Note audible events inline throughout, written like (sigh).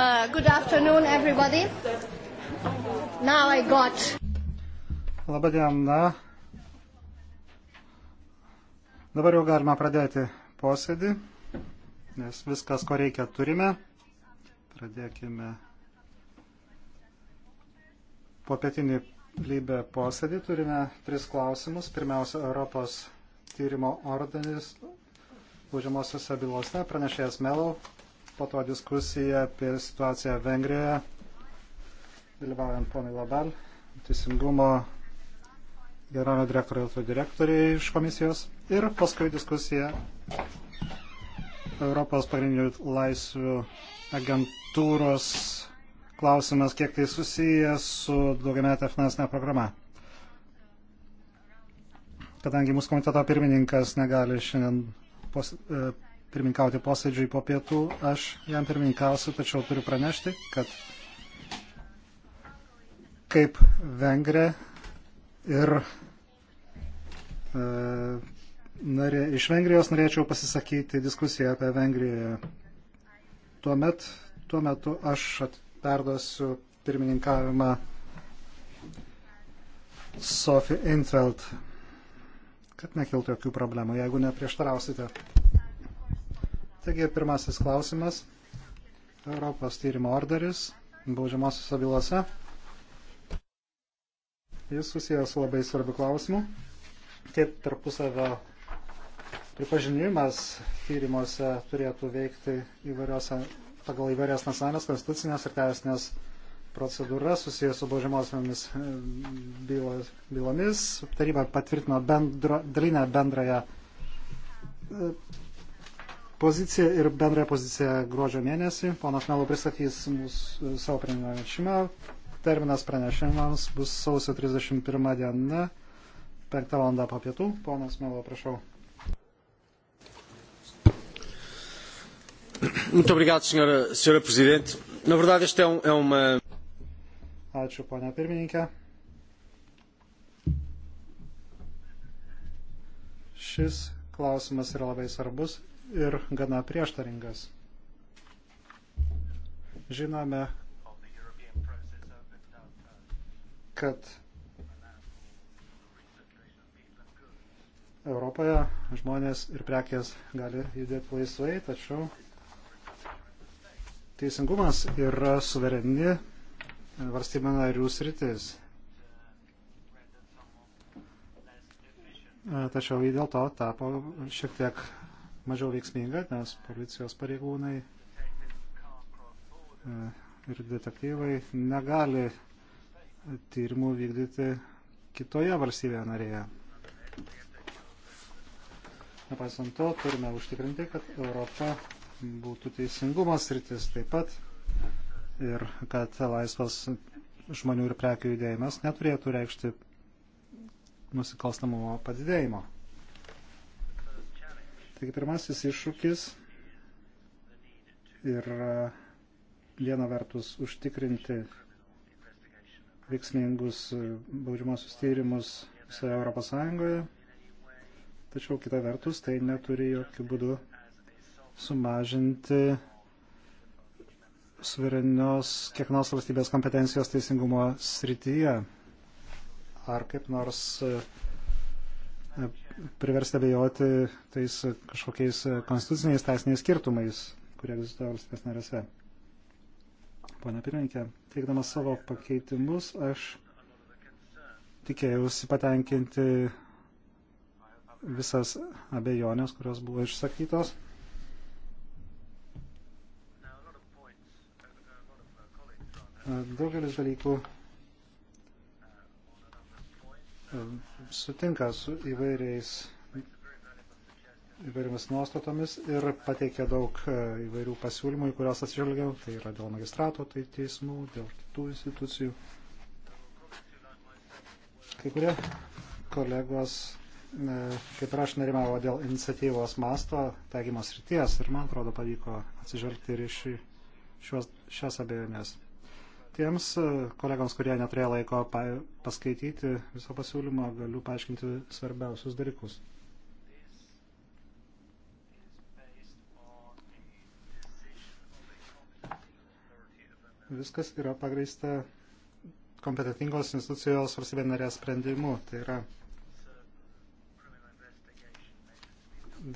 Uh, good afternoon, everybody. Now I got. Labadiena. Dabar jau galima pradėti posėdį, nes viskas, ko reikia, turime. Pradėkime popietinį lybę posėdį. Turime tris klausimus. Pirmiausia, Europos tyrimo ordinis užimosiuose bylose, pranešėjas Melau, po to diskusija apie situaciją Vengrijoje, dalyvaujant ponui Labal, teisingumo generalinio direktoriato direktoriai iš komisijos ir paskui diskusija Europos pagrindinių laisvių agentūros klausimas, kiek tai susiję su daugiametė finansinė programa. Kadangi mūsų komiteto pirmininkas negali šiandien pos, e, pirminkauti posėdžiui po pietų. Aš jam pirminkausiu, tačiau turiu pranešti, kad kaip vengrė ir e, narė, iš Vengrijos norėčiau pasisakyti diskusiją apie Vengriją. Tuomet, tuo metu aš perduosiu pirmininkavimą Sofi Intveld, kad nekiltų jokių problemų, jeigu neprieštarausite. Taigi pirmasis klausimas. Europos tyrimo orderis baudžiamosiose bylose. Jis susijęs su labai svarbiu klausimu. Kaip tarpusavio pripažinimas tyrimuose turėtų veikti įvairiose, pagal įvairias nacionalinės konstitucinės ir teisinės procedūras susijęs su baudžiamosiomis e, bylomis. Taryba patvirtino bendro, dalinę bendrąją e, poziciją ir bendrąją poziciją gruodžio mėnesį. Ponas Melo pristatys mūsų e, savo pranešimą. Terminas pranešimams bus sausio 31 diena, 5 val. po pietų. Ponas Melo, prašau. Muito obrigado, senhora, senhora Presidente. Na verdade, esta é, um, é uma. Ačiū, ponia pirmininkė. Šis klausimas yra labai svarbus ir gana prieštaringas. Žinome, kad Europoje žmonės ir prekės gali judėti laisvai, tačiau teisingumas yra suvereni valstybė narių sritis. Tačiau jį dėl to tapo šiek tiek mažiau veiksminga, nes policijos pareigūnai e, ir detektyvai negali tyrimų vykdyti kitoje valstybėje narėje. Nepaisant to, turime užtikrinti, kad Europa būtų teisingumas rytis taip pat ir kad laisvas žmonių ir prekių judėjimas neturėtų reikšti nusikalstamumo padidėjimo. Taigi pirmasis iššūkis yra viena vertus užtikrinti veiksmingus baudžiamosius tyrimus visoje Europos Sąjungoje, tačiau kita vertus tai neturi jokių būdų sumažinti suverenios kiekvienos valstybės kompetencijos teisingumo srityje ar kaip nors priversti abejoti tais kažkokiais konstituciniais teisiniais skirtumais, kurie egzistuoja valstybės narėse. Pone pirmininkė, teikdamas savo pakeitimus, aš tikėjausi patenkinti visas abejonės, kurios buvo išsakytos. Daugelis dalykų sutinka su įvairiais įvairiomis nuostatomis ir pateikė daug e, įvairių pasiūlymų, į kuriuos atsižvelgiau, tai yra dėl magistrato, tai teismų, dėl kitų institucijų. Kai kurie kolegos, e, kaip ir aš, nerimavo dėl iniciatyvos masto, taigymos ryties ir man atrodo pavyko atsižvelgti ir iš šios, šios abejonės tiems e, kolegams, kurie neturėjo laiko paskaityti viso pasiūlymo, galiu paaiškinti svarbiausius dalykus. Viskas yra pagrįsta kompetitingos institucijos valstybė narės sprendimu. Tai yra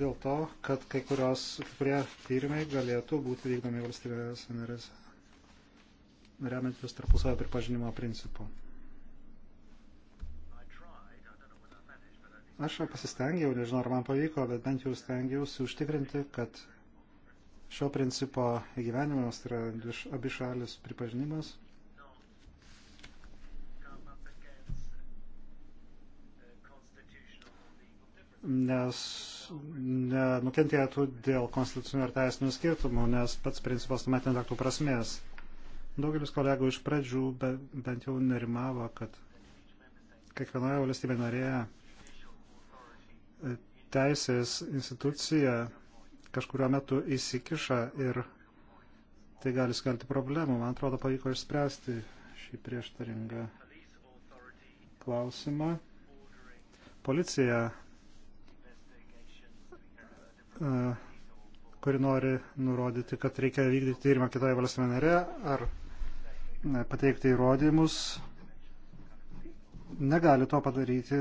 dėl to, kad kai kurios, kai kurie tyrimai galėtų būti vykdomi valstybės narėse remiantis tarpusavio pripažinimo principu. Aš pasistengiau, nežinau ar man pavyko, bet bent jau stengiausi užtikrinti, kad šio principo įgyvenimas, tai yra abi šalis pripažinimas, nes nenukentėtų dėl konstitucinių ir teisinių skirtumų, nes pats principas tuomet netektų prasmės. Daugelis kolegų iš pradžių be, bent jau nerimavo, kad kiekvienoje valstybė narėje e, teisės institucija kažkurio metu įsikiša ir tai gali skelti problemų. Man atrodo, pavyko išspręsti šį prieštaringą klausimą. Policija, e, kuri nori nurodyti, kad reikia vykdyti tyrimą kitoje valstybėje narėje, ar pateikti įrodymus, negali to padaryti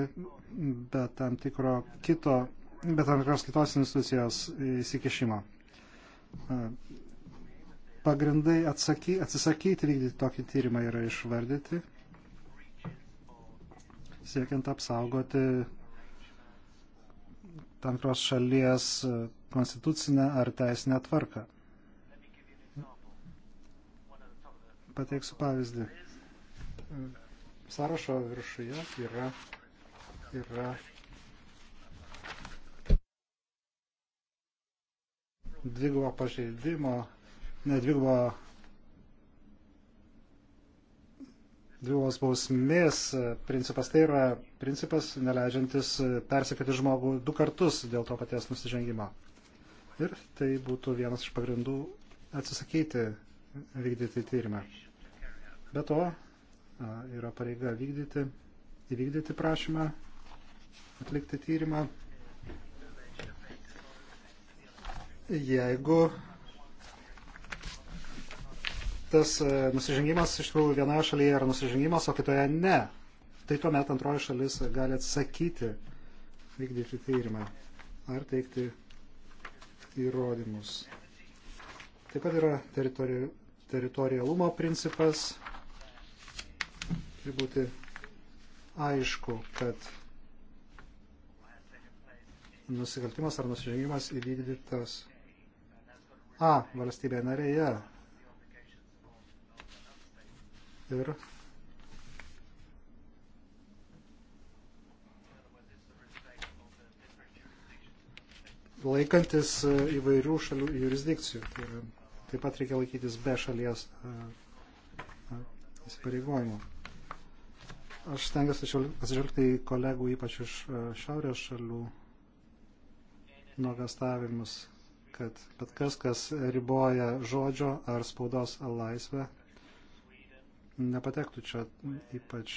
be tam tikro kito, be tam tikros kitos institucijos įsikišimo. Pagrindai atsaky, atsisakyti vykdyti tokį tyrimą yra išvardyti, siekiant apsaugoti tam tikros šalies konstitucinę ar teisinę tvarką. Pateiksiu pavyzdį. Sąrašo viršuje yra, yra dvigubo pažeidimo, ne dvigubo dvigubos bausmės principas. Tai yra principas neleidžiantis persekėti žmogų du kartus dėl to paties nusižengimo. Ir tai būtų vienas iš pagrindų atsisakyti vykdyti tyrimą. Be to, yra pareiga vykdyti, įvykdyti prašymą, atlikti tyrimą. Jeigu tas nusižengimas iš tikrųjų vienoje šalyje yra nusižengimas, o kitoje ne, tai tuomet antroji šalis gali atsakyti vykdyti tyrimą ar teikti įrodymus. Taip pat yra teritori, teritorialumo principas turi būti aišku, kad nusikaltimas ar nusižengimas įvykdytas A valstybė narėje ir laikantis įvairių šalių jurisdikcijų. Tai yra Taip pat reikia laikytis be šalies e, e, įsipareigojimų. Aš stengiuosi atsižvelgti į kolegų, ypač iš e, šiaurės šalių, nuogastavimus, kad bet kas, kas riboja žodžio ar spaudos laisvę, nepatektų čia, ypač,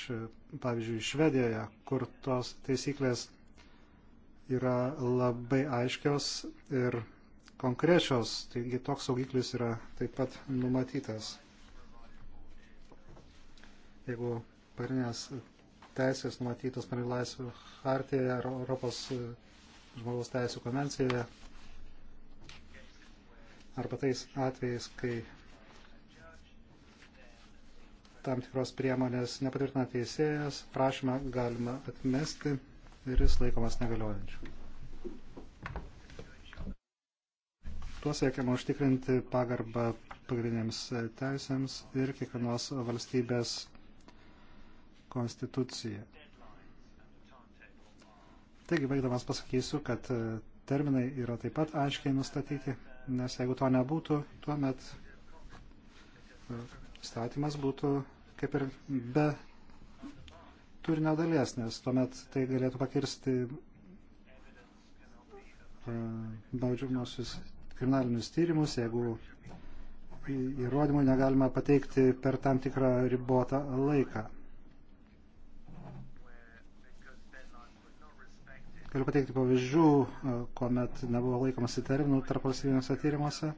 pavyzdžiui, Švedijoje, kur tos taisyklės yra labai aiškios ir konkrečios, taigi toks saugiklis yra taip pat numatytas. Jeigu parinės teisės numatytos parinės laisvių hartijoje ar Europos e, žmogaus teisų konvencijoje, arba tais atvejais, kai tam tikros priemonės nepatvirtina teisėjas, prašymą galima atmesti ir jis laikomas negaliojančiu. Tuo siekiama užtikrinti pagarbą pagrindiniams teisėms ir kiekvienos valstybės konstituciją. Taigi, baigdamas pasakysiu, kad e, terminai yra taip pat aiškiai nustatyti, nes jeigu to nebūtų, tuomet e, statymas būtų kaip ir be turinio dalies, nes tuomet tai galėtų pakirsti e, baudžiamosius kriminalinius tyrimus, jeigu įrodymų negalima pateikti per tam tikrą ribotą laiką. Galiu pateikti pavyzdžių, kuomet nebuvo laikomasi terminų tarp valstybinėse tyrimuose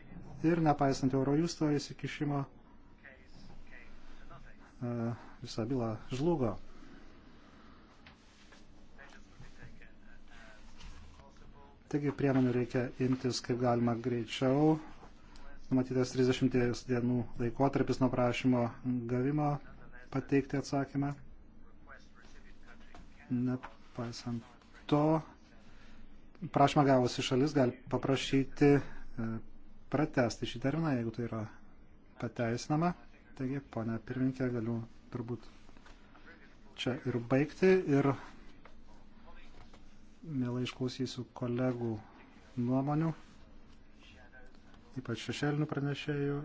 ir nepaisant Eurojusto įsikišimo visą bylą žlugo. Taigi priemonių reikia imtis kaip galima greičiau. Numatytas 30 dienų laikotarpis nuo prašymo gavimo pateikti atsakymą. Nepaisant to, prašymą gavusi šalis gali paprašyti e, pratesti šį terminą, jeigu tai yra pateisinama. Taigi, ponia pirminkė, galiu turbūt čia ir baigti. Ir mielai išklausysiu kolegų nuomonių, ypač šešėlinių pranešėjų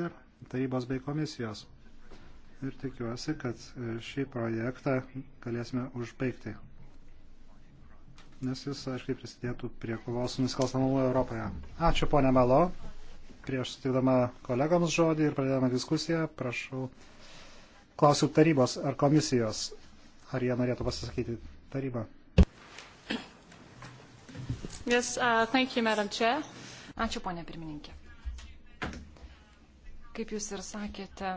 ir tarybos bei komisijos. Ir tikiuosi, kad e, šį projektą galėsime užbaigti, nes jis, aiškiai, prisidėtų prie kovos su nusikalstamumu Europoje. Ačiū, ponė Melo. Prieš sutikdama kolegoms žodį ir pradėdama diskusiją, prašau, klausiu tarybos ar komisijos, ar jie norėtų pasisakyti tarybą. Yes, uh, thank you, Madam Chair. Ačiū, ponė pirmininkė. Kaip jūs ir sakėte,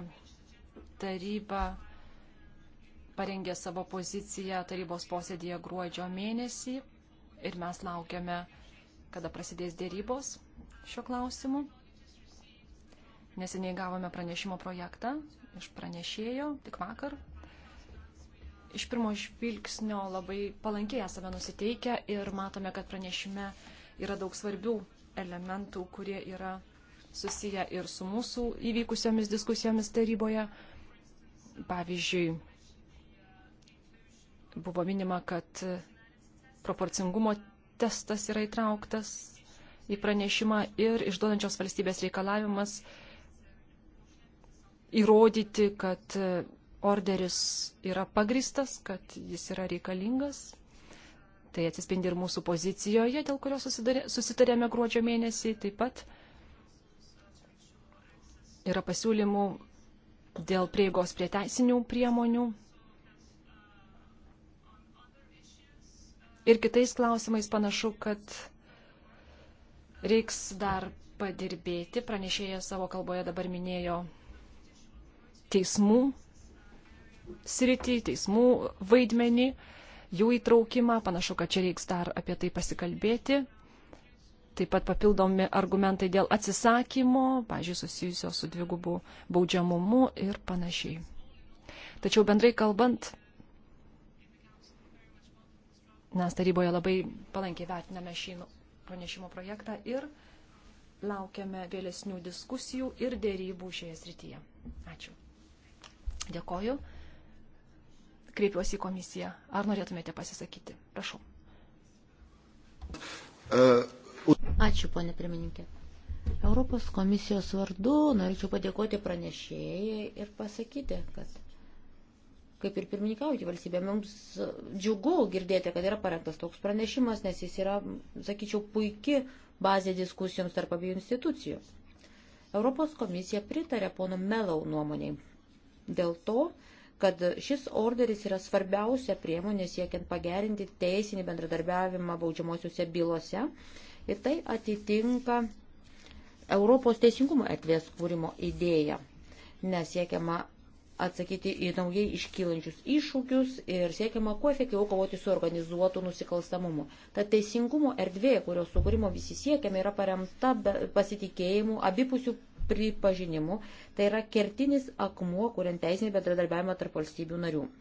taryba parengė savo poziciją tarybos posėdėje gruodžio mėnesį ir mes laukiame, kada prasidės dėrybos šiuo klausimu. Neseniai gavome pranešimo projektą iš pranešėjo, tik vakar iš pirmo žvilgsnio labai palankiai esame nusiteikę ir matome, kad pranešime yra daug svarbių elementų, kurie yra susiję ir su mūsų įvykusiomis diskusijomis taryboje. Pavyzdžiui, buvo minima, kad proporcingumo testas yra įtrauktas į pranešimą ir išduodančios valstybės reikalavimas įrodyti, kad orderis yra pagristas, kad jis yra reikalingas. Tai atsispindi ir mūsų pozicijoje, dėl kurios susitarėme gruodžio mėnesį. Taip pat yra pasiūlymų dėl prieigos prie teisinių priemonių. Ir kitais klausimais panašu, kad reiks dar padirbėti. Pranešėjas savo kalboje dabar minėjo teismų sritį, teismų vaidmenį, jų įtraukimą. Panašu, kad čia reiks dar apie tai pasikalbėti. Taip pat papildomi argumentai dėl atsisakymo, pažiūrėjau, susijusio su dvigubu baudžiamumu ir panašiai. Tačiau bendrai kalbant, mes taryboje labai palankiai vertiname šį nu- pranešimo projektą ir laukiame vėlesnių diskusijų ir dėrybų šioje srityje. Ačiū. Dėkoju kreipiuosi į komisiją. Ar norėtumėte pasisakyti? Prašau. Ačiū, ponė pirmininkė. Europos komisijos vardu norėčiau padėkoti pranešėjai ir pasakyti, kad kaip ir pirmininkauti valstybė, mums džiugu girdėti, kad yra parengtas toks pranešimas, nes jis yra, sakyčiau, puikia bazė diskusijoms tarp abiejų institucijų. Europos komisija pritarė pono Melau nuomonėj. Dėl to, kad šis orderis yra svarbiausia priemonė siekiant pagerinti teisinį bendradarbiavimą baudžiamosiuose bylose ir tai atitinka Europos teisingumo erdvės kūrimo idėją, nes siekiama atsakyti į naujai iškylančius iššūkius ir siekiama kuo efektyviau kovoti su organizuotu nusikalstamumu. Ta teisingumo erdvė, kurios sukūrimo visi siekiame, yra paremta pasitikėjimu, abipusių pripažinimu. Tai yra kertinis akmuo, kuriant teisinį bendradarbiavimą tarp valstybių narių. E,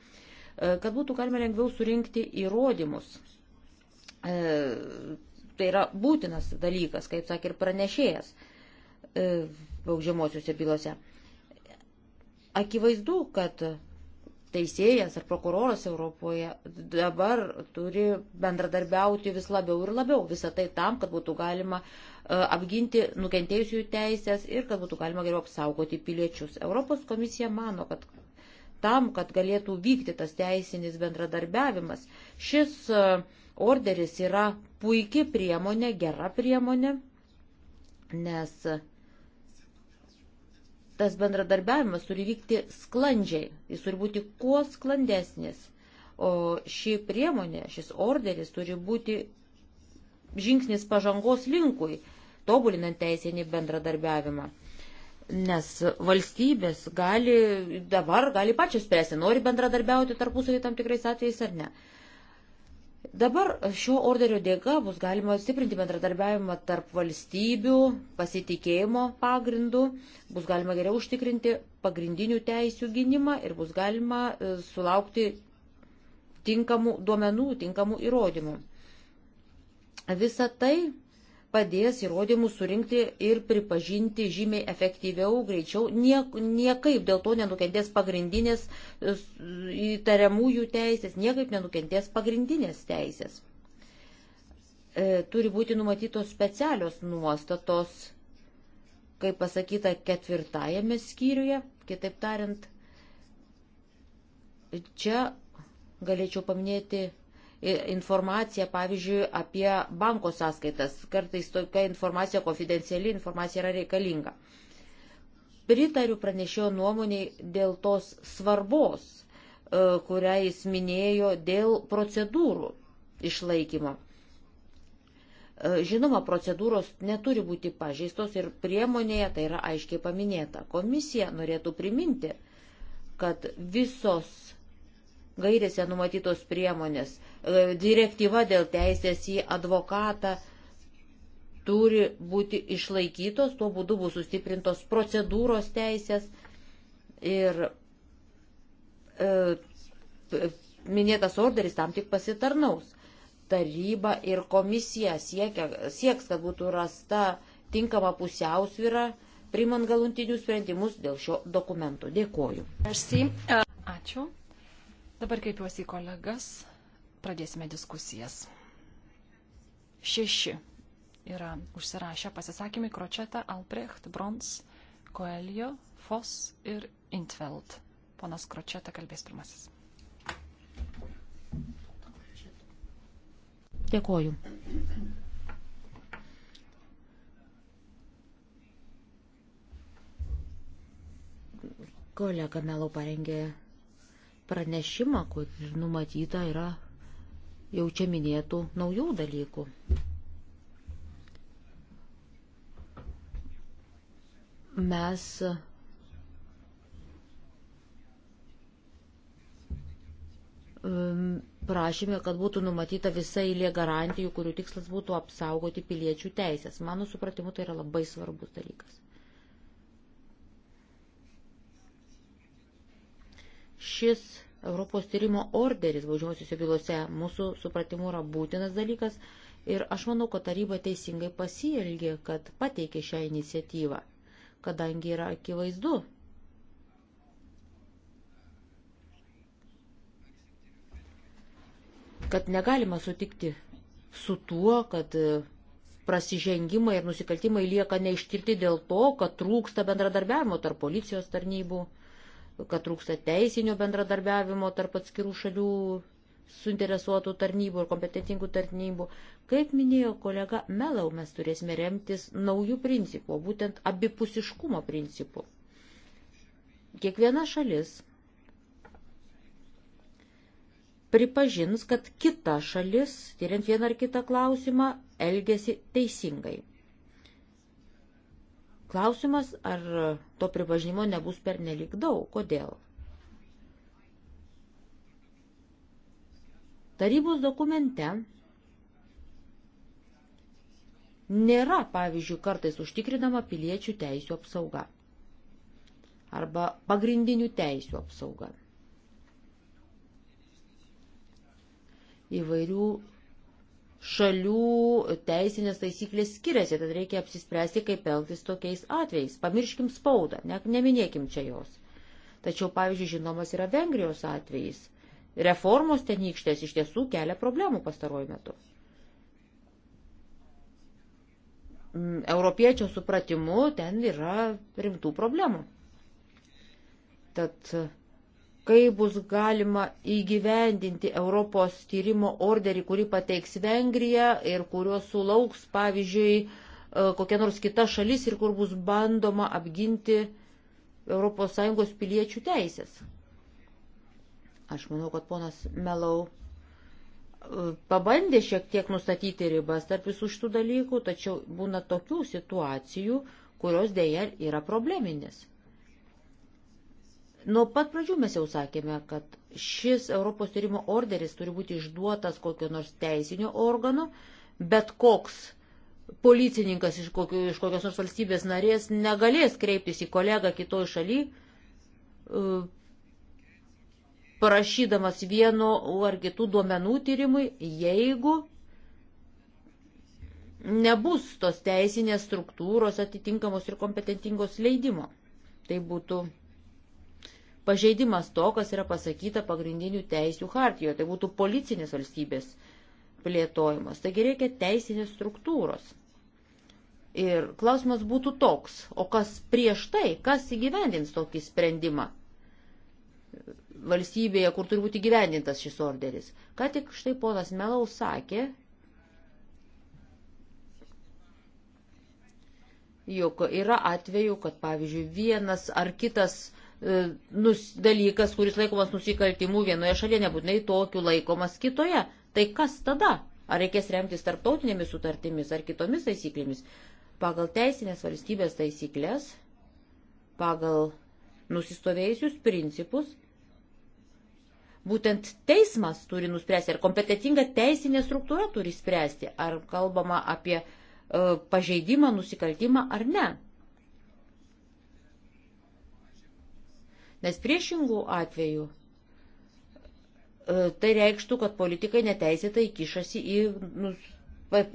kad būtų galima lengviau surinkti įrodymus. E, tai yra būtinas dalykas, kaip sakė ir pranešėjas e, baudžiamosiuose bylose. Akivaizdu, kad teisėjas ar prokuroras Europoje dabar turi bendradarbiauti vis labiau ir labiau. Visą tai tam, kad būtų galima e, apginti nukentėjusiųjų teisės ir kad būtų galima geriau apsaugoti piliečius. Europos komisija mano, kad tam, kad galėtų vykti tas teisinis bendradarbiavimas, šis e, orderis yra puikia priemonė, gera priemonė, nes tas bendradarbiavimas turi vykti sklandžiai, jis turi būti kuo sklandesnis. O ši priemonė, šis orderis turi būti žingsnis pažangos linkui, tobulinant teisinį bendradarbiavimą. Nes valstybės gali dabar, gali pačios spręsti, nori bendradarbiauti tarpusavį tam tikrais atvejais ar ne. Dabar šio orderio dėka bus galima stiprinti bendradarbiavimą tarp valstybių, pasitikėjimo pagrindų, bus galima geriau užtikrinti pagrindinių teisių gynimą ir bus galima e, sulaukti tinkamų duomenų, tinkamų įrodymų. Visa tai padės įrodymus surinkti ir pripažinti žymiai efektyviau, greičiau, niek, niekaip dėl to nenukentės pagrindinės e, įtariamųjų teisės, niekaip nenukentės pagrindinės teisės. E, turi būti numatytos specialios nuostatos, kaip pasakyta, ketvirtajame skyriuje, kitaip tariant, čia galėčiau paminėti informacija, pavyzdžiui, apie banko sąskaitas. Kartais tokia informacija, konfidenciali informacija yra reikalinga. Pritariu pranešėjo nuomoniai dėl tos svarbos, e, kurią jis minėjo dėl procedūrų išlaikymo. E, žinoma, procedūros neturi būti pažeistos ir priemonėje tai yra aiškiai paminėta. Komisija norėtų priminti, kad visos gairėse numatytos priemonės, e, direktyva dėl teisės į advokatą turi būti išlaikytos, tuo būdu bus sustiprintos procedūros teisės ir e, minėtas orderis tam tik pasitarnaus. Taryba ir komisija siekia, sieks, kad būtų rasta tinkama pusiausvyra, primant galutinius sprendimus dėl šio dokumento. Dėkuoju. Ačiū. Dabar kreipiuosi į kolegas, pradėsime diskusijas. Šeši yra užsirašę pasisakymai Kročeta, Albrecht, Brons, Koelio, Fos ir Intveld. Ponas Kročeta kalbės pirmasis. Dėkoju. Kolega Melau parengė pranešimą, kur numatyta yra jau čia minėtų naujų dalykų. Mes prašymė, kad būtų numatyta visa eilė garantijų, kurių tikslas būtų apsaugoti piliečių teisės. Mano supratimu, tai yra labai svarbus dalykas. Šis Europos tyrimo orderis baudžiamosiuose bylose mūsų supratimu yra būtinas dalykas ir aš manau, kad taryba teisingai pasielgė, kad pateikė šią iniciatyvą, kadangi yra akivaizdu. kad negalima sutikti su tuo, kad prasižengimai ir nusikaltimai lieka neištirti dėl to, kad trūksta bendradarbiavimo tarp policijos tarnybų kad trūksta teisinio bendradarbiavimo tarp atskirų šalių suinteresuotų tarnybų ir kompetentingų tarnybų. Kaip minėjo kolega Melau, mes turėsime remtis naujų principų, būtent abipusiškumo principų. Kiekviena šalis pripažins, kad kita šalis, tyriant vieną ar kitą klausimą, elgesi teisingai. Klausimas, ar to pripažinimo nebus per nelik daug. Kodėl? Tarybos dokumente nėra, pavyzdžiui, kartais užtikrinama piliečių teisų apsauga arba pagrindinių teisų apsauga. Įvairių šalių teisinės taisyklės skiriasi, tad reikia apsispręsti, kaip elgtis tokiais atvejais. Pamirškim spaudą, ne, neminėkim čia jos. Tačiau, pavyzdžiui, žinomas yra Vengrijos atvejais. Reformos tenykštės iš tiesų kelia problemų pastaruoju metu. Mm, europiečio supratimu ten yra rimtų problemų. Tad kaip bus galima įgyvendinti Europos tyrimo orderį, kurį pateiks Vengrija ir kurio sulauks, pavyzdžiui, e, kokia nors kita šalis ir kur bus bandoma apginti ES piliečių teisės. Aš manau, kad ponas Melau e, pabandė šiek tiek nustatyti ribas tarp visų šitų dalykų, tačiau būna tokių situacijų, kurios dėja yra probleminės. Nuo pat pradžių mes jau sakėme, kad šis Europos tyrimo orderis turi būti išduotas kokio nors teisinio organo, bet koks policininkas iš, kokio, iš kokios nors valstybės narės negalės kreiptis į kolegą kitoj šaly, e, parašydamas vieno ar kitų duomenų tyrimui, jeigu nebus tos teisinės struktūros atitinkamos ir kompetentingos leidimo. Tai būtų pažeidimas to, kas yra pasakyta pagrindinių teisių hartijoje. Tai būtų policinis valstybės plėtojimas. Taigi reikia teisinės struktūros. Ir klausimas būtų toks, o kas prieš tai, kas įgyvendins tokį sprendimą valstybėje, kur turi būti gyvendintas šis orderis. Ką tik štai ponas Melau sakė, jog yra atveju, kad pavyzdžiui vienas ar kitas E, dalykas, kuris laikomas nusikaltimu vienoje šalyje, nebūtinai tokiu laikomas kitoje. Tai kas tada? Ar reikės remtis tarptautinėmis sutartimis ar kitomis taisyklėmis? Pagal teisinės valstybės taisyklės, pagal nusistovėjusius principus, būtent teismas turi nuspręsti, ar kompetitinga teisinė struktūra turi spręsti, ar kalbama apie uh, pažeidimą, nusikaltimą ar ne. Nes priešingų atvejų e, tai reikštų, kad politikai neteisėtai kišasi į, nu,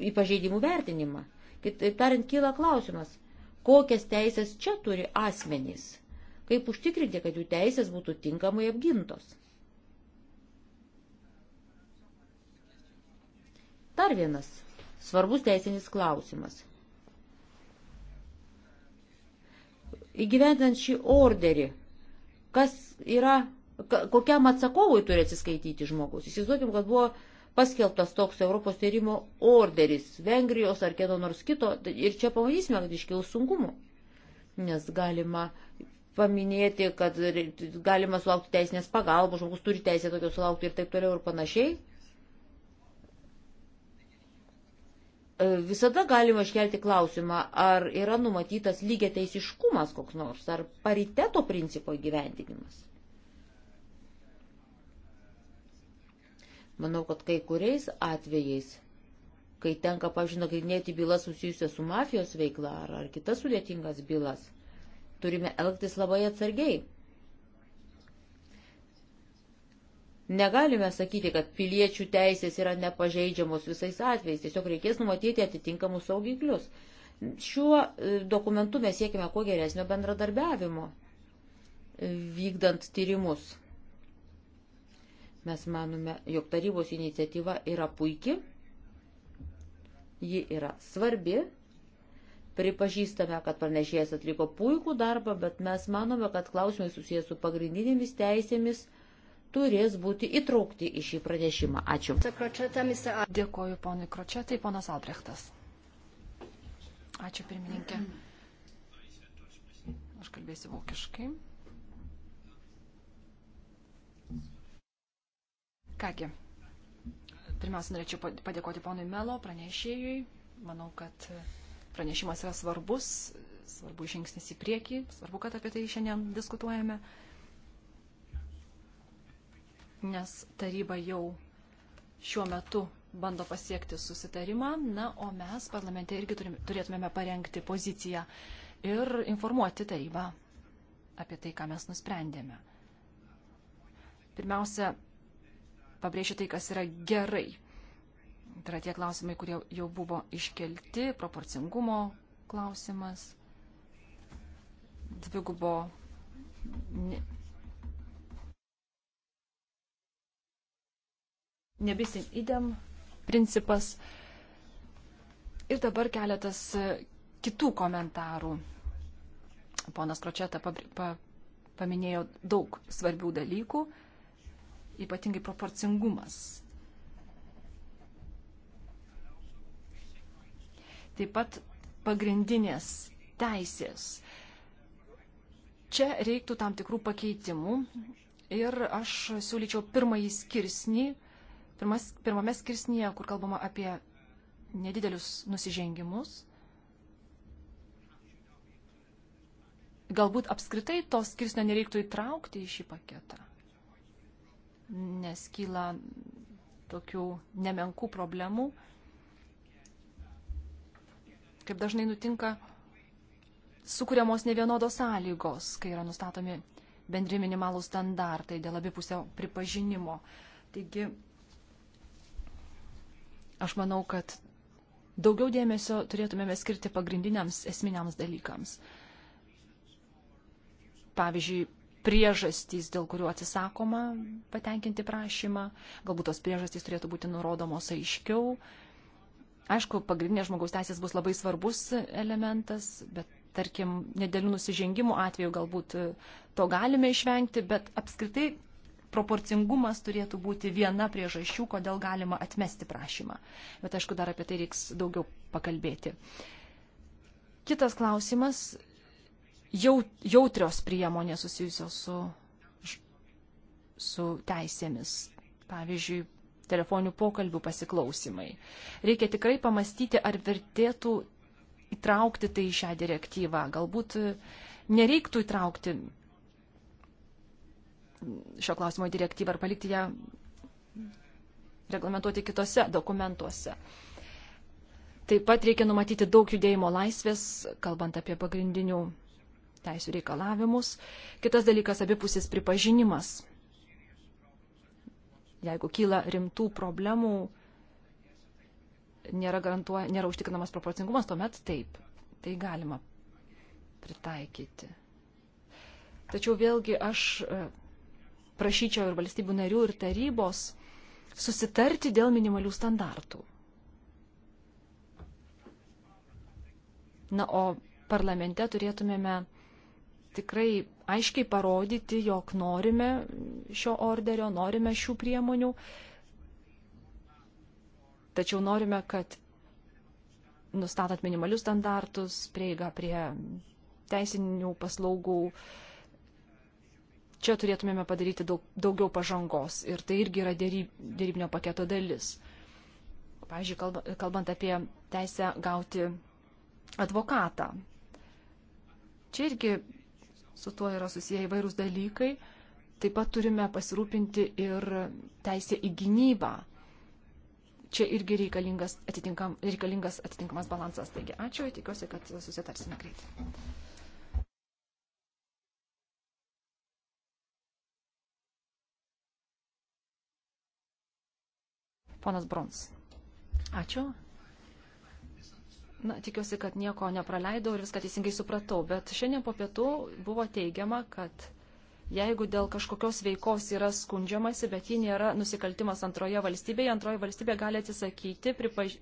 į pažeidimų vertinimą. Kitaip tariant, kyla klausimas, kokias teisės čia turi asmenys, kaip užtikrinti, kad jų teisės būtų tinkamai apgintos. Dar vienas svarbus teisinis klausimas. Įgyvendant šį orderį kas yra, kokiam atsakovui turi atsiskaityti žmogus. Įsivaizduokim, kad buvo paskelbtas toks Europos tyrimo orderis Vengrijos ar kieno nors kito tai ir čia pamatysime, kad iškils sunkumų. Nes galima paminėti, kad galima sulaukti teisinės pagalbos, žmogus turi teisę tokio sulaukti ir taip toliau ir panašiai. visada galima iškelti klausimą, ar yra numatytas lygiai teisiškumas koks nors, ar pariteto principo įgyvendinimas. Manau, kad kai kuriais atvejais, kai tenka, pažiūrėjau, nagrinėti bylas susijusią su mafijos veikla ar, ar kitas sudėtingas bylas, turime elgtis labai atsargiai. Negalime sakyti, kad piliečių teisės yra nepažeidžiamos visais atvejais, tiesiog reikės numatyti atitinkamus saugiklius. Šiuo e, dokumentu mes siekime kuo geresnio bendradarbiavimo e, vykdant tyrimus. Mes manome, jog tarybos iniciatyva yra puiki, ji yra svarbi, pripažįstame, kad pranešėjas atliko puikų darbą, bet mes manome, kad klausimai susijęs su pagrindinėmis teisėmis – turės būti įtraukti į šį pranešimą. Ačiū. Dėkoju ponui Kročetai, ponas Albrechtas. Ačiū pirmininkė. Aš kalbėsiu vokiškai. Kągi, pirmiausia, norėčiau padėkoti ponui Melo, pranešėjui. Manau, kad pranešimas yra svarbus, svarbu žingsnis į priekį, svarbu, kad apie tai šiandien diskutuojame nes taryba jau šiuo metu bando pasiekti susitarimą, na, o mes parlamente irgi turėtumėme parengti poziciją ir informuoti tarybą apie tai, ką mes nusprendėme. Pirmiausia, pabrėšiu tai, kas yra gerai. Tai yra tie klausimai, kurie jau buvo iškelti, proporcingumo klausimas, dvigubo nebisin idem principas. Ir dabar keletas e, kitų komentarų. Ponas Kročeta pa, paminėjo daug svarbių dalykų, ypatingai proporcingumas. Taip pat pagrindinės teisės. Čia reiktų tam tikrų pakeitimų ir aš siūlyčiau pirmąjį skirsnį Pirmas, pirmame skirsnyje, kur kalbama apie nedidelius nusižengimus, galbūt apskritai to skirsnio nereiktų įtraukti į šį paketą, nes kyla tokių nemenkų problemų, kaip dažnai nutinka, sukūriamos nevienodos sąlygos, kai yra nustatomi bendri minimalų standartai dėl abipusio pripažinimo. Taigi Aš manau, kad daugiau dėmesio turėtumėme skirti pagrindiniams esminiams dalykams. Pavyzdžiui, priežastys, dėl kurių atsisakoma patenkinti prašymą, galbūt tos priežastys turėtų būti nurodomos aiškiau. Aišku, pagrindinės žmogaus teisės bus labai svarbus elementas, bet tarkim, nedėlių nusižengimų atveju galbūt to galime išvengti, bet apskritai proporcingumas turėtų būti viena priežasčių, kodėl galima atmesti prašymą. Bet aišku, dar apie tai reiks daugiau pakalbėti. Kitas klausimas jau, - jautrios priemonės susijusios su, su teisėmis. Pavyzdžiui, telefonių pokalbių pasiklausimai. Reikia tikrai pamastyti, ar vertėtų įtraukti tai į šią direktyvą. Galbūt nereiktų įtraukti šio klausimo direktyvą ar palikti ją reglamentuoti kitose dokumentuose. Taip pat reikia numatyti daug judėjimo laisvės, kalbant apie pagrindinių teisų reikalavimus. Kitas dalykas - abipusis pripažinimas. Jeigu kyla rimtų problemų, nėra, nėra užtikrinamas proporcingumas, tuomet taip, tai galima pritaikyti. Tačiau vėlgi aš prašyčiau ir valstybių narių, ir tarybos susitarti dėl minimalių standartų. Na, o parlamente turėtumėme tikrai aiškiai parodyti, jog norime šio orderio, norime šių priemonių, tačiau norime, kad nustatant minimalius standartus, prieiga prie teisinių paslaugų, uh, čia turėtumėme padaryti daug, daugiau pažangos ir tai irgi yra dėryb, dėrybinio paketo dalis. Pavyzdžiui, kalba, kalbant apie teisę gauti advokatą. Čia irgi su tuo yra susiję įvairūs dalykai. Taip pat turime pasirūpinti ir teisę į gynybą. Čia irgi reikalingas, atitinkam, reikalingas atitinkamas balansas. Taigi, ačiū, tikiuosi, kad susitarsime greitai. Ponas Brons. Ačiū. Na, tikiuosi, kad nieko nepraleidau ir viską teisingai supratau, bet šiandien po pietų buvo teigiama, kad jeigu dėl kažkokios veikos yra skundžiamasi, bet ji nėra nusikaltimas antroje valstybėje, antroji valstybė gali atsisakyti, pripaž...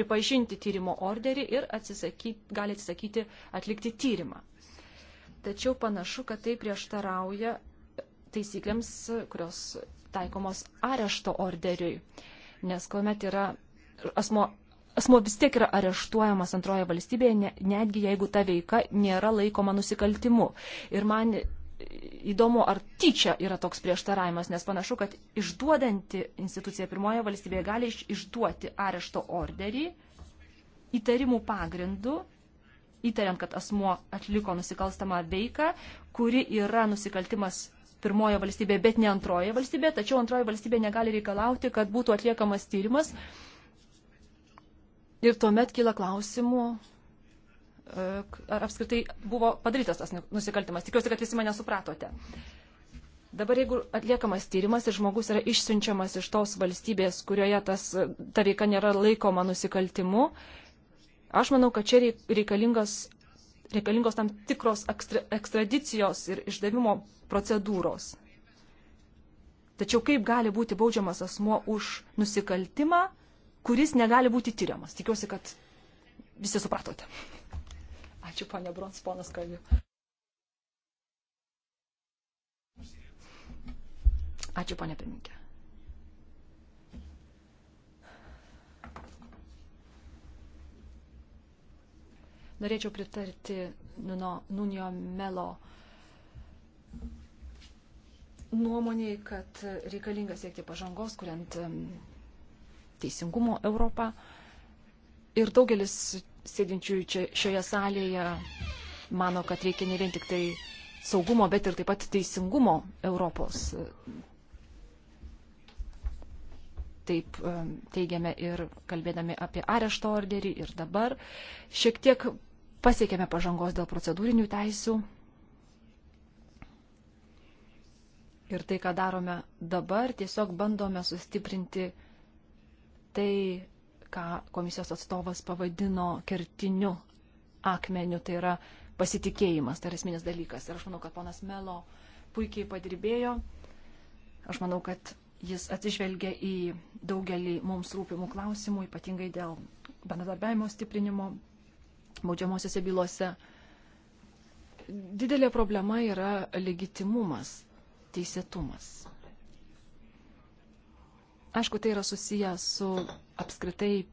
pripažinti tyrimo orderį ir atsisakyti, gali atsisakyti atlikti tyrimą. Tačiau panašu, kad tai prieštarauja taisyklėms, kurios taikomos arešto orderiui nes kuomet yra asmo, asmo vis tiek yra areštuojamas antroje valstybėje, ne, netgi jeigu ta veika nėra laikoma nusikaltimu. Ir man įdomu, ar tyčia yra toks prieštaravimas, nes panašu, kad išduodanti institucija pirmoje valstybėje gali išduoti arešto orderį įtarimų pagrindų, įtariant, kad asmuo atliko nusikalstamą veiką, kuri yra nusikaltimas pirmoji valstybė, bet ne antroji valstybė, tačiau antroji valstybė negali reikalauti, kad būtų atliekamas tyrimas. Ir tuomet kyla klausimų, e, ar apskritai buvo padarytas tas nusikaltimas. Tikiuosi, kad visi mane supratote. Dabar jeigu atliekamas tyrimas ir žmogus yra išsiunčiamas iš tos valstybės, kurioje tas ta veika nėra laikoma nusikaltimu, aš manau, kad čia reikalingas reikalingos tam tikros ekstra, ekstradicijos ir išdavimo procedūros. Tačiau kaip gali būti baudžiamas asmo už nusikaltimą, kuris negali būti tyriamas? Tikiuosi, kad visi supratote. Ačiū, ponia Brons, ponas Kalviu. Ačiū, ponia pirmininkė. Norėčiau pritarti Nuno, Nunio Melo nuomonėje, kad reikalinga siekti pažangos, kuriant teisingumo Europą. Ir daugelis sėdinčių čia, šioje salėje mano, kad reikia ne vien tik tai saugumo, bet ir taip pat teisingumo Europos. Taip teigiame ir kalbėdami apie arešto orderį ir dabar. Šiek tiek pasiekėme pažangos dėl procedūrinių teisių. Ir tai, ką darome dabar, tiesiog bandome sustiprinti tai, ką komisijos atstovas pavadino kertiniu akmeniu, tai yra pasitikėjimas, tai yra esminis dalykas. Ir aš manau, kad ponas Melo puikiai padirbėjo. Aš manau, kad jis atsižvelgia į daugelį mums rūpimų klausimų, ypatingai dėl bendradarbiavimo stiprinimo, baudžiamosiose bylose. Didelė problema yra legitimumas, teisėtumas. Aišku, tai yra susiję su apskritai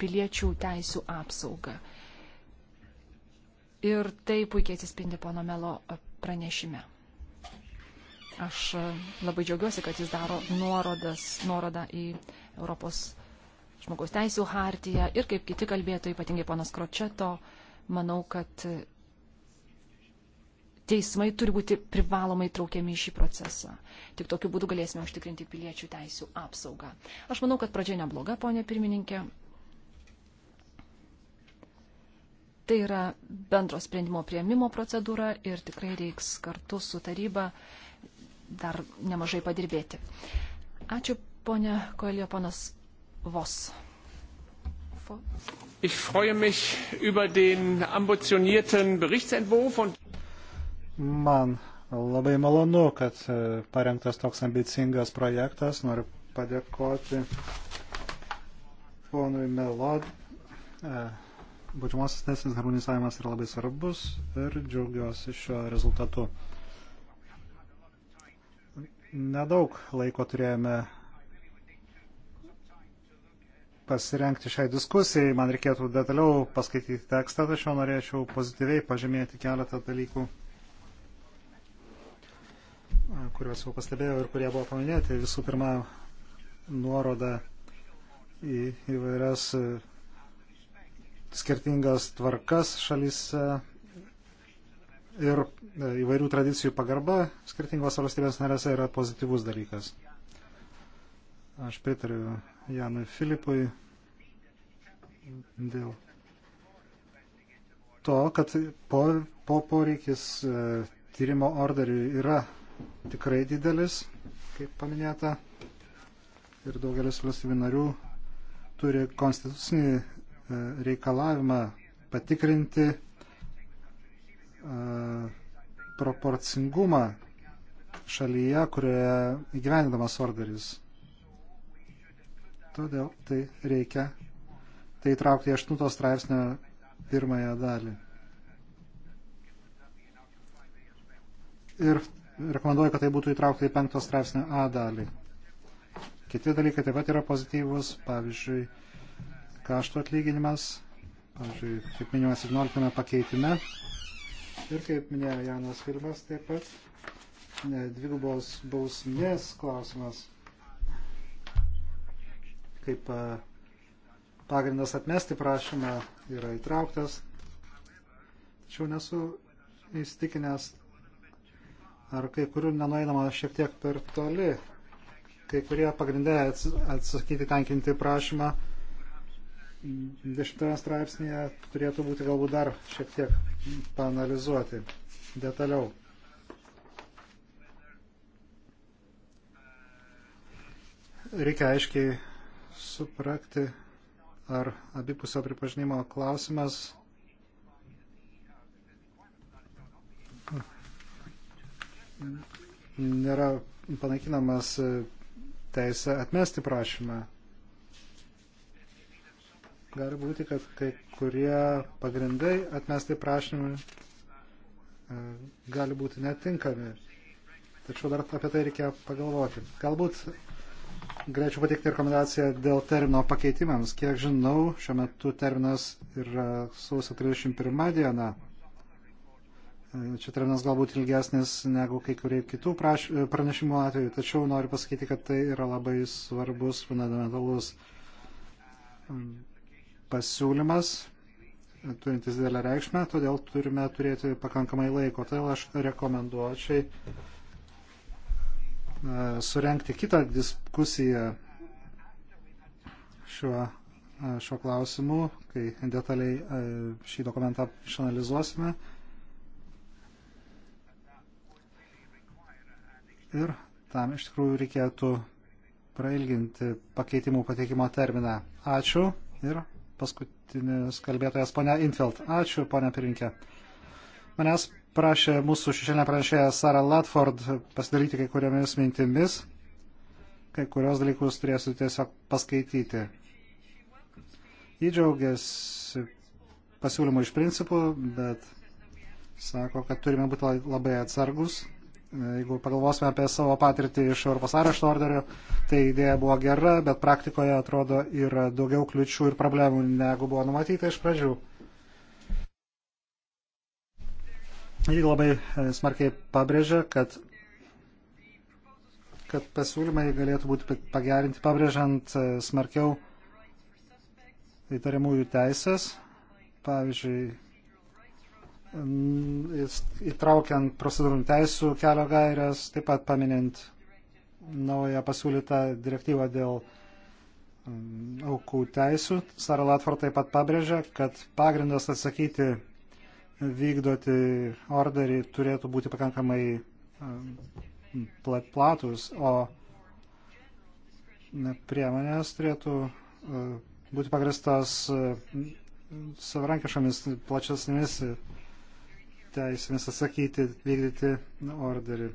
piliečių teisų apsauga. Ir tai puikiai atsispindi pono Melo pranešime. Aš labai džiaugiuosi, kad jis daro nuorodas, nuorodą į Europos žmogaus teisų hartiją ir kaip kiti kalbėtojai, ypatingai ponas Kročeto, manau, kad teismai turi būti privalomai traukiami į šį procesą. Tik tokiu būdu galėsime užtikrinti piliečių teisų apsaugą. Aš manau, kad pradžia nebloga, ponė pirmininkė. Tai yra bendro sprendimo prieimimo procedūra ir tikrai reiks kartu su taryba dar nemažai padirbėti. Ačiū, ponė Koelio, ponas Vos. Ich freue mich über den ambitionierten Berichtsentwurf und Man labai malonu, kad e, parengtas toks ambicingas projektas. Noriu padėkoti ponui Melod. E, Būčiamasis teisės harmonizavimas yra labai svarbus ir džiaugiuosi šio rezultatu. Nedaug laiko turėjome pasirengti šiai diskusijai. Man reikėtų detaliau paskaityti tekstą, tačiau norėčiau pozityviai pažymėti keletą dalykų, kuriuos jau pastebėjau ir kurie buvo paminėti. Visų pirma, nuoroda į įvairias e, skirtingas tvarkas šalyse ir e, įvairių tradicijų pagarba skirtingos valstybės narėse yra pozityvus dalykas. Aš pritariu Janui Filipui dėl to, kad po, po poreikis e, tyrimo orderiui yra tikrai didelis, kaip paminėta, ir daugelis valstybių narių turi konstitucinį e, reikalavimą patikrinti e, proporcingumą šalyje, kurioje įgyvendinamas orderis. Todėl tai reikia tai traukti 8 straipsnio pirmąją dalį. Ir rekomenduoju, kad tai būtų įtraukta į 5 straipsnio A dalį. Kiti dalykai taip pat yra pozityvus, pavyzdžiui, kaštų atlyginimas, pavyzdžiui, kaip minėjau, 17 pakeitime. Ir kaip minėjo Janas Filmas taip pat, ne, dvigubos bausmės klausimas kaip e, pagrindas atmesti prašymą yra įtrauktas. Tačiau nesu įstikinęs, ar kai kurių nenueinama šiek tiek per toli. Kai kurie pagrindė atsakyti tenkinti prašymą 10 straipsnėje turėtų būti galbūt dar šiek tiek panalizuoti detaliau. Reikia aiškiai suprakti, ar abipusio pripažinimo klausimas nėra panaikinamas teisę atmesti prašymą. Gali būti, kad kai kurie pagrindai atmesti prašymą e, gali būti netinkami. Tačiau dar apie tai reikia pagalvoti. Galbūt Galėčiau pateikti rekomendaciją dėl termino pakeitimams. Kiek žinau, šiuo metu terminas yra sausio 31 diena. Čia terminas galbūt ilgesnis negu kai kurie kitų praš... pranešimų atveju, tačiau noriu pasakyti, kad tai yra labai svarbus, fundamentalus pasiūlymas, turintis didelę reikšmę, todėl turime turėti pakankamai laiko. Tai aš rekomenduočiau E, surenkti kitą diskusiją šiuo, e, šiuo klausimu, kai detaliai e, šį dokumentą išanalizuosime. Ir tam iš tikrųjų reikėtų prailginti pakeitimų pateikimo terminą. Ačiū. Ir paskutinis kalbėtojas, ponia Infeld. Ačiū, ponia Pirinkė. Manęs prašė mūsų šešėlinę pranešėją Sarą Latford pasidalyti kai kuriomis mintimis, kai kurios dalykus turėsiu tiesiog paskaityti. Jį džiaugiasi pasiūlymu iš principų, bet sako, kad turime būti labai atsargus. Jeigu pagalvosime apie savo patirtį iš Europos arešto orderio, tai idėja buvo gera, bet praktikoje atrodo yra daugiau kliučių ir problemų, negu buvo numatyta iš pradžių. Jį labai e, smarkiai pabrėžia, kad, kad pasiūlymai galėtų būti pagerinti, pabrėžiant e, smarkiau įtariamųjų teisės, pavyzdžiui, įtraukiant procedūrų teisų kelio gairias, taip pat paminint naują pasiūlytą direktyvą dėl aukų teisų. Sara Latvar taip pat pabrėžia, kad pagrindas atsakyti vykdoti orderį turėtų būti pakankamai um, platus, o priemonės turėtų uh, būti pagristas uh, savarankiškomis plačiasnėmis teisėmis atsakyti, vykdyti orderį.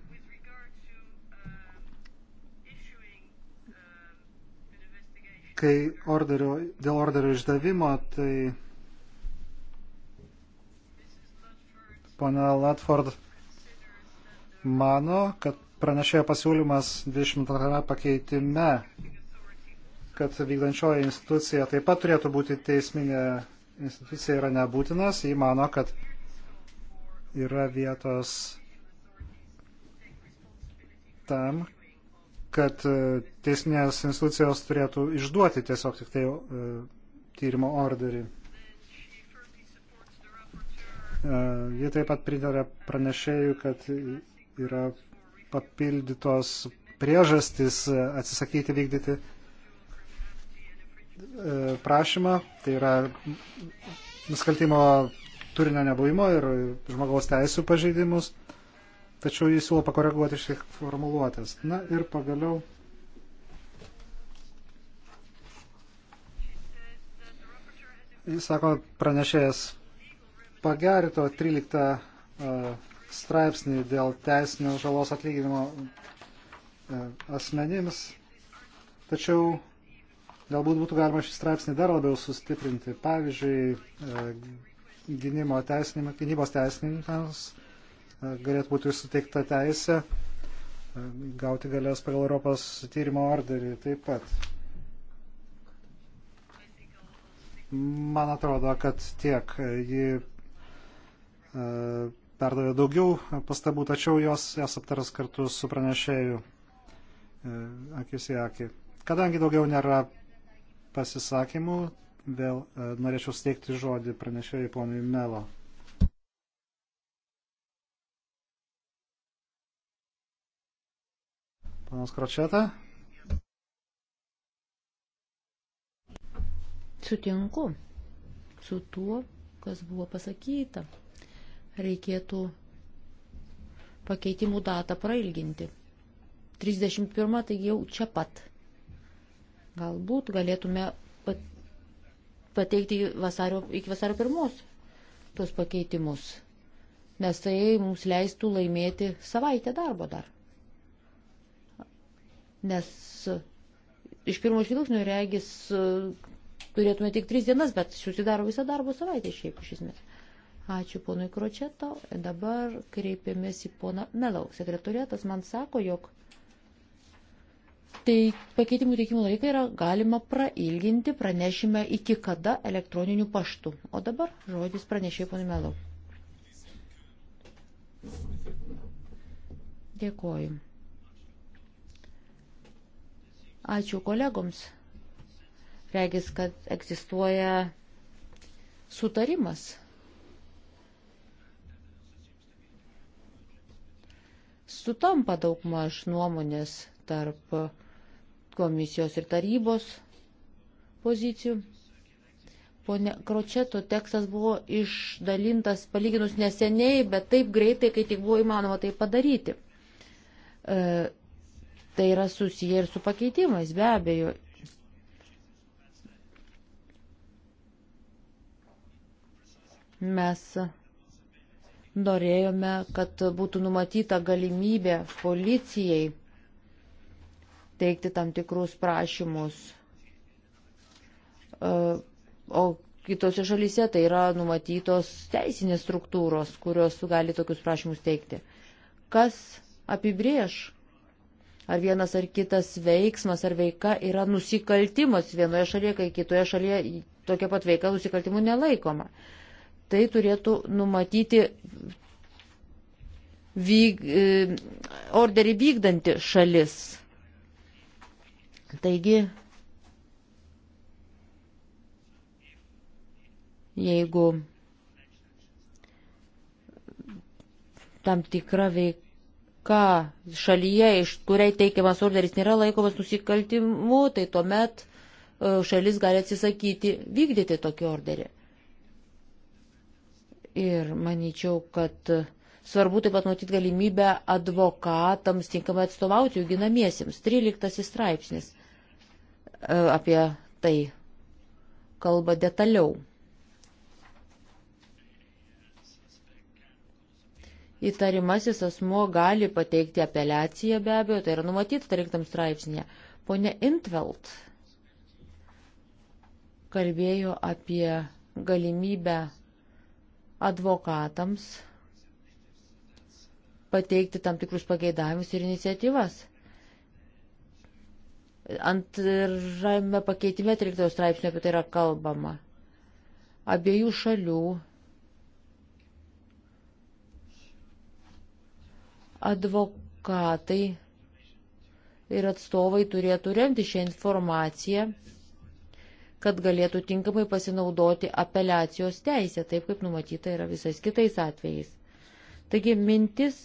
Kai orderio, dėl orderio išdavimo, tai Pana Latford mano, kad pranešėjo pasiūlymas 22 pakeitime, kad vykdančioji institucija taip pat turėtų būti teisminė institucija yra nebūtinas. Jį mano, kad yra vietos tam, kad e, teisminės institucijos turėtų išduoti tiesiog tik tai e, tyrimo orderį. E, Ji taip pat pridarė pranešėjų, kad yra papildytos priežastys atsisakyti vykdyti e, prašymą, tai yra nusikaltimo turinio nebuvimo ir žmogaus teisų pažeidimus, tačiau jis siūlo pakoreguoti šiek tiek formuluotės. Na ir pagaliau. Jis sako, pranešėjas pagerito 13 straipsnį dėl teisinio žalos atlyginimo asmenims, tačiau galbūt būtų galima šį straipsnį dar labiau sustiprinti. Pavyzdžiui, gynimo teisininkams, gynybos teisininkams galėtų būti suteikta teisė gauti galės pagal Europos tyrimo orderį taip pat. Man atrodo, kad tiek. Ji E, perdavė daugiau pastabų, tačiau jos jas aptaras kartu su pranešėju e, akis į akį. Kadangi daugiau nėra pasisakymų, vėl e, norėčiau steigti žodį pranešėjui ponui Melo. Panas Kročeta. Sutinku su tuo, kas buvo pasakyta reikėtų pakeitimų datą prailginti. 31, taigi jau čia pat. Galbūt galėtume pateikti vasario, iki vasario pirmos tuos pakeitimus, nes tai mums leistų laimėti savaitę darbo dar. Nes iš pirmo žvilgsnio regis turėtume tik tris dienas, bet susidaro visą darbo savaitę šiaip iš esmės. Ačiū ponui Kročeto. Dabar kreipiamės į poną Melau. Sekretoriatas man sako, jog tai pakeitimų teikimo laiką yra galima prailginti, pranešime iki kada elektroniniu paštu. O dabar žodis pranešė ponui Melau. Dėkoju. Ačiū kolegoms. Regis, kad egzistuoja sutarimas sutampa daug maž nuomonės tarp komisijos ir tarybos pozicijų. Pone Kročeto tekstas buvo išdalintas palyginus neseniai, bet taip greitai, kai tik buvo įmanoma tai padaryti. E, tai yra susiję ir su pakeitimais, be abejo. Mes norėjome, kad būtų numatyta galimybė policijai teikti tam tikrus prašymus. E, o kitose šalyse tai yra numatytos teisinės struktūros, kurios gali tokius prašymus teikti. Kas apibrieš, ar vienas ar kitas veiksmas ar veika yra nusikaltimas vienoje šalyje, kai kitoje šalyje tokia pat veika nusikaltimu nelaikoma. Uh, tai turėtų numatyti vyk, e, orderį vykdanti šalis. Taigi, jeigu tam tikra veika šalyje, iš kuriai teikiamas orderis nėra laikomas nusikaltimu, tai tuomet e, šalis gali atsisakyti vykdyti tokį orderį. Ir manyčiau, kad svarbu taip pat matyti galimybę advokatams tinkamai atstovauti jų ginamiesiems. 13 straipsnis e, apie tai kalba detaliau. Įtarimasis asmo gali pateikti apeliaciją be abejo, tai yra numatyta tarytam straipsnėje. Pone Intveld kalbėjo apie galimybę advokatams pateikti tam tikrus pageidavimus ir iniciatyvas. Antrajame pakeitime 13 straipsnio apie tai yra kalbama. Abiejų šalių advokatai ir atstovai turėtų remti šią informaciją kad galėtų tinkamai pasinaudoti apeliacijos teisę, taip kaip numatyta yra visais kitais atvejais. Taigi mintis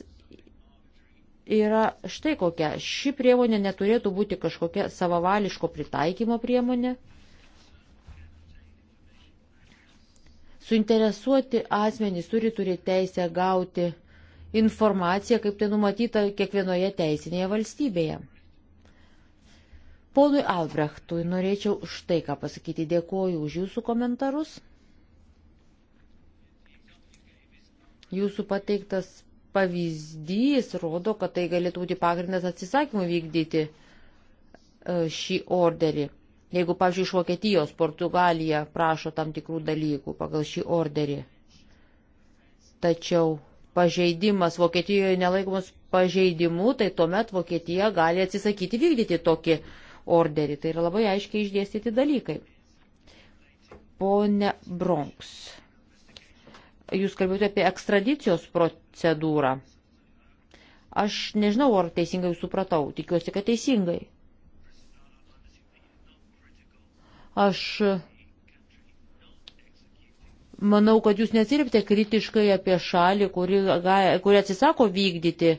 yra štai kokia. Ši priemonė neturėtų būti kažkokia savavališko pritaikymo priemonė. Suinteresuoti asmenys turi turėti teisę gauti informaciją, kaip tai numatyta kiekvienoje teisinėje valstybėje. Ponui Albrechtui norėčiau štai ką pasakyti. Dėkuoju už jūsų komentarus. Jūsų pateiktas pavyzdys rodo, kad tai galėtų būti pagrindas atsisakymų vykdyti e, šį orderį. Jeigu, pavyzdžiui, iš Vokietijos Portugalija prašo tam tikrų dalykų pagal šį orderį, tačiau pažeidimas Vokietijoje nelaikomas pažeidimu, tai tuomet Vokietija gali atsisakyti vykdyti tokį uh, orderį. Tai yra labai aiškiai išdėstyti dalykai. Pone Bronks, jūs kalbėjote apie ekstradicijos procedūrą. Aš nežinau, ar teisingai jūs supratau, tikiuosi, kad teisingai. Aš manau, kad jūs nesirpte kritiškai apie šalį, kuri, kuri atsisako vykdyti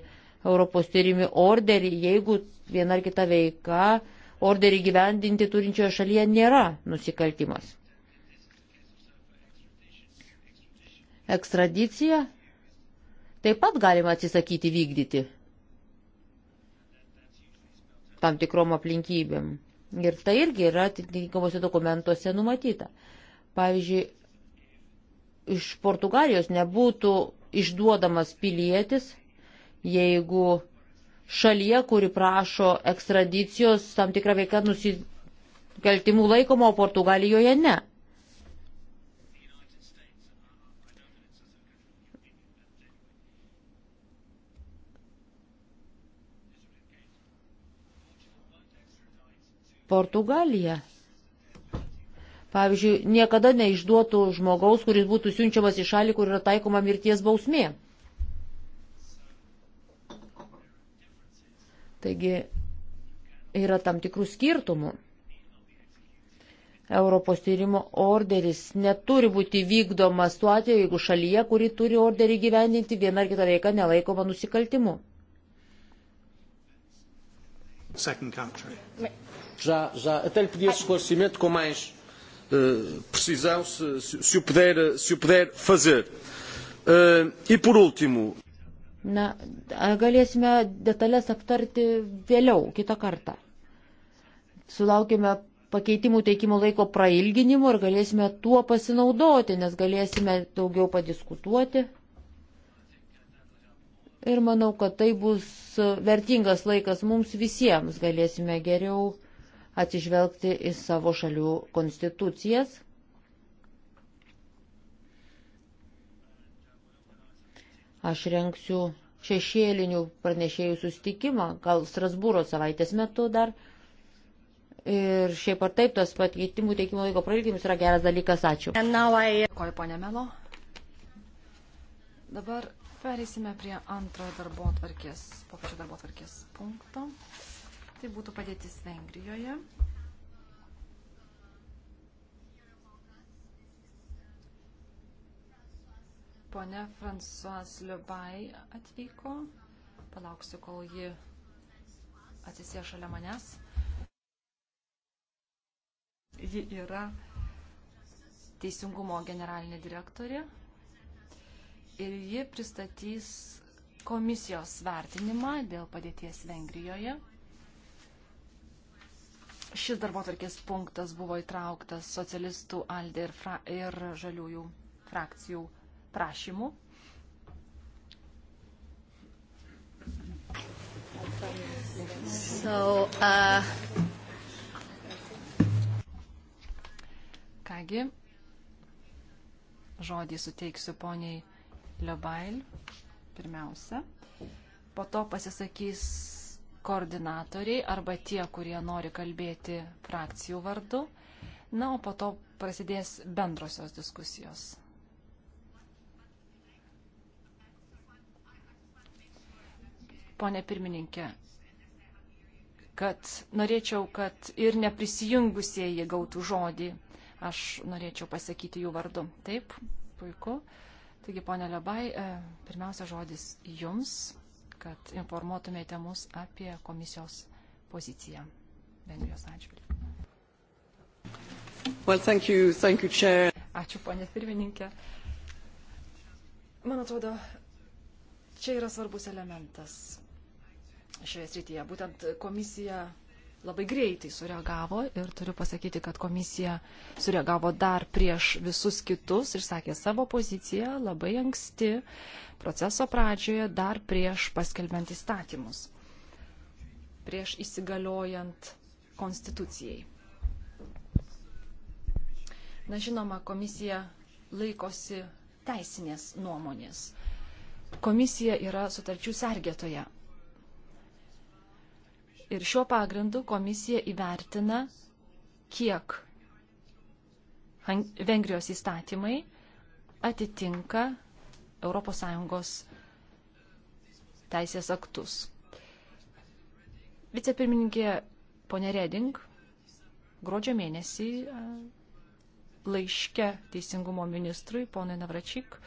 Europos tyrimį orderį, jeigu viena ar kita veika orderį gyvendinti turinčioje šalyje nėra nusikaltimas. Ekstradicija taip pat galima atsisakyti vykdyti tam tikrom aplinkybėm. Ir tai irgi yra atitinkamuose dokumentuose numatyta. Pavyzdžiui, iš Portugalijos nebūtų išduodamas pilietis, jeigu šalyje, kuri prašo ekstradicijos tam tikrą veiką nusikaltimų laikoma, o Portugalijoje ne. Portugalija. Pavyzdžiui, niekada neišduotų žmogaus, kuris būtų siunčiamas į šalį, kur yra taikoma mirties bausmė. Taigi yra tam tikrų skirtumų. Europos tyrimo orderis neturi būti vykdomas tuo atveju, jeigu šalyje, kuri turi orderį gyvendinti, viena ar kita veika nelaikoma nusikaltimu. Já, já, até lhe pedia esclarecimento com mais uh, precisão, se, se, se, o puder, se o puder fazer. Uh, e por último. Na, galėsime detalės aptarti vėliau, kitą kartą. Sulaukime pakeitimų teikimo laiko prailginimo ir galėsime tuo pasinaudoti, nes galėsime daugiau padiskutuoti. Ir manau, kad tai bus vertingas laikas mums visiems. Galėsime geriau atsižvelgti į savo šalių konstitucijas Aš renksiu šešėlinių pranešėjų sustikimą, gal Strasbūro savaitės metu dar. Ir šiaip ar taip, tas pakeitimų teikimo laiko prailgimas yra geras dalykas. Ačiū. I... Dėkoju, ponė Melo. Dabar pereisime prie antro darbo atvarkės, popiečio darbo atvarkės punkto. Tai būtų padėtis Vengrijoje. Pone Fransuas Liubai atvyko. Palauksiu, kol ji atsisė šalia manęs. Ji yra Teisingumo generalinė direktorė ir ji pristatys komisijos vertinimą dėl padėties Vengrijoje. Šis darbotvarkės punktas buvo įtrauktas socialistų Aldė ir, fra, ir žaliųjų frakcijų prašymų. So, uh... Kągi, žodį suteiksiu poniai Liobail pirmiausia. Po to pasisakys koordinatoriai arba tie, kurie nori kalbėti frakcijų vardu. Na, o po to prasidės bendrosios diskusijos. ponė pirmininkė, kad norėčiau, kad ir neprisijungusieji gautų žodį. Aš norėčiau pasakyti jų vardu. Taip, puiku. Taigi, ponė Lebai, e, pirmiausia žodis jums, kad informuotumėte mus apie komisijos poziciją Vengrijos atžvilgiu. Well, thank you, thank you, chair. Ačiū, ponė pirmininkė. Man atrodo, čia yra svarbus elementas šioje srityje. Būtent komisija labai greitai sureagavo ir turiu pasakyti, kad komisija sureagavo dar prieš visus kitus ir sakė savo poziciją labai anksti proceso pradžioje, dar prieš paskelbiant įstatymus, prieš įsigaliojant konstitucijai. Na žinoma, komisija laikosi teisinės nuomonės. Komisija yra sutarčių sergėtoja Ir šiuo pagrindu komisija įvertina, kiek Vengrijos įstatymai atitinka ES teisės aktus. Vicepirmininkė ponė Reding gruodžio mėnesį laiške teisingumo ministrui ponui Navračik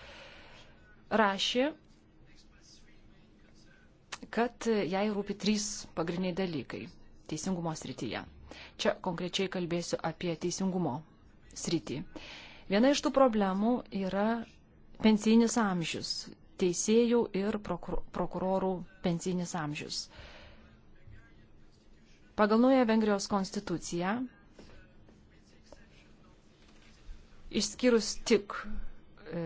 rašė, kad jai rūpi trys pagrindiniai dalykai teisingumo srityje. Čia konkrečiai kalbėsiu apie teisingumo srity. Viena iš tų problemų yra pensijinis amžius, teisėjų ir prokurorų pensijinis amžius. Pagal naują Vengrijos konstituciją, išskyrus tik e,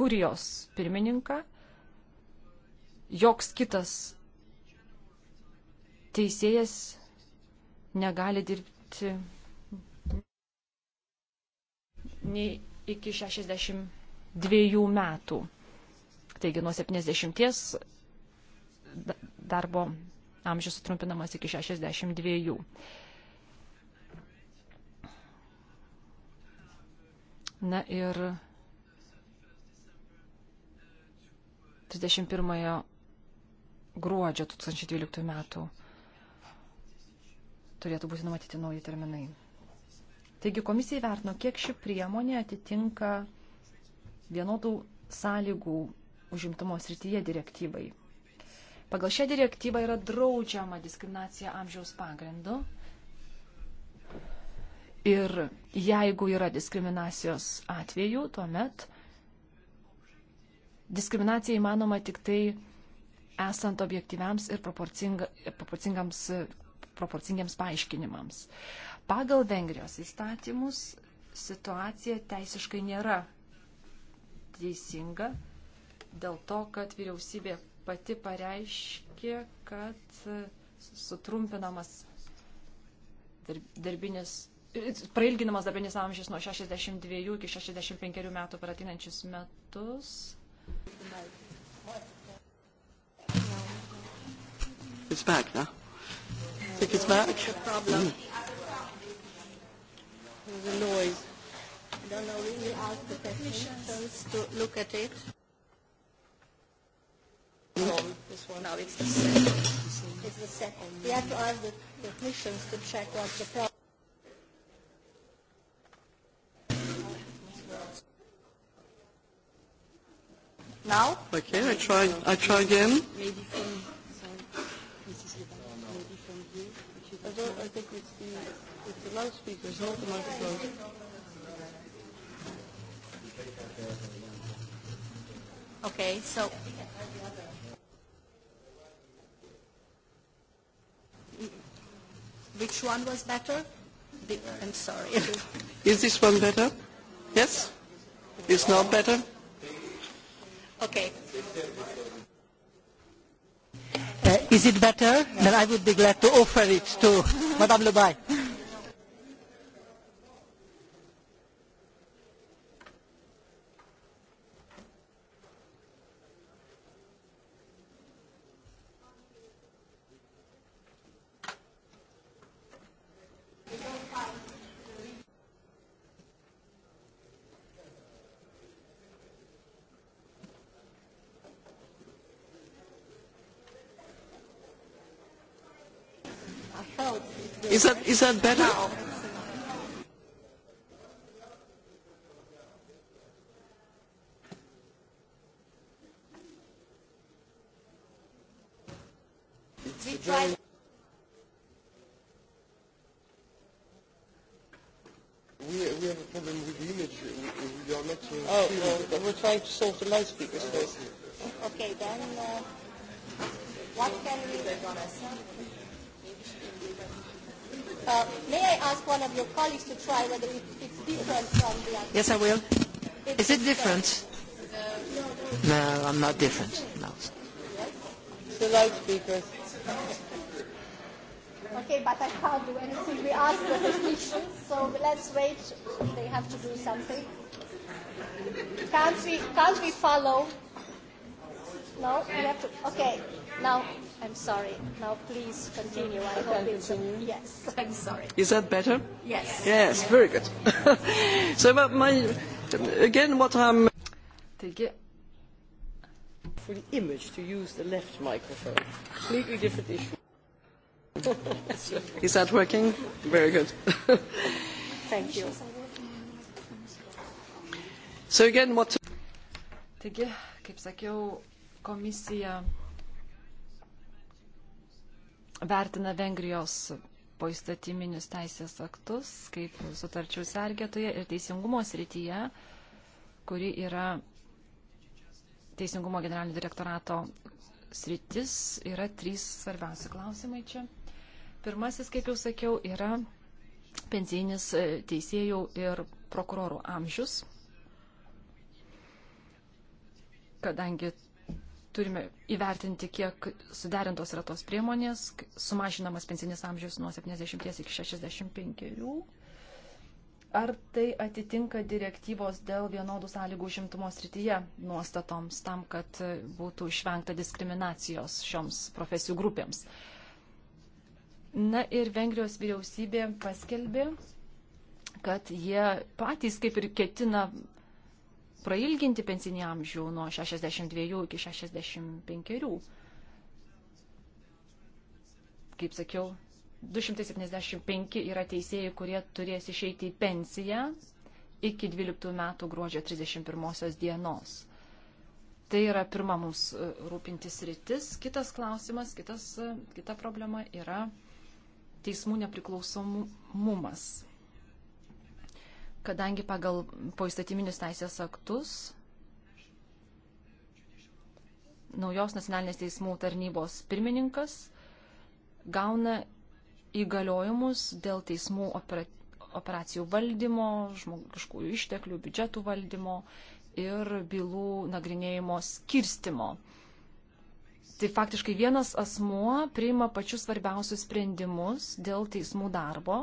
kurijos pirmininką, joks kitas teisėjas negali dirbti nei iki 62 metų. Taigi nuo 70 darbo amžius sutrumpinamas iki 62. Na ir 31 gruodžio 2012 metų turėtų būti numatyti nauji terminai. Taigi komisija įvertino, kiek ši priemonė atitinka vienodų sąlygų užimtumo srityje direktyvai. Pagal šią direktyvą yra draudžiama diskriminacija amžiaus pagrindu. Ir jeigu yra diskriminacijos atveju, tuomet diskriminacija įmanoma tik tai esant objektyviams ir proporcingams, proporcingiams paaiškinimams. Pagal Vengrijos įstatymus situacija teisiškai nėra teisinga dėl to, kad vyriausybė pati pareiškė, kad sutrumpinamas darbinis, prailginamas darbinis amžius nuo 62 iki 65 metų per ateinančius metus. Thank you. It's back now. I think it's back. The problem. Mm. The noise. I don't know. We will ask the technicians to look at it. Mm. This one. Now it's the second. It's the second. We have to ask the technicians to check what's the problem. Now? Okay, I try, I try again. Maybe from microphone. I think it's the, it's the loudspeakers, not the microphone. Okay, so. Which one was better? The, I'm sorry. (laughs) Is this one better? Yes? It's not better? Okay. Is it better? Then I would be glad to offer it to Madame Lebaille. Is that, is that better? Now. We tried. We, we have a problem with the image. We, we are not. Uh, oh, hearing. well, we're trying to solve the loudspeakers uh, first. Okay, then. Uh, what can we? They're gonna. Uh, may I ask one of your colleagues to try whether it, it's different from the other? Yes, I will. It's Is it different? different? No, no, no, I'm not different. No. Yes? The loudspeakers. Okay, but I can't do anything. We asked the technicians, so let's wait. They have to do something. Can't we, can't we follow? No, we have to. Okay, now I'm sorry. Now please continue. I, I hope it's continue. A, yes. I'm sorry. Is that better? Yes. Yes, very good. (laughs) so my, my again what I'm Taigi. For the image to use the left microphone. Completely different issue. Is that working? Very good. Thank you. So again what Taigi, kaip sakiau, komisija vertina Vengrijos poistatyminius teisės aktus kaip sutarčių sergėtoje ir teisingumo srityje, kuri yra Teisingumo generalinio direktorato sritis, yra trys svarbiausi klausimai čia. Pirmasis, kaip jau sakiau, yra pensijinis e, teisėjų ir prokurorų amžius, kadangi turime įvertinti, kiek suderintos yra tos priemonės, sumažinamas pensinis amžius nuo 70 iki 65. Ar tai atitinka direktyvos dėl vienodų sąlygų užimtumo srityje nuostatoms tam, kad būtų išvengta diskriminacijos šioms profesijų grupėms? Na ir Vengrijos vyriausybė paskelbė, kad jie patys kaip ir ketina prailginti pensinį amžių nuo 62 iki 65. Kaip sakiau, 275 yra teisėjai, kurie turės išeiti į pensiją iki 12 metų gruodžio 31 dienos. Tai yra pirma mums e, rūpintis rytis. Kitas klausimas, kitas, e, kita problema yra teismų nepriklausomumas kadangi pagal poįstatyminius teisės aktus naujos nacionalinės teismų tarnybos pirmininkas gauna įgaliojimus dėl teismų operacijų valdymo, žmogiškųjų išteklių, biudžetų valdymo ir bylų nagrinėjimo skirstimo. Tai faktiškai vienas asmuo priima pačius svarbiausius sprendimus dėl teismų darbo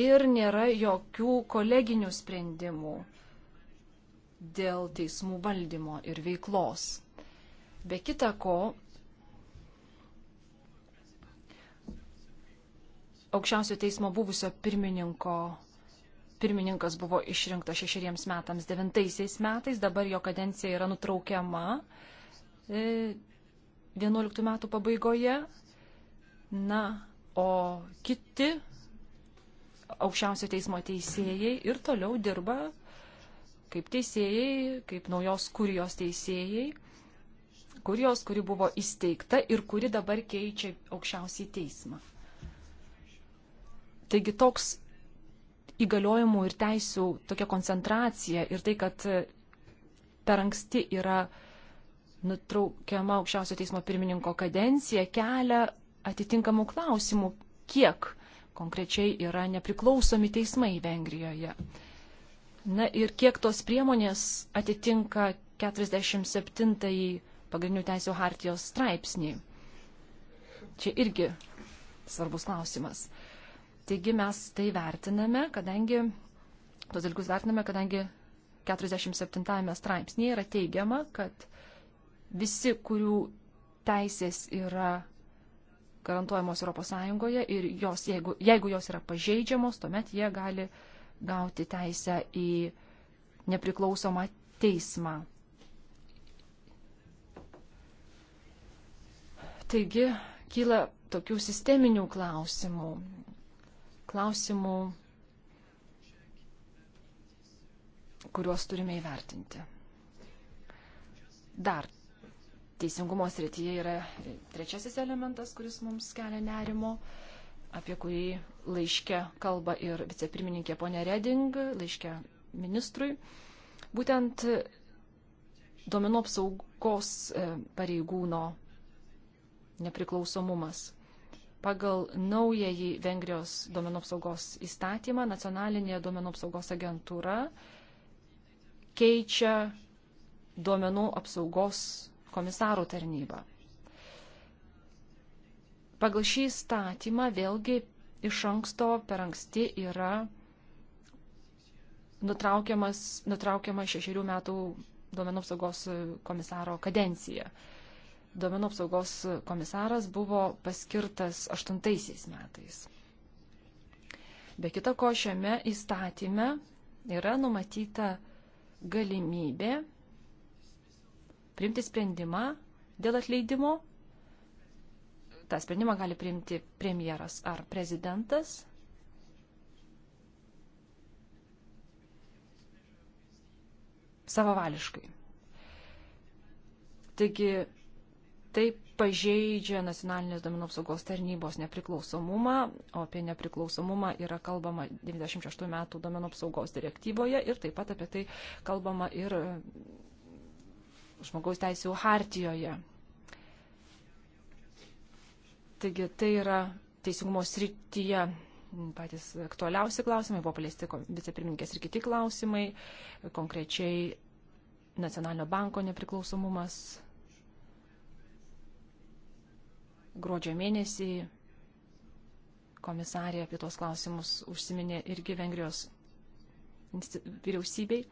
ir nėra jokių koleginių sprendimų dėl teismų valdymo ir veiklos. Be kita ko, aukščiausio teismo buvusio pirmininko pirmininkas buvo išrinktas šešeriems metams, devintaisiais metais, dabar jo kadencija yra nutraukiama 11 e, metų pabaigoje. Na, o kiti aukščiausio teismo teisėjai ir toliau dirba kaip teisėjai, kaip naujos kurijos teisėjai, kurijos, kuri buvo įsteigta ir kuri dabar keičia aukščiausiai teismą. Taigi toks įgaliojimų ir teisų tokia koncentracija ir tai, kad per anksti yra nutraukiama aukščiausio teismo pirmininko kadencija, kelia atitinkamų klausimų, kiek konkrečiai yra nepriklausomi teismai Vengrijoje. Na ir kiek tos priemonės atitinka 47-ąjį pagrindinių teisų hartijos straipsnį. Čia irgi svarbus klausimas. Taigi mes tai vertiname, kadangi, tos dalykus vertiname, kadangi 47-ame straipsnėje yra teigiama, kad visi, kurių teisės yra garantuojamos ES ir jos, jeigu, jeigu jos yra pažeidžiamos, tuomet jie gali gauti teisę į nepriklausomą teismą. Taigi kyla tokių sisteminių klausimų. Klausimų, kuriuos turime įvertinti. Dar teisingumo srityje yra e, trečiasis elementas, kuris mums kelia nerimo, apie kurį laiške kalba ir vicepirmininkė ponė Reding, laiške ministrui. Būtent e, duomenų apsaugos e, pareigūno nepriklausomumas. Pagal naująjį Vengrijos duomenų apsaugos įstatymą nacionalinė duomenų apsaugos agentūra keičia duomenų apsaugos komisarų tarnybą. Pagal šį statymą vėlgi iš anksto per anksti yra nutraukiamas, nutraukiama šešių metų duomenų apsaugos komisaro kadencija. Duomenų apsaugos komisaras buvo paskirtas aštuntaisiais metais. Be kita ko, šiame įstatyme yra numatyta galimybė priimti sprendimą dėl atleidimo. Ta sprendimą gali priimti premjeras ar prezidentas. Savavališkai. Taigi tai pažeidžia nacionalinės domenų apsaugos tarnybos nepriklausomumą, o apie nepriklausomumą yra kalbama 96 metų domenų apsaugos direktyvoje ir taip pat apie tai kalbama ir žmogaus teisėjų hartijoje. Taigi tai yra teisingumo srityje patys aktualiausi klausimai, buvo paliesti vicepirmininkės ir kiti klausimai, konkrečiai Nacionalinio banko nepriklausomumas. Gruodžio mėnesį komisarė apie tos klausimus užsiminė irgi Vengrijos vyriausybei.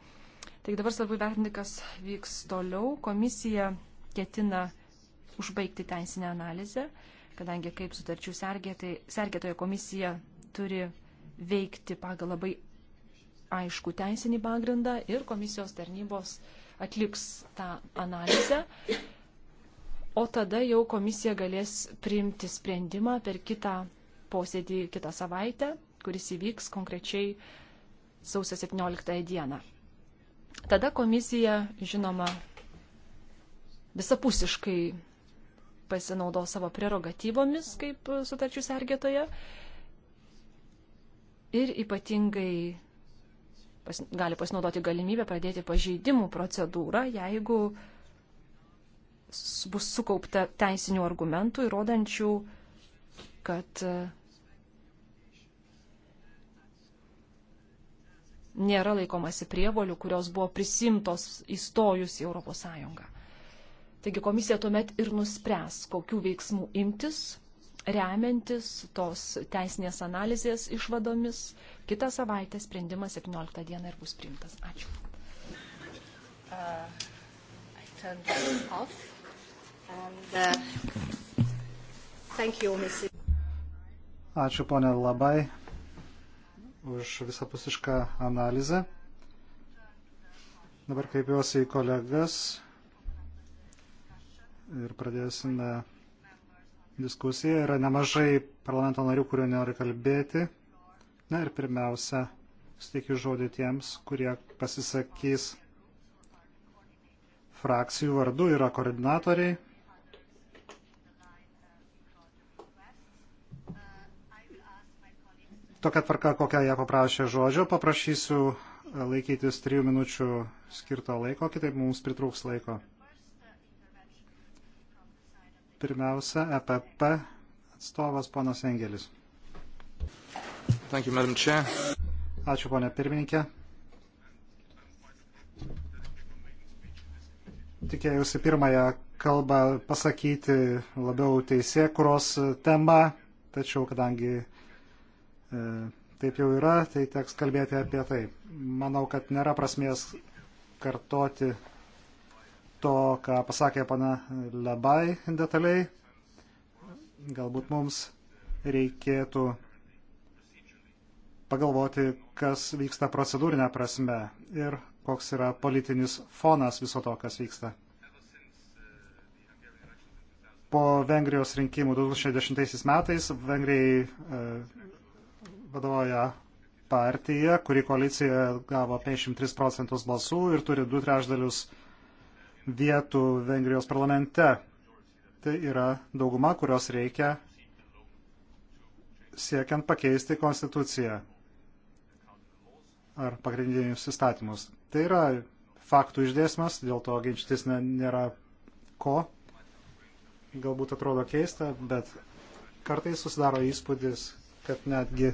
Taigi dabar svarbu vertinti, kas vyks toliau. Komisija ketina užbaigti teisinę analizę, kadangi kaip sutarčių tai sergėtojo komisija turi veikti pagal labai aišku teisinį pagrindą ir komisijos tarnybos atliks tą analizę. O tada jau komisija galės priimti sprendimą per kitą posėdį kitą savaitę, kuris įvyks konkrečiai sausio 17 dieną. Tada komisija, žinoma, visapusiškai pasinaudo savo prerogatyvomis kaip sutarčių sergėtoje ir ypatingai pas, gali pasinaudoti galimybę pradėti pažeidimų procedūrą, jeigu bus sukaupta teisinių argumentų įrodančių, kad nėra laikomasi prievolių, kurios buvo prisimtos įstojus į ES. Taigi komisija tuomet ir nuspręs, kokių veiksmų imtis, remiantis tos teisinės analizės išvadomis. Kita savaitė sprendimas 17 dieną ir bus priimtas. Ačiū. Uh, and, uh, you, Ačiū, ponė Labai už visapusišką analizę. Dabar kreipiuosi į kolegas ir pradėsime diskusiją. Yra nemažai parlamento narių, kurių nori kalbėti. Na ir pirmiausia, suteikiu žodį tiems, kurie pasisakys frakcijų vardu, yra koordinatoriai. tokia tvarka, kokią ją paprašė žodžio. Paprašysiu e, laikytis trijų minučių skirto laiko, kitaip mums pritrūks laiko. Pirmiausia, EPP atstovas ponas Engelis. Thank you, Madam Chair. Ačiū, ponė pirmininkė. Tikėjausi pirmąją kalbą pasakyti labiau teisė, kurios tema, tačiau kadangi E, taip jau yra, tai teks kalbėti apie tai. Manau, kad nėra prasmės kartoti to, ką pasakė pana Labai detaliai. Galbūt mums reikėtų pagalvoti, kas vyksta procedūrinė prasme ir koks yra politinis fonas viso to, kas vyksta. Po Vengrijos rinkimų 2010 metais Vengrijai e, vadovauja partija, kuri koalicijoje gavo 53 procentus balsų ir turi du trešdalius vietų Vengrijos parlamente. Tai yra dauguma, kurios reikia siekiant pakeisti konstituciją ar pagrindinius įstatymus. Tai yra faktų išdėsmas, dėl to ginčytis nėra ko. Galbūt atrodo keista, bet kartais susidaro įspūdis, kad netgi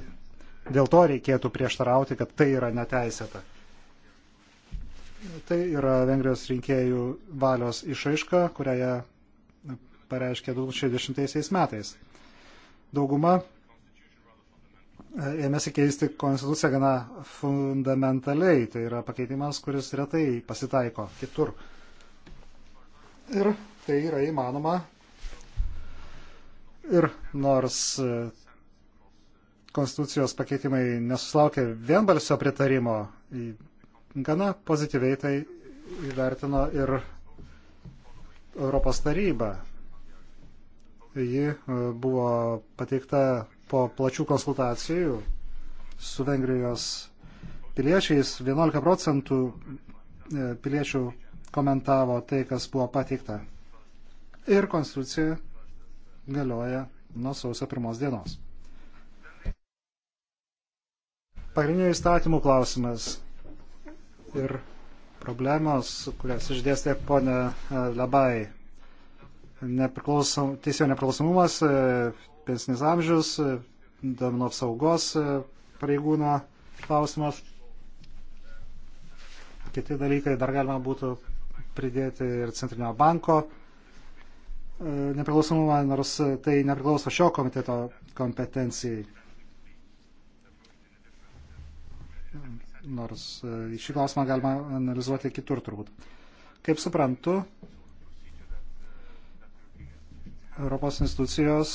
dėl to reikėtų prieštarauti, kad tai yra neteisėta. Tai yra Vengrijos rinkėjų valios išaiška, kurią jie pareiškė 2010 metais. Dauguma e, ėmėsi keisti konstituciją gana fundamentaliai, tai yra pakeitimas, kuris retai pasitaiko kitur. Ir tai yra įmanoma. Ir nors e, konstitucijos pakeitimai nesuslaukė vienbalsio pritarimo, gana pozityviai tai įvertino ir Europos taryba. Ji e, buvo pateikta po plačių konsultacijų su Vengrijos piliečiais. 11 procentų e, piliečių komentavo tai, kas buvo pateikta. Ir konstitucija galioja nuo sausio pirmos dienos. Pagrindinių įstatymų klausimas ir problemos, kurias išdėstė ponė e, Labai. Nepriklausom, teisėjo nepriklausomumas, e, pensinis amžius, e, domino apsaugos pareigūno klausimas. Kiti dalykai dar galima būtų pridėti ir Centrinio banko nepriklausomumą, nors tai nepriklauso šio komiteto kompetencijai. nors e, šį klausimą galima analizuoti kitur turbūt. Kaip suprantu, Europos institucijos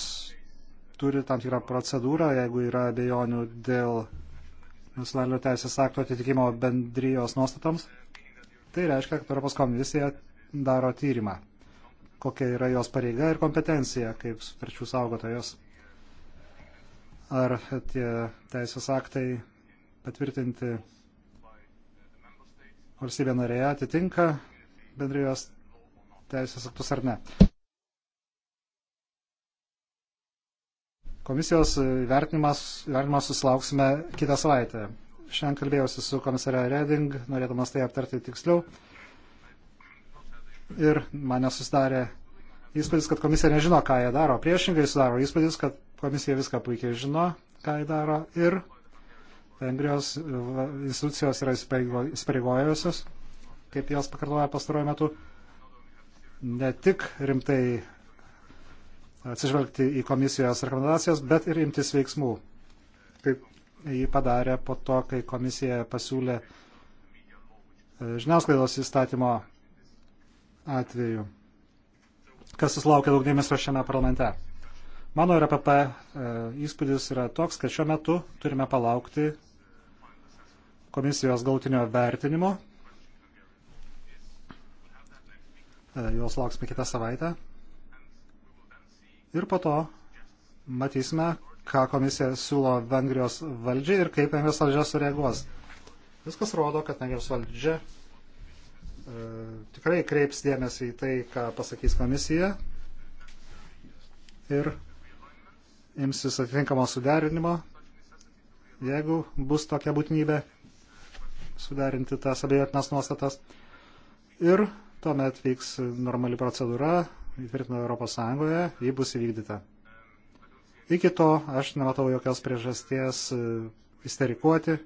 turi tam tikrą procedūrą, jeigu yra abejonių dėl nacionalinio teisės akto atitikimo bendrijos nuostatoms. Tai reiškia, kad Europos komisija daro tyrimą, kokia yra jos pareiga ir kompetencija kaip sutarčių saugotojos. Ar tie teisės aktai patvirtinti valstybė narėje atitinka bendrijos teisės aktus ar ne. Komisijos vertinimas, vertinimas susilauksime kitą savaitę. Šiandien kalbėjausi su komisare Reding, norėdamas tai aptarti tiksliau. Ir mane susidarė įspūdis, kad komisija nežino, ką jie daro. Priešingai sudaro įspūdis, kad komisija viską puikiai žino, ką jie daro. Ir Vengrijos e, institucijos yra įsipareigojusios, kaip jos pakartoja pastaruoju metu, ne tik rimtai atsižvelgti į komisijos rekomendacijas, bet ir imtis veiksmų, kaip jį padarė po to, kai komisija pasiūlė e, žiniasklaidos įstatymo atveju, kas susilaukė daug dėmesio šiame parlamente. Mano ir APP e, įspūdis yra toks, kad šiuo metu turime palaukti komisijos gautinio vertinimo. E, Juos lauksime kitą savaitę. Ir po to matysime, ką komisija siūlo Vengrijos valdžiai ir kaip Vengrijos valdžia sureaguos. Viskas rodo, kad Vengrijos valdžia e, tikrai kreips dėmesį į tai, ką pasakys komisija ir imsis atitinkamo suderinimo, jeigu bus tokia būtinybė suderinti tas abejotinas nuostatas. Ir tuomet vyks normali procedūra, įtvirtina Europos Sąjungoje, ji bus įvykdyta. Iki to aš nematau jokios priežasties e, isterikuoti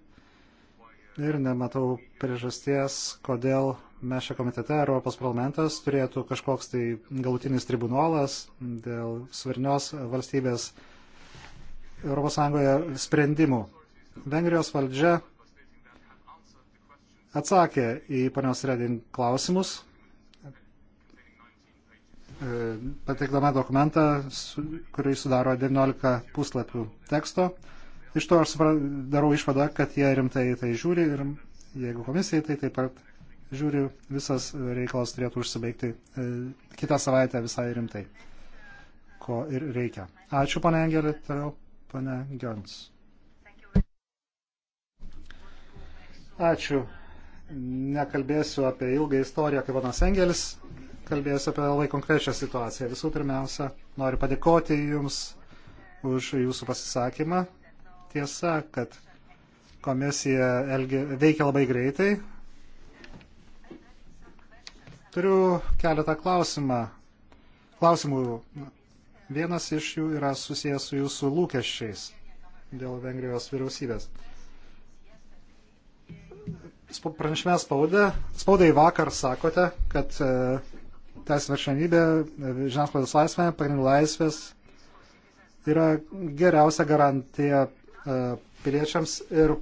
ir nematau priežasties, kodėl mes šią komitete Europos parlamentas turėtų kažkoks tai galutinis tribunolas dėl svarnios valstybės ES sprendimų. Vengrijos valdžia atsakė į ponios Reding klausimus, e, pateikdama dokumentą, kurį sudaro 19 puslapių teksto. Iš to aš darau išvadą, kad jie rimtai tai žiūri ir jeigu komisijai tai taip pat žiūri, visas reikalas turėtų užsibaigti e, kitą savaitę visai rimtai, ko ir reikia. Ačiū, pane Angelė, toliau. Pane Gans. Ačiū. Nekalbėsiu apie ilgą istoriją, kaip panas Engelis. Kalbėsiu apie labai konkrečią situaciją. Visų pirmiausia, noriu padėkoti Jums už Jūsų pasisakymą. Tiesa, kad komisija elgi, veikia labai greitai. Turiu keletą klausimą. klausimų Vienas iš jų yra susijęs su jūsų lūkesčiais dėl Vengrijos vyriausybės. Pranešime spaudė, spaudai vakar sakote, kad e, teisinė viršenybė, e, žiniasklaidos laisvė, pagrindų laisvės yra geriausia garantija e, piliečiams ir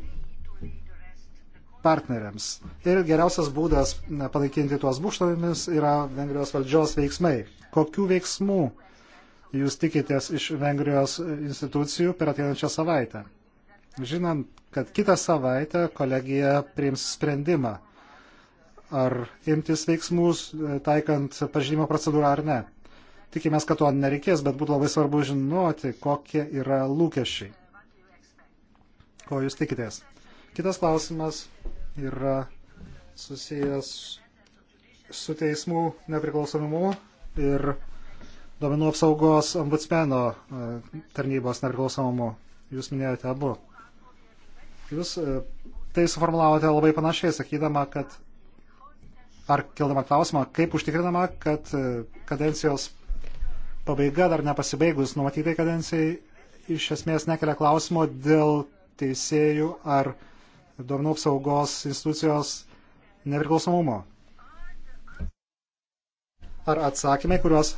partneriams. Ir geriausias būdas panaikinti tuos būštavimis yra Vengrijos valdžios veiksmai. Kokių veiksmų jūs tikitės iš Vengrijos institucijų per ateinančią savaitę? Žinant, kad kitą savaitę kolegija priims sprendimą, ar imtis veiksmus, e, taikant pažinimo procedūrą ar ne. Tikimės, kad to nereikės, bet būtų labai svarbu žinoti, kokie yra lūkesčiai. Ko jūs tikitės? Kitas klausimas yra susijęs su teismų nepriklausomumu ir duomenų apsaugos ombudsmeno e, tarnybos nepriklausomumu. Jūs minėjote abu. Jūs e, tai suformulavote labai panašiai, sakydama, kad ar kildama klausimą, kaip užtikrinama, kad e, kadencijos pabaiga dar nepasibaigus numatytai kadencijai iš esmės nekelia klausimo dėl teisėjų ar duomenų apsaugos institucijos nepriklausomumo. Ar atsakymai, kuriuos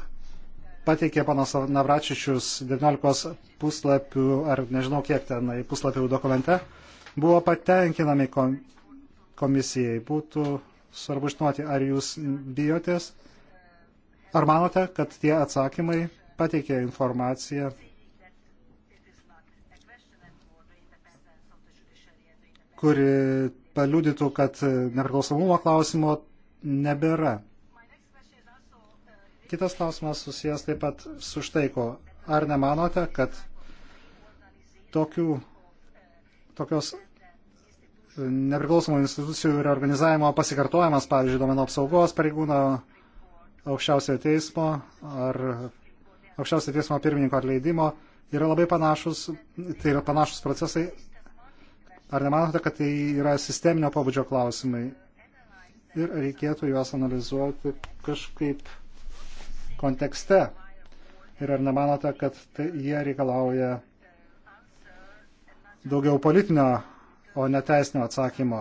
pateikė panas Navračičius 19 puslapių, ar nežinau kiek ten puslapių dokumente, buvo patenkinami komisijai. Būtų svarbu žinoti, ar jūs bijotės, ar manote, kad tie atsakymai pateikė informaciją kuri paliudytų, kad nepriklausomumo klausimo nebėra. Kitas klausimas susijęs taip pat su štai ko. Ar nemanote, kad tokių, tokios nepriklausomų institucijų ir organizavimo pasikartojimas, pavyzdžiui, domenų apsaugos pareigūno, aukščiausiojo teismo ar aukščiausiojo teismo pirmininko atleidimo, yra labai panašus, tai yra panašus procesai. Ar nemanote, kad tai yra sisteminio pobūdžio klausimai ir reikėtų juos analizuoti kažkaip kontekste. Ir ar nemanote, kad tai jie reikalauja daugiau politinio, o ne teisinio atsakymo?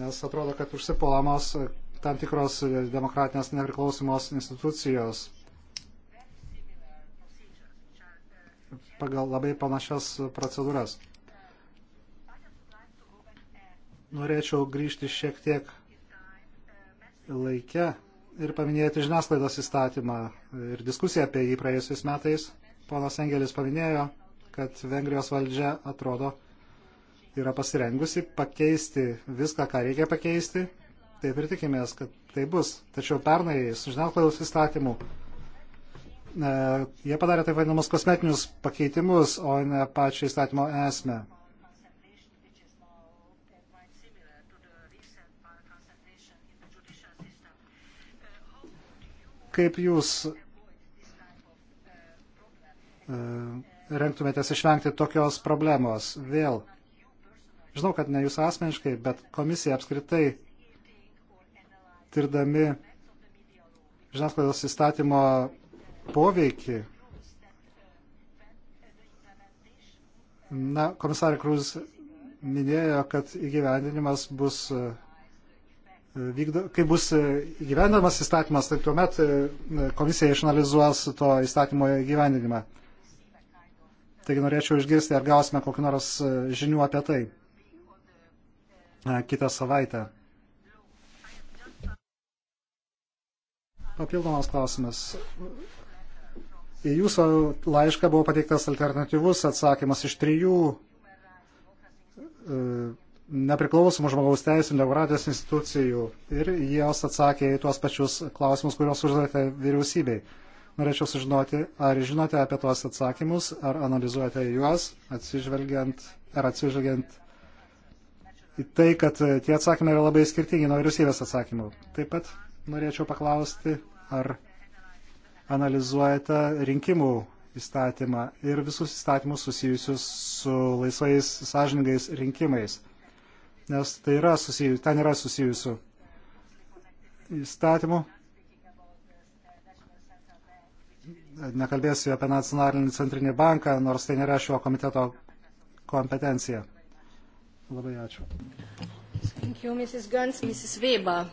Nes atrodo, kad užsipolamos tam tikros demokratinės nepriklausomos institucijos pagal labai panašias procedūras. Norėčiau grįžti šiek tiek laike ir paminėti žiniasklaidos įstatymą ir diskusiją apie jį praėjusiais metais. Ponas Engelis paminėjo, kad Vengrijos valdžia atrodo yra pasirengusi pakeisti viską, ką reikia pakeisti. Taip ir tikimės, kad tai bus. Tačiau pernai su žiniasklaidos įstatymu e, jie padarė taip vadinamus kosmetinius pakeitimus, o ne pačią įstatymo esmę. Kaip jūs e, renktumėtės išvengti tokios problemos? Vėl, žinau, kad ne jūs asmeniškai, bet komisija apskritai tirdami žiniasklaidos įstatymo poveikį. Na, komisarė Krūz minėjo, kad įgyvendinimas bus vykdo, kai bus e, gyvendamas įstatymas, tai tuomet e, e, komisija išanalizuos to įstatymo gyvendinimą. Taigi norėčiau išgirsti, ar gausime kokį nors žinių apie tai kitą savaitę. Papildomas klausimas. Į jūsų laišką buvo pateiktas alternatyvus atsakymas iš trijų nepriklausomų žmogaus teisų demokratijos institucijų ir jos atsakė į tuos pačius klausimus, kuriuos uždavėte vyriausybei. Norėčiau sužinoti, ar žinote apie tuos atsakymus, ar analizuojate juos, atsižvelgiant, ar atsižvelgiant į tai, kad tie atsakymai yra labai skirtingi nuo vyriausybės atsakymų. Taip pat norėčiau paklausti, ar analizuojate rinkimų įstatymą ir visus įstatymus susijusius su laisvais, sąžiningais rinkimais nes tai yra susijus, ten yra susijusių įstatymų. Nekalbėsiu apie nacionalinį centrinį banką, nors tai nėra šio komiteto kompetencija. Labai ačiū. Thank you, Mrs. Guns, Mrs. Weber.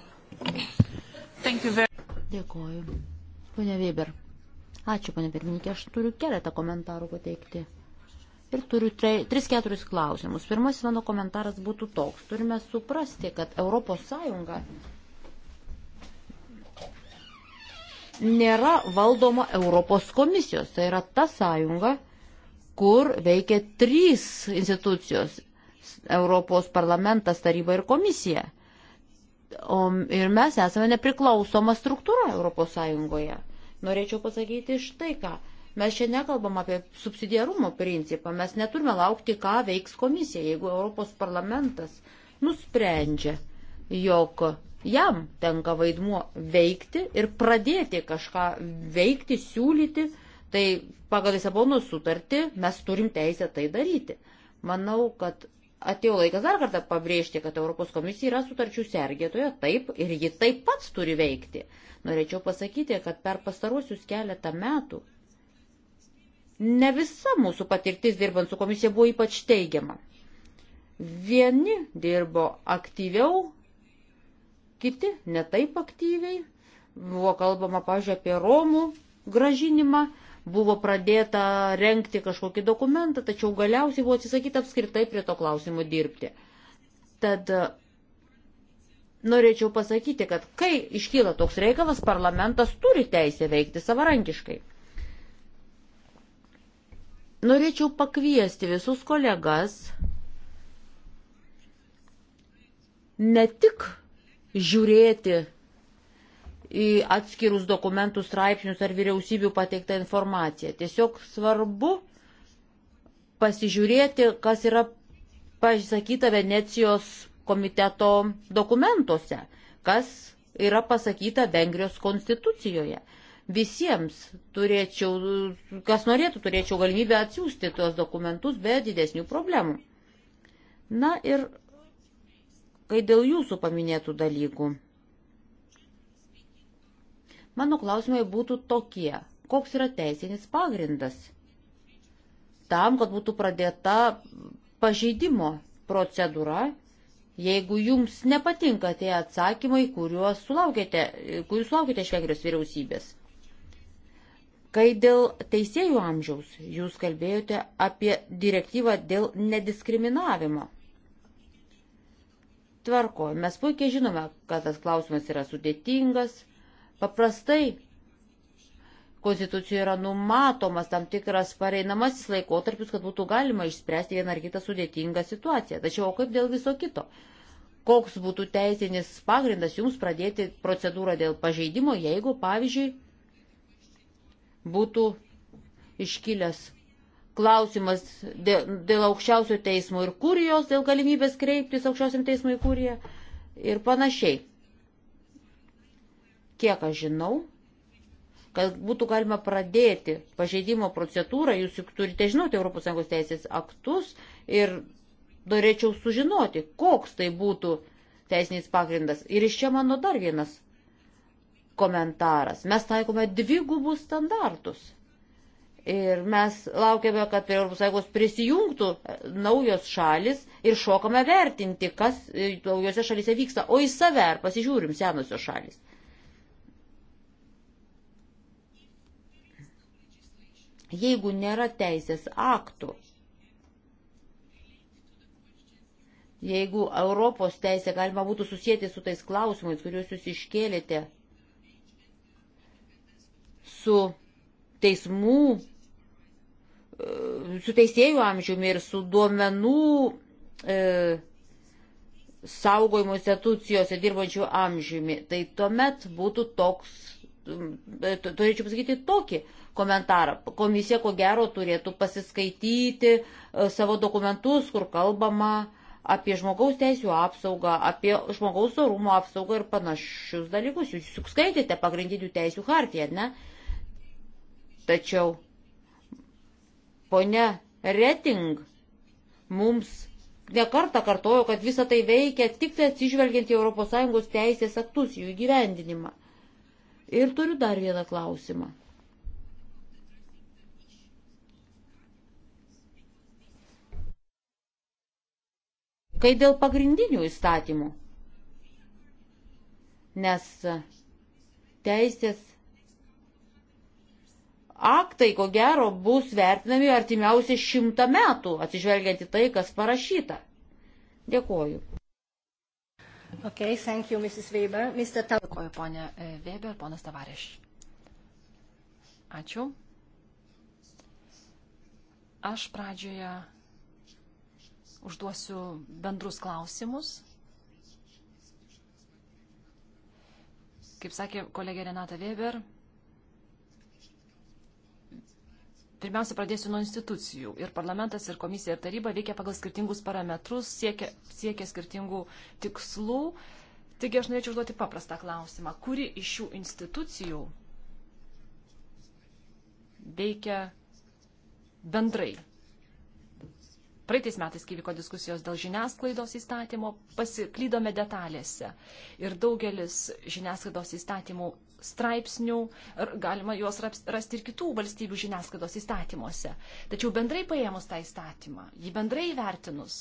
Thank you very... Dėkoju. Pone Weber. Ačiū, pane pirmininkė, aš turiu keletą komentarų pateikti ir turiu 3-4 klausimus. Pirmasis mano komentaras būtų toks. Turime suprasti, kad ES nėra valdoma Europos komisijos. Tai yra ta sąjunga, kur veikia trys institucijos - Europos parlamentas, taryba ir komisija. O, ir mes esame nepriklausoma struktūra Europos Sąjungoje. Norėčiau pasakyti štai ką. Mes čia nekalbam apie subsidiarumo principą, mes neturime laukti, ką veiks komisija, jeigu Europos parlamentas nusprendžia, jog jam tenka vaidmuo veikti ir pradėti kažką veikti, siūlyti, tai pagal Lisabonos sutartį mes turim teisę tai daryti. Manau, kad atėjo laikas dar kartą pabrėžti, kad Europos komisija yra sutarčių sergėtoja, taip, ir ji taip pat turi veikti. Norėčiau pasakyti, kad per pastaruosius keletą metų Ne visa mūsų patirtis dirbant su komisija buvo ypač teigiama. Vieni dirbo aktyviau, kiti netaip aktyviai. Buvo kalbama, pažiūrėjau, apie Romų gražinimą, buvo pradėta renkti kažkokį dokumentą, tačiau galiausiai buvo atsisakyta apskritai prie to klausimo dirbti. Tad e, norėčiau pasakyti, kad kai iškyla toks reikalas, parlamentas turi teisę veikti savarankiškai. Norėčiau pakviesti visus kolegas ne tik žiūrėti į atskirus dokumentų straipsnius ar vyriausybių pateiktą informaciją. Tiesiog svarbu pasižiūrėti, kas yra pasakyta Venecijos komiteto dokumentuose, kas yra pasakyta Vengrijos konstitucijoje visiems turėčiau, kas norėtų, turėčiau galimybę atsiųsti tuos dokumentus be didesnių problemų. Na ir kai dėl jūsų paminėtų dalykų. Mano klausimai būtų tokie. Koks yra teisinis pagrindas tam, kad būtų pradėta pažeidimo procedūra, jeigu jums nepatinka tie atsakymai, kuriuos sulaukėte, kuriuos sulaukėte iš Vengrijos vyriausybės? Kai dėl teisėjų amžiaus jūs kalbėjote apie direktyvą dėl nediskriminavimo. Tvarko, mes puikiai žinome, kad tas klausimas yra sudėtingas. Paprastai Konstitucijoje yra numatomas tam tikras pareinamasis laikotarpis, kad būtų galima išspręsti vieną ar kitą sudėtingą situaciją. Tačiau o kaip dėl viso kito? Koks būtų teisinis pagrindas jums pradėti procedūrą dėl pažeidimo, jeigu, pavyzdžiui, būtų iškilęs klausimas dėl, dėl aukščiausio teismo ir kurijos, dėl galimybės kreiptis aukščiausiam teismui į kuriją ir panašiai. Kiek aš žinau, kad būtų galima pradėti pažeidimo procedūrą, jūs juk turite žinoti ES teisės aktus ir norėčiau sužinoti, koks tai būtų teisinis pagrindas. Ir iš čia mano dar vienas komentaras. Mes taikome dvigubus standartus. Ir mes laukiame, kad prie Europos Sąjungos prisijungtų e, naujos šalis ir šokame vertinti, kas e, naujose šalise vyksta, o į save ar pasižiūrim senosios šalis. Jeigu nėra teisės aktų, jeigu Europos teisę galima būtų susijęti su tais klausimais, kuriuos jūs iškėlėte su teismų, su teisėjų amžiumi ir su duomenų e, saugojimo institucijose dirbančių amžiumi, tai tuomet būtų toks, e, turėčiau pasakyti tokį komentarą. Komisija ko gero turėtų pasiskaityti e, savo dokumentus, kur kalbama apie žmogaus teisų apsaugą, apie žmogaus orumo apsaugą ir panašius dalykus. Jūs juk skaitėte pagrindinių teisų hartiją, ne? Tačiau ponia Reting mums nekarta kartojo, kad visa tai veikia tik tai atsižvelgiant į ES teisės aktus, jų įgyvendinimą. Ir turiu dar vieną klausimą. Kai dėl pagrindinių įstatymų, nes teisės aktai, ko gero, bus vertinami artimiausiai šimtą metų, atsižvelgiant į tai, kas parašyta. Dėkuoju. Okay, thank you, Mrs. Weber. Mr. Tav... Dėkuoju, ponė e, Weber, ponas Tavareš. Ačiū. Aš pradžioje užduosiu bendrus klausimus. Kaip sakė kolegė Renata Weber, Pirmiausia, pradėsiu nuo institucijų. Ir parlamentas, ir komisija, ir taryba veikia pagal skirtingus parametrus, siekia, siekia skirtingų tikslų. Taigi aš norėčiau užduoti paprastą klausimą. Kuri iš šių institucijų veikia bendrai? Praeitais metais, kai vyko diskusijos dėl žiniasklaidos įstatymo, pasiklydome detalėse. Ir daugelis žiniasklaidos įstatymų straipsnių, galima juos rasti ir kitų valstybių žiniasklaidos įstatymuose. Tačiau bendrai paėmus tą įstatymą, jį bendrai įvertinus,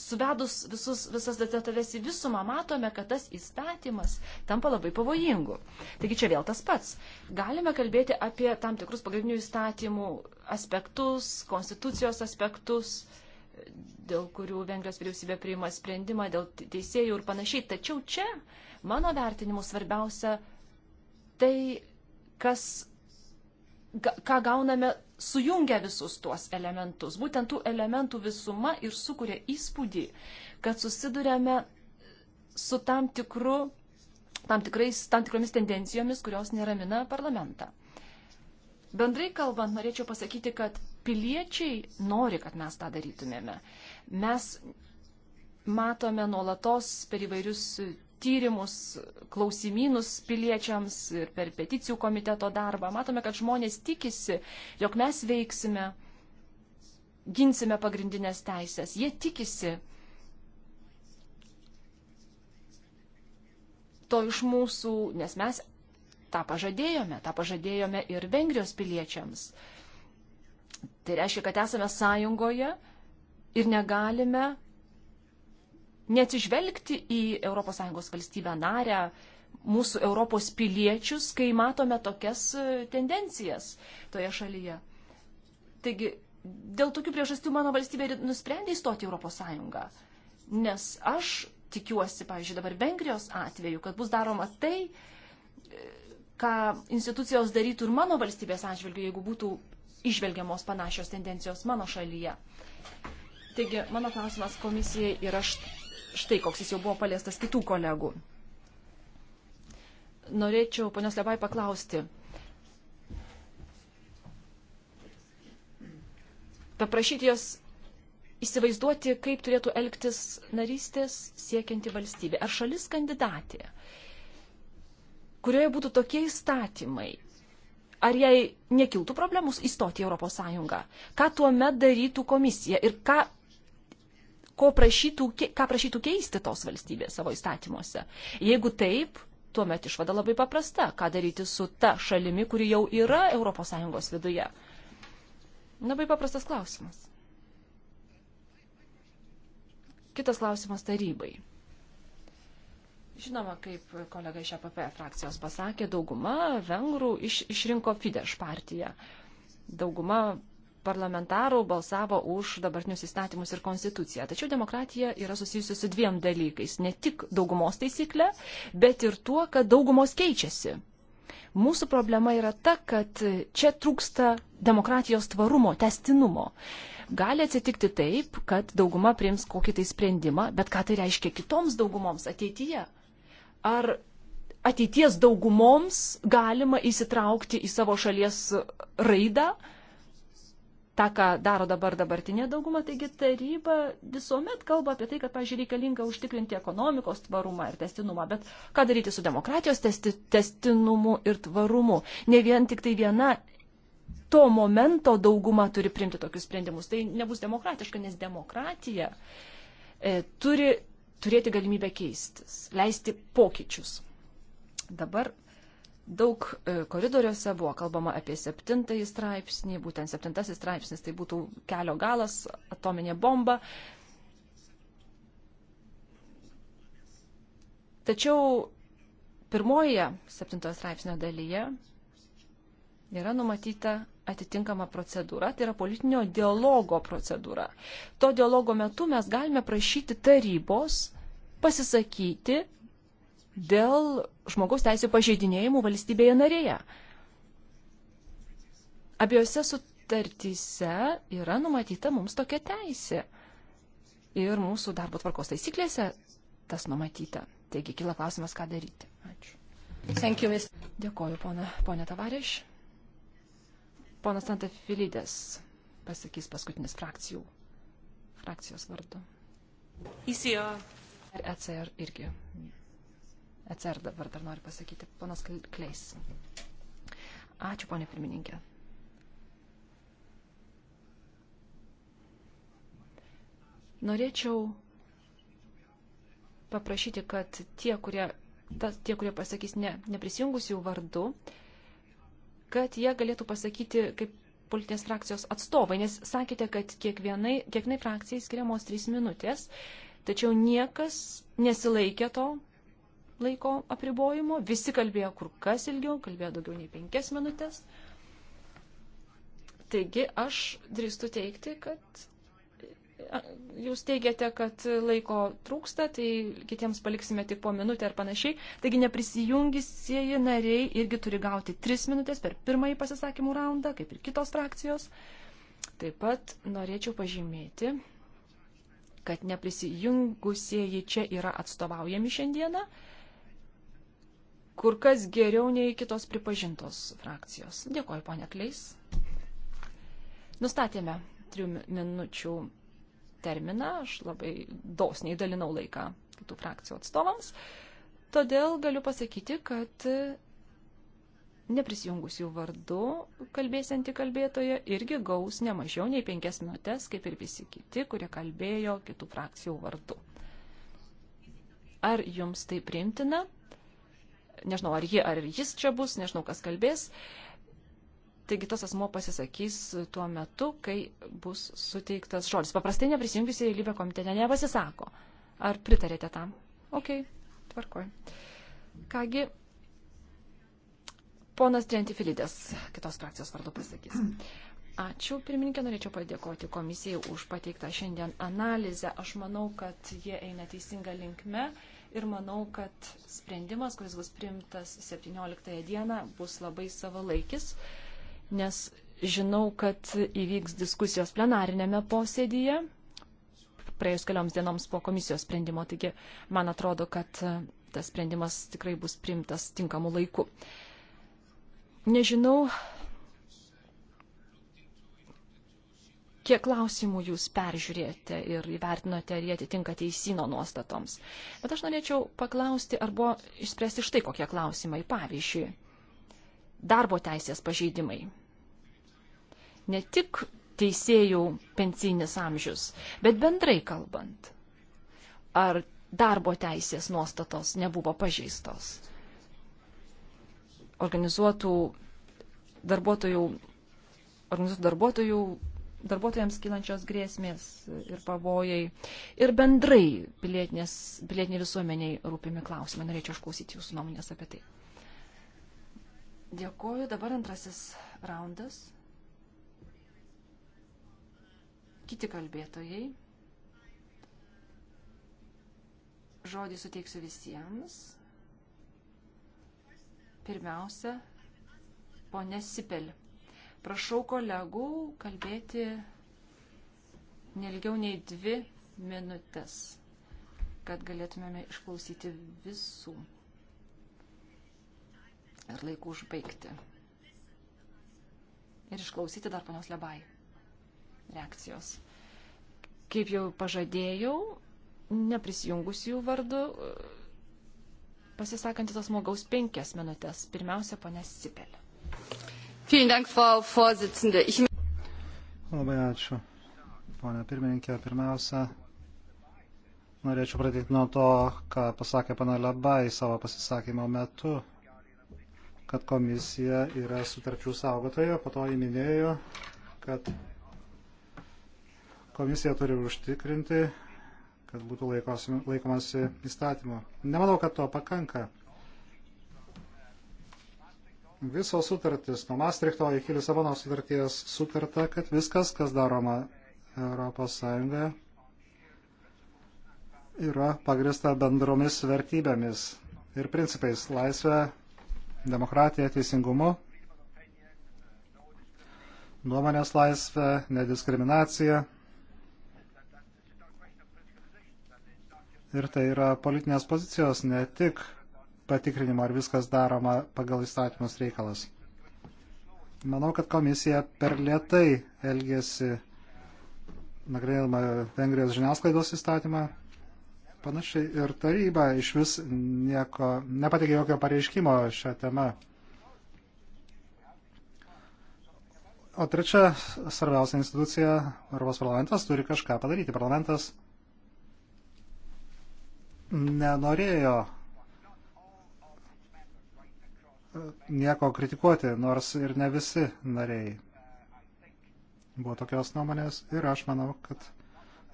suvedus visus, visas detalės į visumą, matome, kad tas įstatymas tampa labai pavojingu. Taigi čia vėl tas pats. Galime kalbėti apie tam tikrus pagrindinių įstatymų aspektus, konstitucijos aspektus, dėl kurių Vengrijos vyriausybė priima sprendimą, dėl teisėjų ir panašiai. Tačiau čia Mano vertinimu svarbiausia tai, kas, ką gauname sujungia visus tuos elementus. Būtent tų elementų visuma ir sukuria įspūdį, kad susidurėme su tam, tikru, tam, tikrais, tam tikromis tendencijomis, kurios neramina parlamentą. Bendrai kalbant, norėčiau pasakyti, kad piliečiai nori, kad mes tą darytumėme. Mes matome nuolatos per įvairius tyrimus, klausimynus piliečiams ir per peticijų komiteto darbą. Matome, kad žmonės tikisi, jog mes veiksime, ginsime pagrindinės teisės. Jie tikisi to iš mūsų, nes mes tą pažadėjome, tą pažadėjome ir Vengrijos piliečiams. Tai reiškia, kad esame sąjungoje ir negalime neatsižvelgti į ES valstybę narę, mūsų Europos piliečius, kai matome tokias e, tendencijas toje šalyje. Taigi, dėl tokių priežasčių mano valstybė nusprendė įstoti Europos Sąjungą. Nes aš tikiuosi, pavyzdžiui, dabar Vengrijos atveju, kad bus daroma tai, e, ką institucijos darytų ir mano valstybės atžvilgiu, jeigu būtų išvelgiamos panašios tendencijos mano šalyje. Taigi, mano klausimas komisijai yra št štai koks jis jau buvo paliestas kitų kolegų. Norėčiau ponios Lebai paklausti. Paprašyti jos įsivaizduoti, kaip turėtų elgtis narystės siekianti valstybė. Ar šalis kandidatė, kurioje būtų tokie įstatymai, ar jai nekiltų problemus įstoti į ES, ką tuo met darytų komisija ir ką ko prašytų, ką prašytų keisti tos valstybės savo įstatymuose. Jeigu taip, tuomet išvada labai paprasta, ką daryti su ta šalimi, kuri jau yra ES viduje. Labai paprastas klausimas. Kitas klausimas tarybai. Žinoma, kaip kolega iš APP frakcijos pasakė, dauguma vengrų iš, išrinko Fidesz partiją. Dauguma parlamentarų balsavo už dabartinius įstatymus ir konstituciją. Tačiau demokratija yra susijusi su dviem dalykais. Ne tik daugumos taisyklė, bet ir tuo, kad daugumos keičiasi. Mūsų problema yra ta, kad čia trūksta demokratijos tvarumo, testinumo. Gali atsitikti taip, kad dauguma priims kokį tai sprendimą, bet ką tai reiškia kitoms daugumoms ateityje? Ar ateities daugumoms galima įsitraukti į savo šalies raidą? tą, ką daro dabar dabartinė dauguma, taigi taryba visuomet kalba apie tai, kad, pažiūrėjau, reikalinga užtikrinti ekonomikos tvarumą ir testinumą, bet ką daryti su demokratijos testi, testinumu ir tvarumu. Ne vien tik tai viena to momento dauguma turi priimti tokius sprendimus. Tai nebus demokratiška, nes demokratija e, turi turėti galimybę keistis, leisti pokyčius. Dabar Daug e, koridoriuose buvo kalbama apie septintąjį straipsnį, būtent septintasis straipsnis tai būtų kelio galas, atominė bomba. Tačiau pirmoje septintojo straipsnio dalyje yra numatyta atitinkama procedūra, tai yra politinio dialogo procedūra. To dialogo metu mes galime prašyti tarybos pasisakyti dėl žmogaus teisų pažeidinėjimų valstybėje narėje. Abiejose sutartyse yra numatyta mums tokia teisė. Ir mūsų darbo tvarkos taisyklėse tas numatyta. Taigi kila klausimas, ką daryti. Ačiū. Thank you, Mr. Dėkoju, pona, ponia Tavariš. Ponas Antafilidės pasakys paskutinis frakcijų, frakcijos vardu. Įsijo. Ir ECR irgi ECR dabar dar noriu pasakyti, ponas Kleis. Ačiū, ponė pirmininkė. Norėčiau paprašyti, kad tie, kurie, tas, tie, kurie pasakys ne, neprisijungusių vardu, kad jie galėtų pasakyti kaip politinės frakcijos atstovai, nes sakėte, kad kiekvienai, kiekvienai frakcijai skiriamos trys minutės, tačiau niekas nesilaikė to, laiko apribojimo. Visi kalbėjo kur kas ilgiau, kalbėjo daugiau nei penkias minutės. Taigi aš drįstu teikti, kad jūs teigiate, kad laiko trūksta, tai kitiems paliksime tik po minutę ar panašiai. Taigi neprisijungisieji nariai irgi turi gauti 3 minutės per pirmąjį pasisakymų raundą, kaip ir kitos frakcijos. Taip pat norėčiau pažymėti, kad neprisijungusieji čia yra atstovaujami šiandieną kur kas geriau nei kitos pripažintos frakcijos. Dėkoju, ponia Kleis. Nustatėme trijų minučių terminą, aš labai dosniai dalinau laiką kitų frakcijų atstovams, todėl galiu pasakyti, kad neprisijungusių vardu kalbėsianti kalbėtoja irgi gaus ne mažiau nei penkias minutės, kaip ir visi kiti, kurie kalbėjo kitų frakcijų vardu. Ar jums tai priimtina? nežinau, ar ji, ar jis čia bus, nežinau, kas kalbės. Taigi tas asmo pasisakys tuo metu, kai bus suteiktas žodis. Paprastai neprisijungusi į lybę komitetę nepasisako. Ar pritarėte tam? Ok, tvarkoj. Kągi, ponas Trientifilidės kitos frakcijos vardu pasakys. Ačiū, pirmininkė, norėčiau padėkoti komisijai už pateiktą šiandien analizę. Aš manau, kad jie eina teisinga linkme. Uh, ir manau, kad sprendimas, kuris bus priimtas 17 dieną, bus labai savalaikis, nes žinau, kad įvyks diskusijos plenarinėme posėdyje praėjus kelioms dienoms po komisijos sprendimo, taigi man atrodo, kad e, tas sprendimas tikrai bus priimtas tinkamu laiku. Nežinau, kiek klausimų jūs peržiūrėjote ir įvertinote, ar jie atitinka teisino nuostatoms. Bet aš norėčiau paklausti, ar buvo išspręsti štai kokie klausimai. Pavyzdžiui, darbo teisės pažeidimai. Ne tik teisėjų pensinis amžius, bet bendrai kalbant. Ar darbo teisės nuostatos nebuvo pažeistos? Organizuotų darbuotojų organizuotų darbuotojų darbuotojams kylančios grėsmės ir pavojai ir bendrai pilietiniai visuomeniai rūpimi klausimai. Norėčiau išklausyti jūsų nuomonės apie tai. Dėkuoju. Dabar antrasis raundas. Kiti kalbėtojai. Žodį suteiksiu visiems. Pirmiausia, ponė Sipelė. Prašau kolegų kalbėti nelgiau nei dvi minutės, kad galėtumėme išklausyti visų ir laikų užbaigti. Ir išklausyti dar ponios Lebai reakcijos. Kaip jau pažadėjau, neprisijungusių vardu pasisakantys asmogaus penkias minutės. Pirmiausia, ponės Sipelė. Labai ačiū, ponia pirmininkė. Pirmiausia, norėčiau pradėti nuo to, ką pasakė pana Labai savo pasisakymo metu, kad komisija yra sutarčių saugotoja, po to įminėjo, kad komisija turi užtikrinti, kad būtų laikomasi įstatymo. Nemanau, kad to pakanka. Visos sutartis nuo Maastrichto iki Lisabono sutarties sutarta, kad viskas, kas daroma ES, yra pagrista bendromis vertybėmis ir principais - laisvė, demokratija, teisingumu, nuomonės laisvė, nediskriminacija. Ir tai yra politinės pozicijos, ne tik patikrinimo, ar viskas daroma pagal įstatymus reikalas. Manau, kad komisija per lietai elgėsi nagrinėdama Vengrijos žiniasklaidos įstatymą. Panašiai ir taryba iš vis nieko, nepatikė jokio pareiškimo šią temą. O trečia svarbiausia institucija, Europos parlamentas, turi kažką padaryti. Parlamentas nenorėjo nieko kritikuoti, nors ir ne visi nariai buvo tokios nuomonės ir aš manau, kad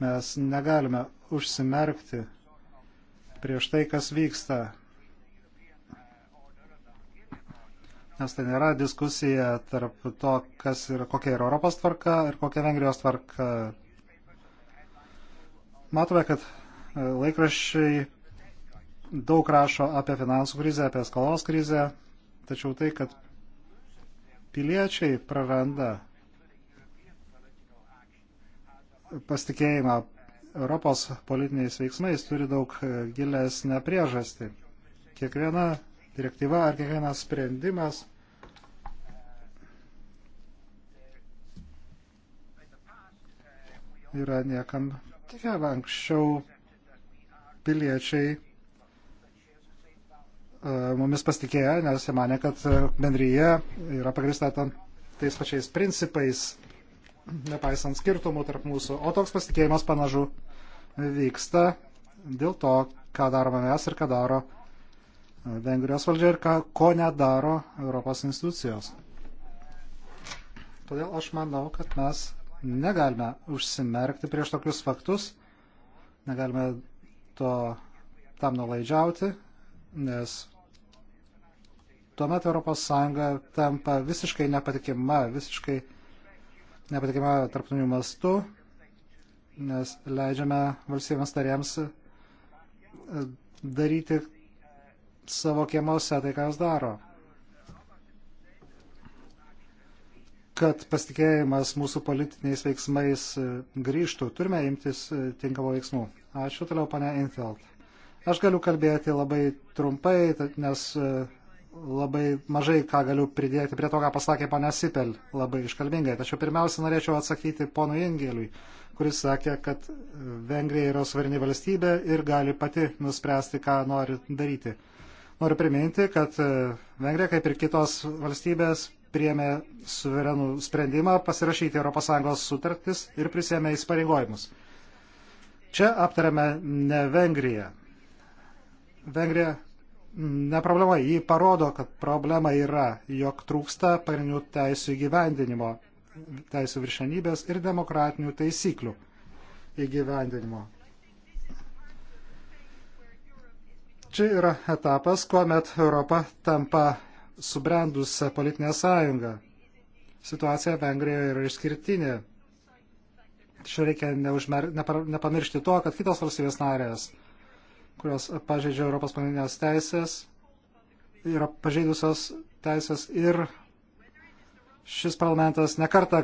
mes negalime užsimerkti prieš tai, kas vyksta. Nes tai nėra diskusija tarp to, kas yra, kokia yra Europos tvarka ir kokia Vengrijos tvarka. Matome, kad e, laikraščiai daug rašo apie finansų krizę, apie skolos krizę, Tačiau tai, kad piliečiai praranda pasitikėjimą Europos politiniais veiksmais, turi daug gilesnę priežastį. Kiekviena direktyva ar kiekvienas sprendimas yra niekam tikėva. Anksčiau piliečiai E, mumis pasitikėjo, nes jie mane, kad e, bendryje yra pagrįsta tais pačiais principais, nepaisant skirtumų tarp mūsų. O toks pasitikėjimas panažu vyksta dėl to, ką darome mes ir ką daro e, Vengrijos valdžia ir ką, ko nedaro Europos institucijos. Todėl aš manau, kad mes negalime užsimerkti prieš tokius faktus, negalime to tam nulaidžiauti, nes tuomet ES tampa visiškai nepatikima, visiškai nepatikima tarptautiniu mastu, nes leidžiame valstybėms tarėms e, daryti savo kiemuose tai, ką jos daro. Kad pasitikėjimas mūsų politiniais veiksmais e, grįžtų, turime imtis e, tinkamo veiksmų. Ačiū toliau, pane Infeld. Aš galiu kalbėti labai trumpai, nes labai mažai ką galiu pridėti prie to, ką pasakė ponia Sipel labai iškalbingai. Tačiau pirmiausia, norėčiau atsakyti ponui Ingeliui, kuris sakė, kad Vengrija yra suvereni valstybė ir gali pati nuspręsti, ką nori daryti. Noriu priminti, kad Vengrija, kaip ir kitos valstybės, priemė suverenų sprendimą pasirašyti ES sutartis ir prisėmė įsipareigojimus. Čia aptariame ne Vengriją. Vengrija ne problema, jį parodo, kad problema yra, jog trūksta pagrindinių teisų įgyvendinimo, teisų viršenybės ir demokratinių taisyklių įgyvendinimo. Čia yra etapas, kuomet Europa tampa subrendusią politinę sąjungą. Situacija Vengrijoje yra išskirtinė. Čia reikia neužmer... nepamiršti to, kad kitos valstybės narės kurios pažeidžia Europos pagrindinės teisės, yra pažeidusios teisės ir šis parlamentas nekarta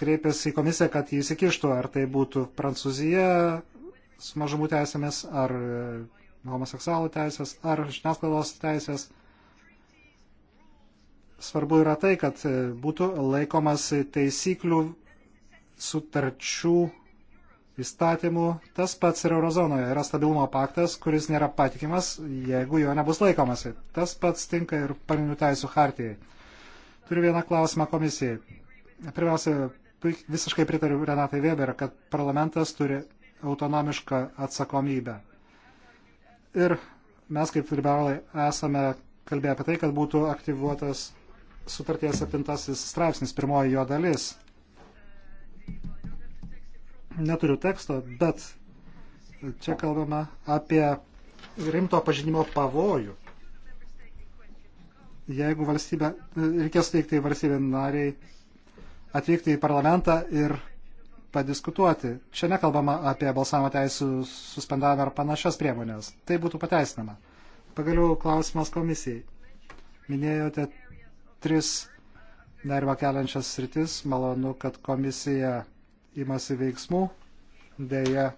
kreipėsi į komisiją, kad jį įsikištų, ar tai būtų Prancūzija su mažumų teisėmis, ar e, homoseksualų teisės, ar žiniasklaidos teisės. Svarbu yra tai, kad e, būtų laikomasi taisyklių sutarčių įstatymų, tas pats ir eurozonoje yra stabilumo paktas, kuris nėra patikimas, jeigu jo nebus laikomasi. Tas pats tinka ir pagrindinių teisų hartijai. Turiu vieną klausimą komisijai. Pirmiausia, visiškai pritariu Renatai Weber, kad parlamentas turi autonomišką atsakomybę. Ir mes kaip liberalai esame kalbėję apie tai, kad būtų aktyvuotas sutarties septintasis straipsnis, pirmoji jo dalis neturiu teksto, bet čia kalbama apie rimto pažinimo pavojų. Jeigu valstybė, reikės teikti valstybė nariai atvykti į parlamentą ir padiskutuoti. Čia nekalbama apie balsavimo teisų suspendavimą ar panašias priemonės. Tai būtų pateisinama. Pagaliau klausimas komisijai. Minėjote tris nerima keliančias sritis. Malonu, kad komisija imasi veiksmų, dėja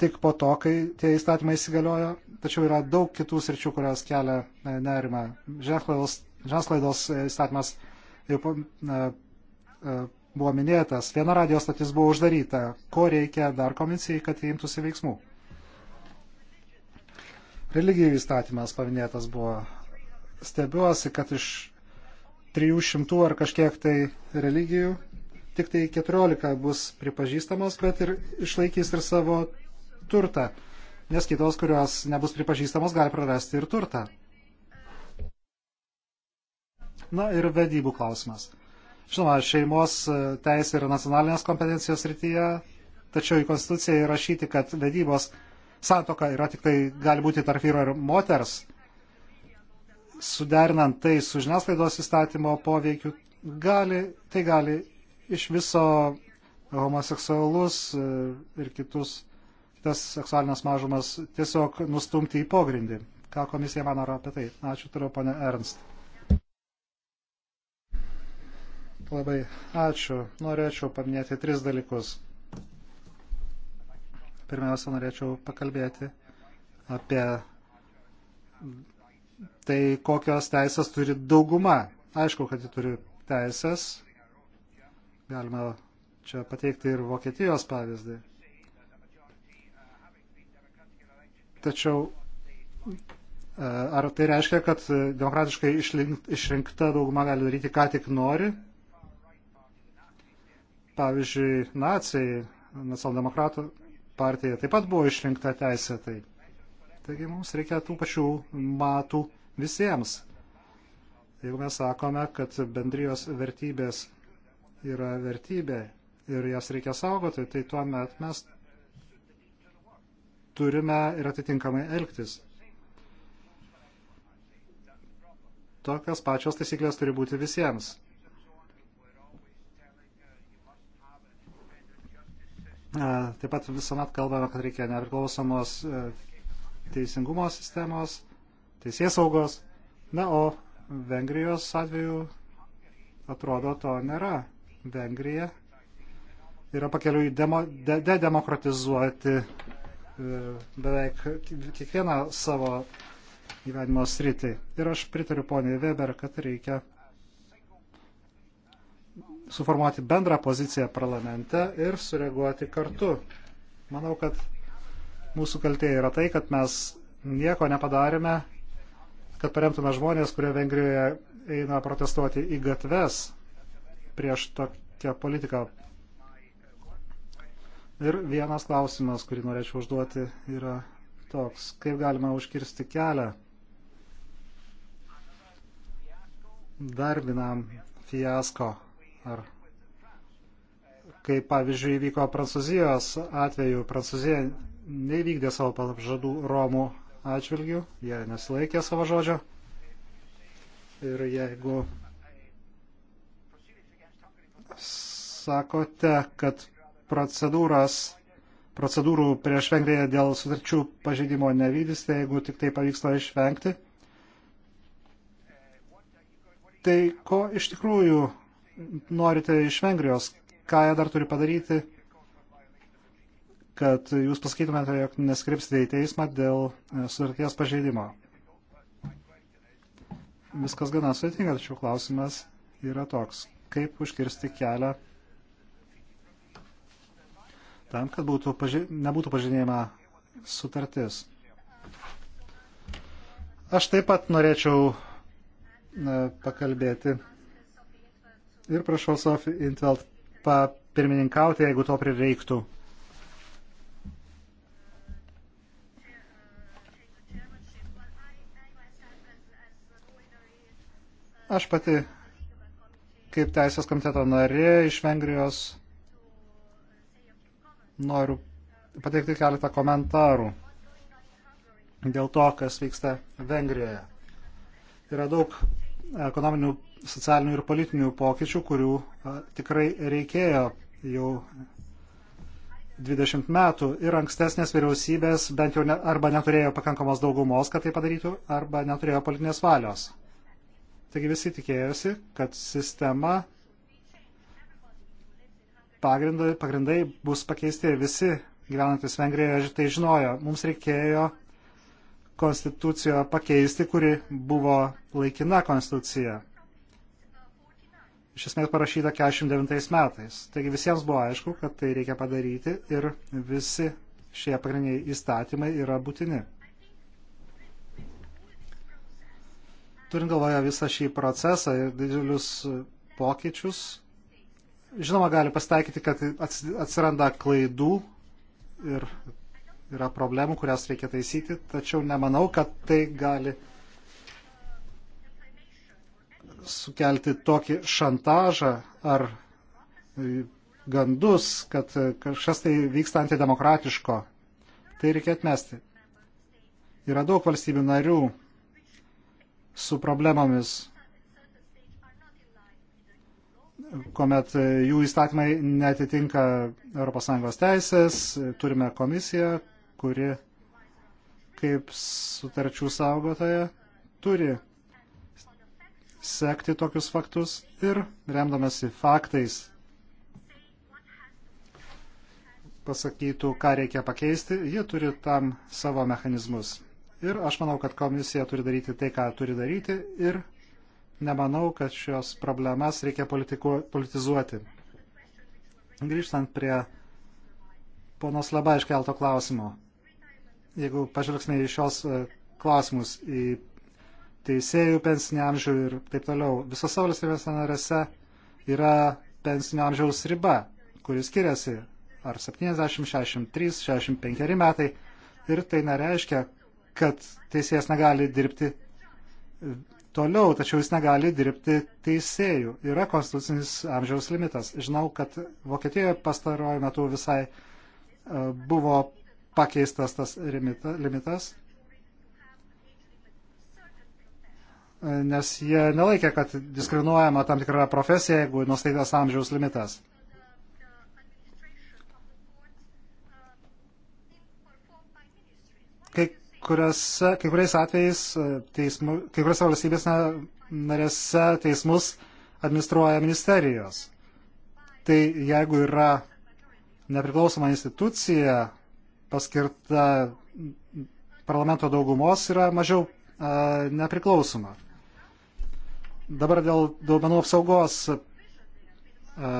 tik po to, kai tie įstatymai įsigaliojo, tačiau yra daug kitų sričių, kurios kelia e, nerimą. Žiniasklaidos e, įstatymas jau e, buvo minėtas, viena radijos statis buvo uždaryta, ko reikia dar komisijai, kad jie imtųsi veiksmų. Religijų įstatymas paminėtas buvo. Stebiuosi, kad iš 300 ar kažkiek tai religijų tik tai 14 bus pripažįstamos, bet ir išlaikys ir savo turtą, nes kitos, kurios nebus pripažįstamos, gali prarasti ir turtą. Na ir vedybų klausimas. Žinoma, šeimos e, teisė yra nacionalinės kompetencijos rytyje, tačiau į Konstituciją įrašyti, kad vedybos santoka yra tik tai gali būti tarp vyro ir moters, suderinant tai su žiniasklaidos įstatymo poveikiu, gali, tai gali iš viso homoseksualus e, ir kitus, kitas seksualinės mažumas tiesiog nustumti į pogrindį. Ką komisija mano apie tai? Ačiū, turiu ponę Ernst. Labai ačiū. Norėčiau paminėti tris dalykus. Pirmiausia, norėčiau pakalbėti apie tai, kokios teisės turi dauguma. Aišku, kad ji turi teisės, Galima čia pateikti ir Vokietijos pavyzdį. Tačiau e, ar tai reiškia, kad demokratiškai išrinkta dauguma gali daryti, ką tik nori? Pavyzdžiui, nacijai, nacionaldemokratų partija taip pat buvo išrinkta teisėtai. Taigi mums reikia tų pačių matų visiems. Jeigu mes sakome, kad bendrijos vertybės yra vertybė ir jas reikia saugoti, tai tuo met mes turime ir atitinkamai elgtis. Tokios pačios taisyklės turi būti visiems. Taip pat visuomet kalbame, kad reikia nepriklausomos e, teisingumo sistemos, teisės saugos. Na, o Vengrijos atveju atrodo to nėra. Vengrija yra pakeliui dedemokratizuoti de, de beveik kiekvieną savo gyvenimo sritį. Ir aš pritariu poniai Weber, kad reikia suformuoti bendrą poziciją parlamente ir sureaguoti kartu. Manau, kad mūsų kaltė yra tai, kad mes nieko nepadarėme, kad paremtume žmonės, kurie Vengrijoje eina protestuoti į gatves prieš tokią politiką. Ir vienas klausimas, kurį norėčiau užduoti, yra toks, kaip galima užkirsti kelią dar vienam fiasko, ar kaip pavyzdžiui įvyko Prancūzijos atveju, Prancūzija nevykdė savo pažadų Romų atžvilgių, jie nesilaikė savo žodžio. Ir jeigu sakote, kad procedūros, procedūrų prieš Vengriją dėl sutarčių pažeidimo nevykdysite, tai jeigu tik tai pavyks to išvengti. Tai ko iš tikrųjų norite iš Vengrijos? Ką jie dar turi padaryti, kad jūs pasakytumėte, jog neskripsite į teismą dėl e, sutarties pažeidimo? Viskas gana sudėtinga, tačiau klausimas yra toks kaip užkirsti kelią tam, kad būtų paži... nebūtų pažinėjama sutartis. Aš taip pat norėčiau pakalbėti ir prašau Sofi Intveld pirmininkauti, jeigu to prireiktų. Aš pati kaip Teisės komiteto narė iš Vengrijos noriu pateikti keletą komentarų dėl to, kas vyksta Vengrijoje. Yra daug ekonominių, socialinių ir politinių pokyčių, kurių tikrai reikėjo jau 20 metų ir ankstesnės vyriausybės bent jau ne, arba neturėjo pakankamos daugumos, kad tai padarytų, arba neturėjo politinės valios. Taigi visi tikėjosi, kad sistema pagrindai, pagrindai bus pakeisti ir visi gyvenantis Vengrijoje tai žinojo. Mums reikėjo konstituciją pakeisti, kuri buvo laikina konstitucija. Iš esmės parašyta 49 metais. Taigi visiems buvo aišku, kad tai reikia padaryti ir visi šie pagrindiniai įstatymai yra būtini. Turint galvoje visą šį procesą ir didelius pokyčius, žinoma, gali pasitaikyti, kad atsiranda klaidų ir yra problemų, kurias reikia taisyti, tačiau nemanau, kad tai gali sukelti tokį šantažą ar gandus, kad kažkas tai vyksta antidemokratiško. Tai reikia atmesti. Yra daug valstybių narių, su problemomis, kuomet jų įstatymai netitinka ES teisės, turime komisiją, kuri kaip sutarčių saugotoja turi sekti tokius faktus ir remdamasi faktais pasakytų, ką reikia pakeisti, jie turi tam savo mechanizmus. Ir aš manau, kad komisija turi daryti tai, ką turi daryti ir nemanau, kad šios problemas reikia politiku, politizuoti. Grįžtant prie ponos labai iškelto klausimo. Jeigu pažvelgsime į šios e, klausimus, į teisėjų pensinį amžių ir taip toliau, visose valstybėse narėse yra pensinio amžiaus riba, kuris skiriasi ar 70, 63, 65 metai. Ir tai nereiškia, kad teisėjas negali dirbti toliau, tačiau jis negali dirbti teisėjų. Yra konstitucinis amžiaus limitas. Žinau, kad Vokietijoje pastaruoju metu visai e, buvo pakeistas tas limitas, e, nes jie nelaikė, kad diskriminuojama tam tikra profesija, jeigu nustatytas amžiaus limitas. kuriuose, kai kuriais atvejais, e, teismų, kai kuriuose valstybės narėse teismus administruoja ministerijos. Tai jeigu yra nepriklausoma institucija paskirta parlamento daugumos, yra mažiau a, e, nepriklausoma. Dabar dėl duomenų apsaugos a, e,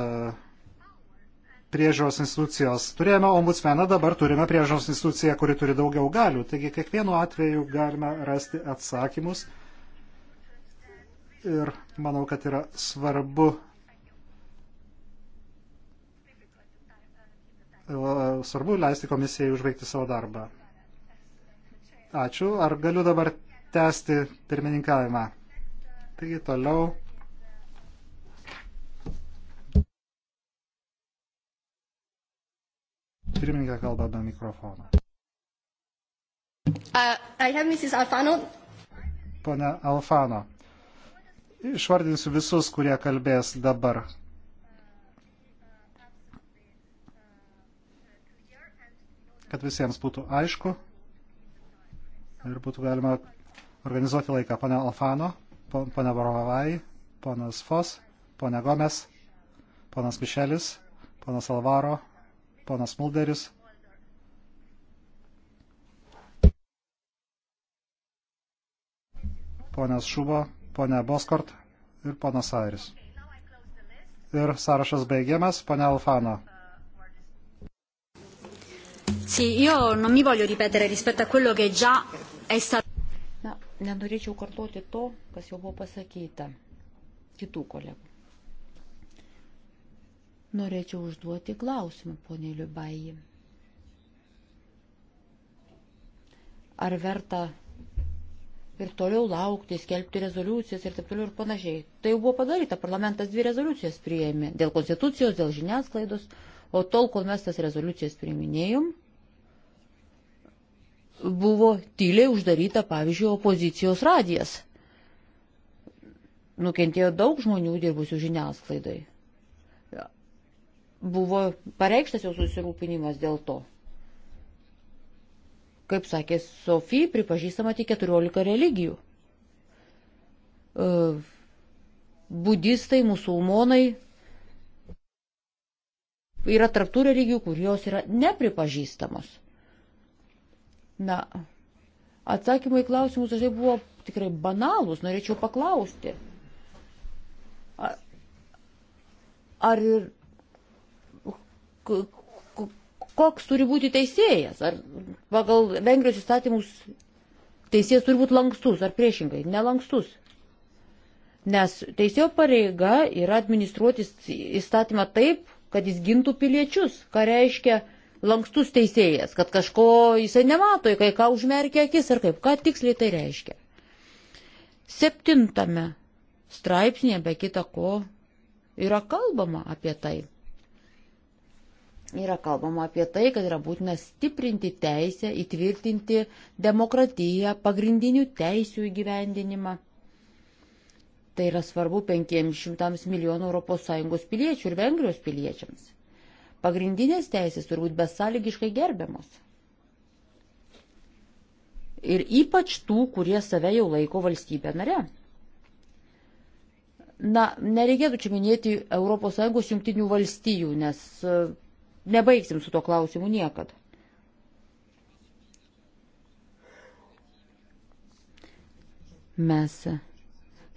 priežiūros institucijos. Turėjome ombudsmeną, dabar turime priežiūros instituciją, kuri turi daugiau galių. Taigi kiekvienu atveju galime rasti atsakymus. Ir manau, kad yra svarbu svarbu leisti komisijai užbaigti savo darbą. Ačiū. Ar galiu dabar tęsti pirmininkavimą? Taigi toliau. Pirmininkė kalba be mikrofono. Uh, Alfano. Pone Alfano, išvardinsiu visus, kurie kalbės dabar. Kad visiems būtų aišku ir būtų galima organizuoti laiką. Pone Alfano, pone Varovai, ponas Fos, pone Gomes, ponas Mišelis, ponas Alvaro ponas Mulderis. Ponas Šubo, ponė Boskort ir ponas Airis. Ir sąrašas baigiamas, ponė Alfano. Sì, io non mi voglio ripetere rispetto a quello che già è stato. Na, nenorėčiau kartuoti to, kas jau buvo pasakyta kitų kolegų. Norėčiau užduoti klausimą, ponė Liubaji. Ar verta ir toliau laukti, skelbti rezoliucijas ir taip toliau ir panašiai. Tai jau buvo padaryta, parlamentas dvi rezoliucijas priėmė dėl konstitucijos, dėl žiniasklaidos, o tol, kol mes tas rezoliucijas priiminėjom, buvo tyliai uždaryta, pavyzdžiui, opozicijos radijas. Nukentėjo daug žmonių dirbusių žiniasklaidai buvo pareikštas jau susirūpinimas dėl to. Kaip sakė Sofija, pripažįstama tik 14 religijų. E, budistai, musulmonai yra tarptų religijų, kurios yra nepripažįstamos. Na, atsakymai į klausimus dažnai buvo tikrai banalūs, norėčiau paklausti. Ar, ar ir koks turi būti teisėjas, ar pagal Vengrijos įstatymus teisėjas turi būti lankstus, ar priešingai, nelankstus. Nes teisėjo pareiga yra administruoti įstatymą taip, kad jis gintų piliečius, ką reiškia lankstus teisėjas, kad kažko jisai nemato, kai ką užmerkia akis ar kaip, ką tiksliai tai reiškia. Septintame straipsnėje be kita ko yra kalbama apie tai yra kalbama apie tai, kad yra būtina stiprinti teisę, įtvirtinti demokratiją, pagrindinių teisių įgyvendinimą. Tai yra svarbu 500 milijonų ES piliečių ir Vengrijos piliečiams. Pagrindinės teisės turbūt besąlygiškai gerbiamos. Ir ypač tų, kurie save jau laiko valstybė nare. Na, nereikėtų čia minėti ES jungtinių valstijų, nes nebaigsim su tuo klausimu niekad. Mes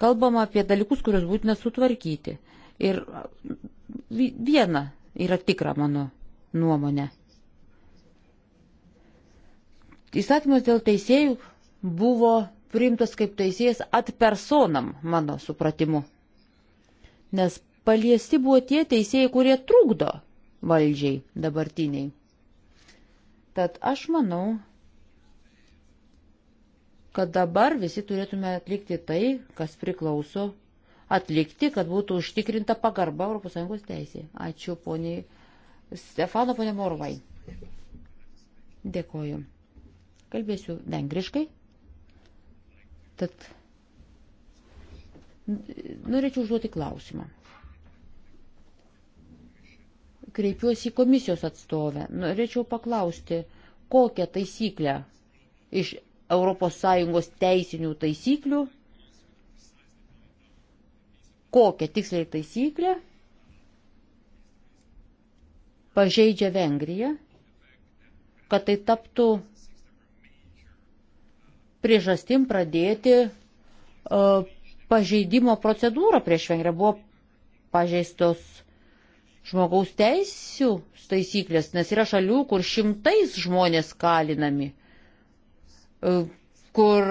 kalbam apie dalykus, kuriuos būtina sutvarkyti. Ir viena yra tikra mano nuomonė. Įstatymas dėl teisėjų buvo priimtas kaip teisėjas ad personam, mano supratimu. Nes paliesti buvo tie teisėjai, kurie trukdo valdžiai dabartiniai. Tad aš manau, kad dabar visi turėtume atlikti tai, kas priklauso atlikti, kad būtų užtikrinta pagarba ES teisė. Ačiū poniai Stefano, ponia Morvai. Dėkoju. Kalbėsiu vengriškai. Tad norėčiau užduoti klausimą kreipiuosi į komisijos atstovę. Norėčiau paklausti, kokią taisyklę iš ES teisinių taisyklių, kokią tiksliai taisyklę pažeidžia Vengrija, kad tai taptų priežastim pradėti uh, pažeidimo procedūrą prieš Vengriją. Buvo pažeistos žmogaus teisų taisyklės, nes yra šalių, kur šimtais žmonės kalinami, e, kur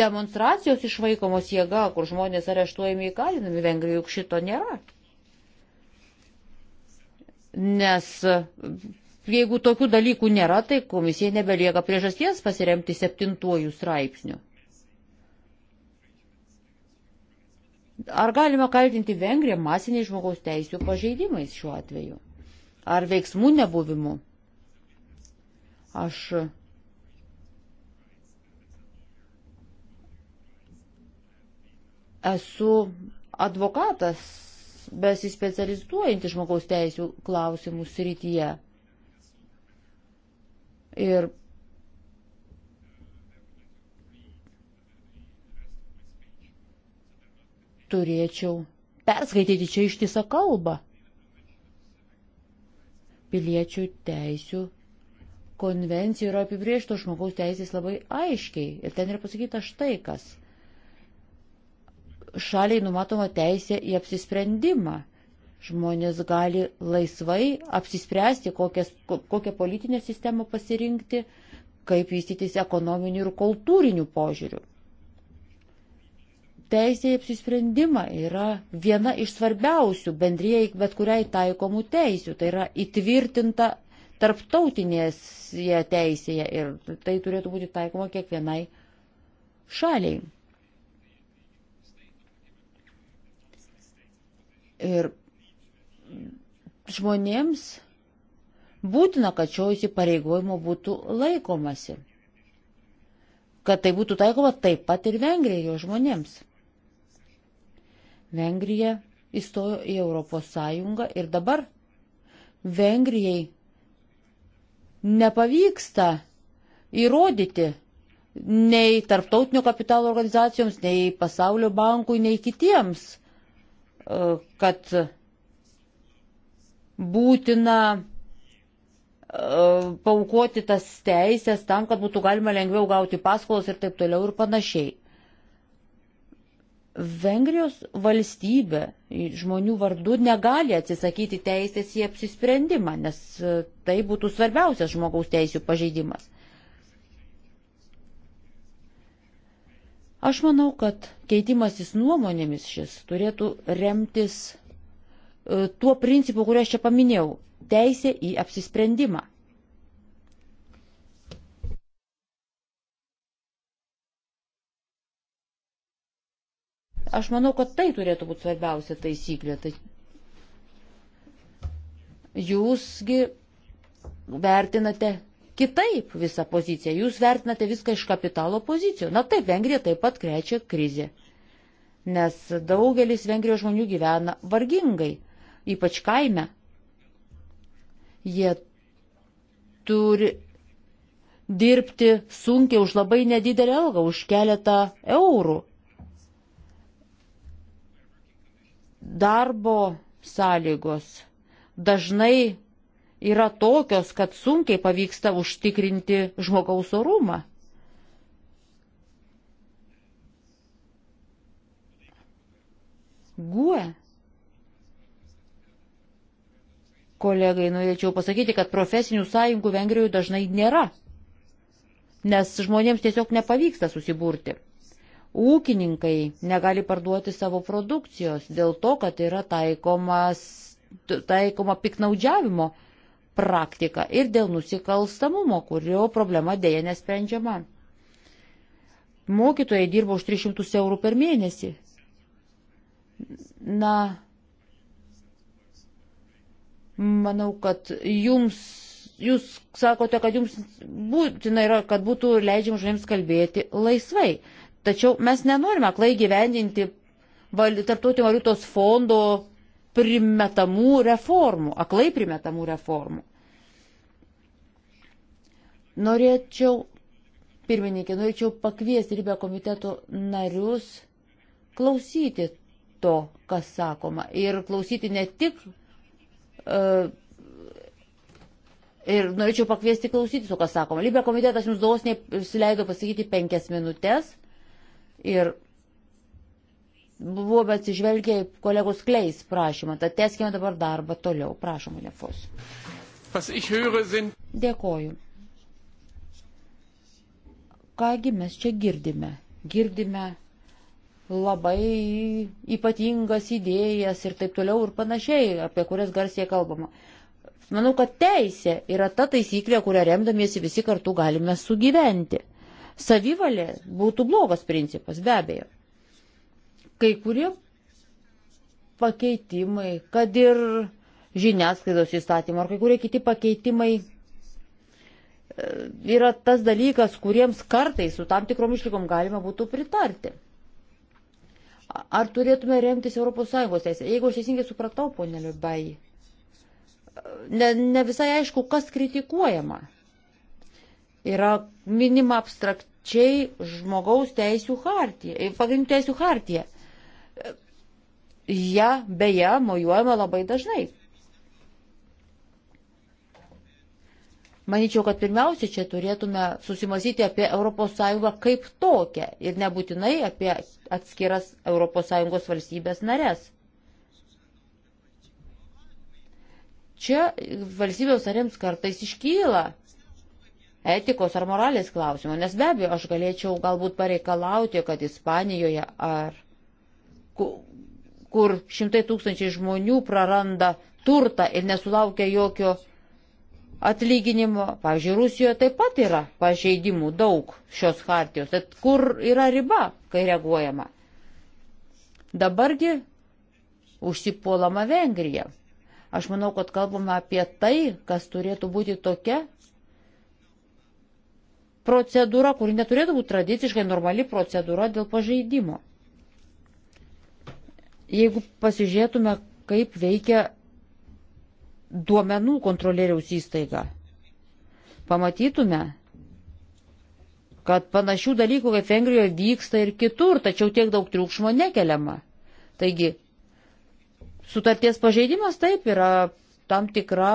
demonstracijos išvaikomos jėga, kur žmonės areštuojami įkalinami, Vengrijoje juk šito nėra. Nes e, jeigu tokių dalykų nėra, tai komisija nebelieka priežasties pasiremti septintuoju straipsniu. Ar galima kaltinti Vengriją masiniai žmogaus teisų pažeidimais šiuo atveju? Ar veiksmų nebuvimu? Aš. Esu advokatas, besispecializuojantis žmogaus teisų klausimų srityje. Ir turėčiau perskaityti čia ištisą kalbą. Piliečių teisių konvencija yra apibriežto žmogaus teisės labai aiškiai ir ten yra pasakyta štai kas. Šaliai numatoma teisė į apsisprendimą. Žmonės gali laisvai apsispręsti, kokias, kokią politinę sistemą pasirinkti, kaip vystytis ekonominių ir kultūrinių požiūrių teisė į apsisprendimą yra viena iš svarbiausių bendrėjai bet kuriai taikomų teisių. Tai yra įtvirtinta tarptautinėje teisėje ir tai turėtų būti taikoma kiekvienai šaliai. Ir žmonėms būtina, kad šio įsipareigojimo būtų laikomasi kad tai būtų taikoma taip pat ir Vengrijos žmonėms. Vengrija įstojo į Europos Sąjungą ir dabar Vengrijai nepavyksta įrodyti nei tarptautinio kapitalo organizacijoms, nei pasaulio bankui, nei kitiems, e, kad būtina e, paukoti tas teisės tam, kad būtų galima lengviau gauti paskolas ir taip toliau ir panašiai. Vengrijos valstybė žmonių vardu negali atsisakyti teisės į apsisprendimą, nes e, tai būtų svarbiausias žmogaus teisų pažeidimas. Aš manau, kad keitimasis nuomonėmis šis turėtų remtis e, tuo principu, kurį aš čia paminėjau - teisė į apsisprendimą. Aš manau, kad tai turėtų būti svarbiausia taisyklė. Tai jūsgi vertinate kitaip visą poziciją. Jūs vertinate viską iš kapitalo pozicijų. Na taip, Vengrija taip pat krečia krizė. Nes daugelis Vengrijos žmonių gyvena vargingai, ypač kaime. Jie turi dirbti sunkiai už labai nedidelę algą, už keletą eurų. darbo sąlygos dažnai yra tokios, kad sunkiai pavyksta užtikrinti žmogaus orumą. Gue. Kolegai, norėčiau pasakyti, kad profesinių sąjungų Vengrijoje dažnai nėra, nes žmonėms tiesiog nepavyksta susiburti ūkininkai negali parduoti savo produkcijos dėl to, kad yra taikomas, taikoma piknaudžiavimo praktika ir dėl nusikalstamumo, kurio problema dėja nesprendžiama. Mokytojai dirba už 300 eurų per mėnesį. Na, manau, kad jums, jūs sakote, kad jums būtina yra, kad būtų leidžiama žmonėms kalbėti laisvai. Tačiau mes nenorime klai gyvendinti tarptautinio valiutos fondo primetamų reformų, aklai primetamų reformų. Norėčiau, pirmininkė, norėčiau pakviesti Libė komiteto narius klausyti to, kas sakoma. Ir klausyti ne tik. Uh, ir norėčiau pakviesti klausyti to, kas sakoma. Libė komitetas jums dosniai leido pasakyti penkias minutės. Ir buvo atsižvelgę į kolegos Kleis prašymą. Tad teskime dabar darbą toliau. Prašom, Lefos. Sind... Dėkoju. Kągi mes čia girdime? Girdime labai ypatingas idėjas ir taip toliau ir panašiai, apie kurias garsiai kalbama. Manau, kad teisė yra ta taisyklė, kurią remdamiesi visi kartu galime sugyventi. Savivalė būtų blogas principas, be abejo. Kai kurie pakeitimai, kad ir žiniasklaidos įstatymo ar kai kurie kiti pakeitimai e, yra tas dalykas, kuriems kartais su tam tikrom išlygom galima būtų pritarti. Ar turėtume remtis ES teisė? Jeigu aš teisingai supratau, ponė Liubai, e, ne, ne visai aišku, kas kritikuojama yra minima abstrakčiai žmogaus teisų hartija, e, pagrindinių teisų hartija. Ja beje mojuojama labai dažnai. Maničiau, kad pirmiausia, čia turėtume susimasyti apie ES kaip tokią ir nebūtinai apie atskiras ES valstybės narės. Čia valstybės narėms kartais iškyla etikos ar moralės klausimo, nes be abejo aš galėčiau galbūt pareikalauti, kad Ispanijoje ar kur šimtai tūkstančiai žmonių praranda turtą ir nesulaukia jokio atlyginimo. Pavyzdžiui, Rusijoje taip pat yra pažeidimų daug šios hartijos. Tad kur yra riba, kai reaguojama? Dabargi užsipuolama Vengrija. Aš manau, kad kalbame apie tai, kas turėtų būti tokia procedūra, kuri neturėtų būti tradiciškai normali procedūra dėl pažeidimo. Jeigu pasižiūrėtume, kaip veikia duomenų kontrolieriaus įstaiga, pamatytume, kad panašių dalykų kaip Vengrijoje vyksta ir kitur, tačiau tiek daug triukšmo nekeliama. Taigi, sutarties pažeidimas taip yra tam tikra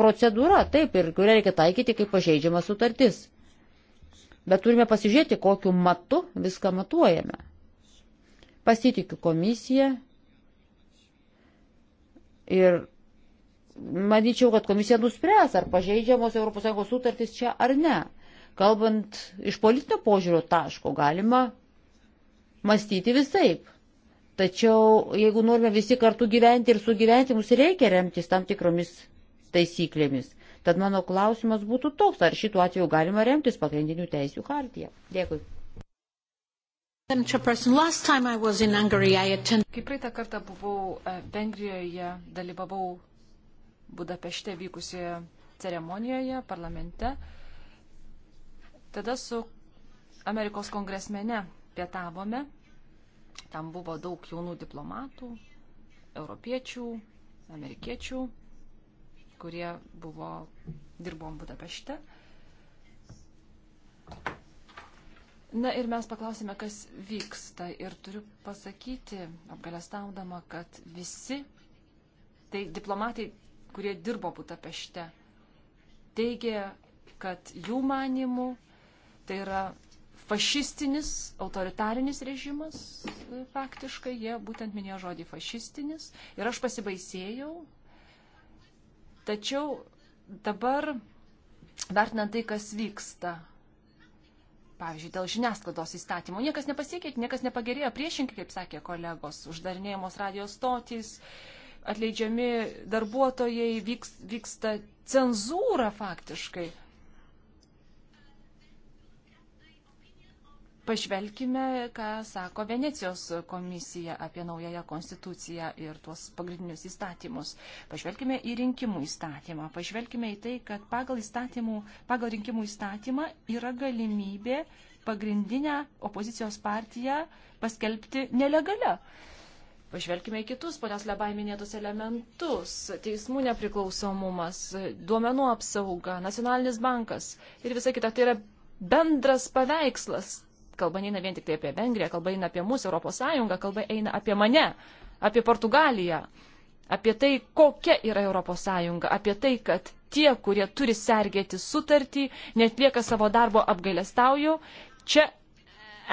procedūra, taip, ir kurią reikia taikyti, kai pažeidžiama sutartis. Bet turime pasižiūrėti, kokiu matu viską matuojame. Pasitikiu komisiją ir manyčiau, kad komisija nuspręs, ar pažeidžiamos ES sutartys čia ar ne. Kalbant iš politinio požiūrio taško, galima mąstyti visaip. Tačiau jeigu norime visi kartu gyventi ir sugyventi, mums reikia remtis tam tikromis taisyklėmis. Tad mano klausimas būtų toks, ar šituo atveju galima remtis pagrindinių teisių hartiją. Dėkui. Kai praeitą kartą buvau e, Vengrijoje, dalyvavau Budapešte vykusioje ceremonijoje parlamente, tada su Amerikos kongresmene pietavome. Tam buvo daug jaunų diplomatų, europiečių, amerikiečių kurie buvo, dirbom Budapešte. Na ir mes paklausėme, kas vyksta. Ir turiu pasakyti, apgalestaudama, kad visi, tai diplomatai, kurie dirbo Budapešte, teigė, kad jų manimų tai yra fašistinis, autoritarinis režimas, faktiškai jie būtent minėjo žodį fašistinis. Ir aš pasibaisėjau, Tačiau dabar, vertinant tai, kas vyksta, pavyzdžiui, dėl žiniasklaidos įstatymų, niekas nepasikeitė, niekas nepagerėjo, priešinkai, kaip sakė kolegos, uždarinėjamos radijos stotys, atleidžiami darbuotojai, vyks, vyksta cenzūra faktiškai. Pažvelkime, ką sako Venecijos komisija apie naująją konstituciją ir tuos pagrindinius įstatymus. Pažvelkime į rinkimų įstatymą. Pažvelkime į tai, kad pagal, įstatymų, pagal rinkimų įstatymą yra galimybė pagrindinę opozicijos partiją paskelbti nelegalią. Pažvelkime į kitus ponios labai minėtus elementus - teismų nepriklausomumas, duomenų apsauga, nacionalinis bankas ir visa kita. Tai yra bendras paveikslas kalba neina vien tik tai apie Vengriją, kalba eina apie mūsų Europos Sąjungą, kalba eina apie mane, apie Portugaliją, apie tai, kokia yra Europos Sąjunga, apie tai, kad tie, kurie turi sergėti sutartį, netlieka savo darbo apgailestauju, čia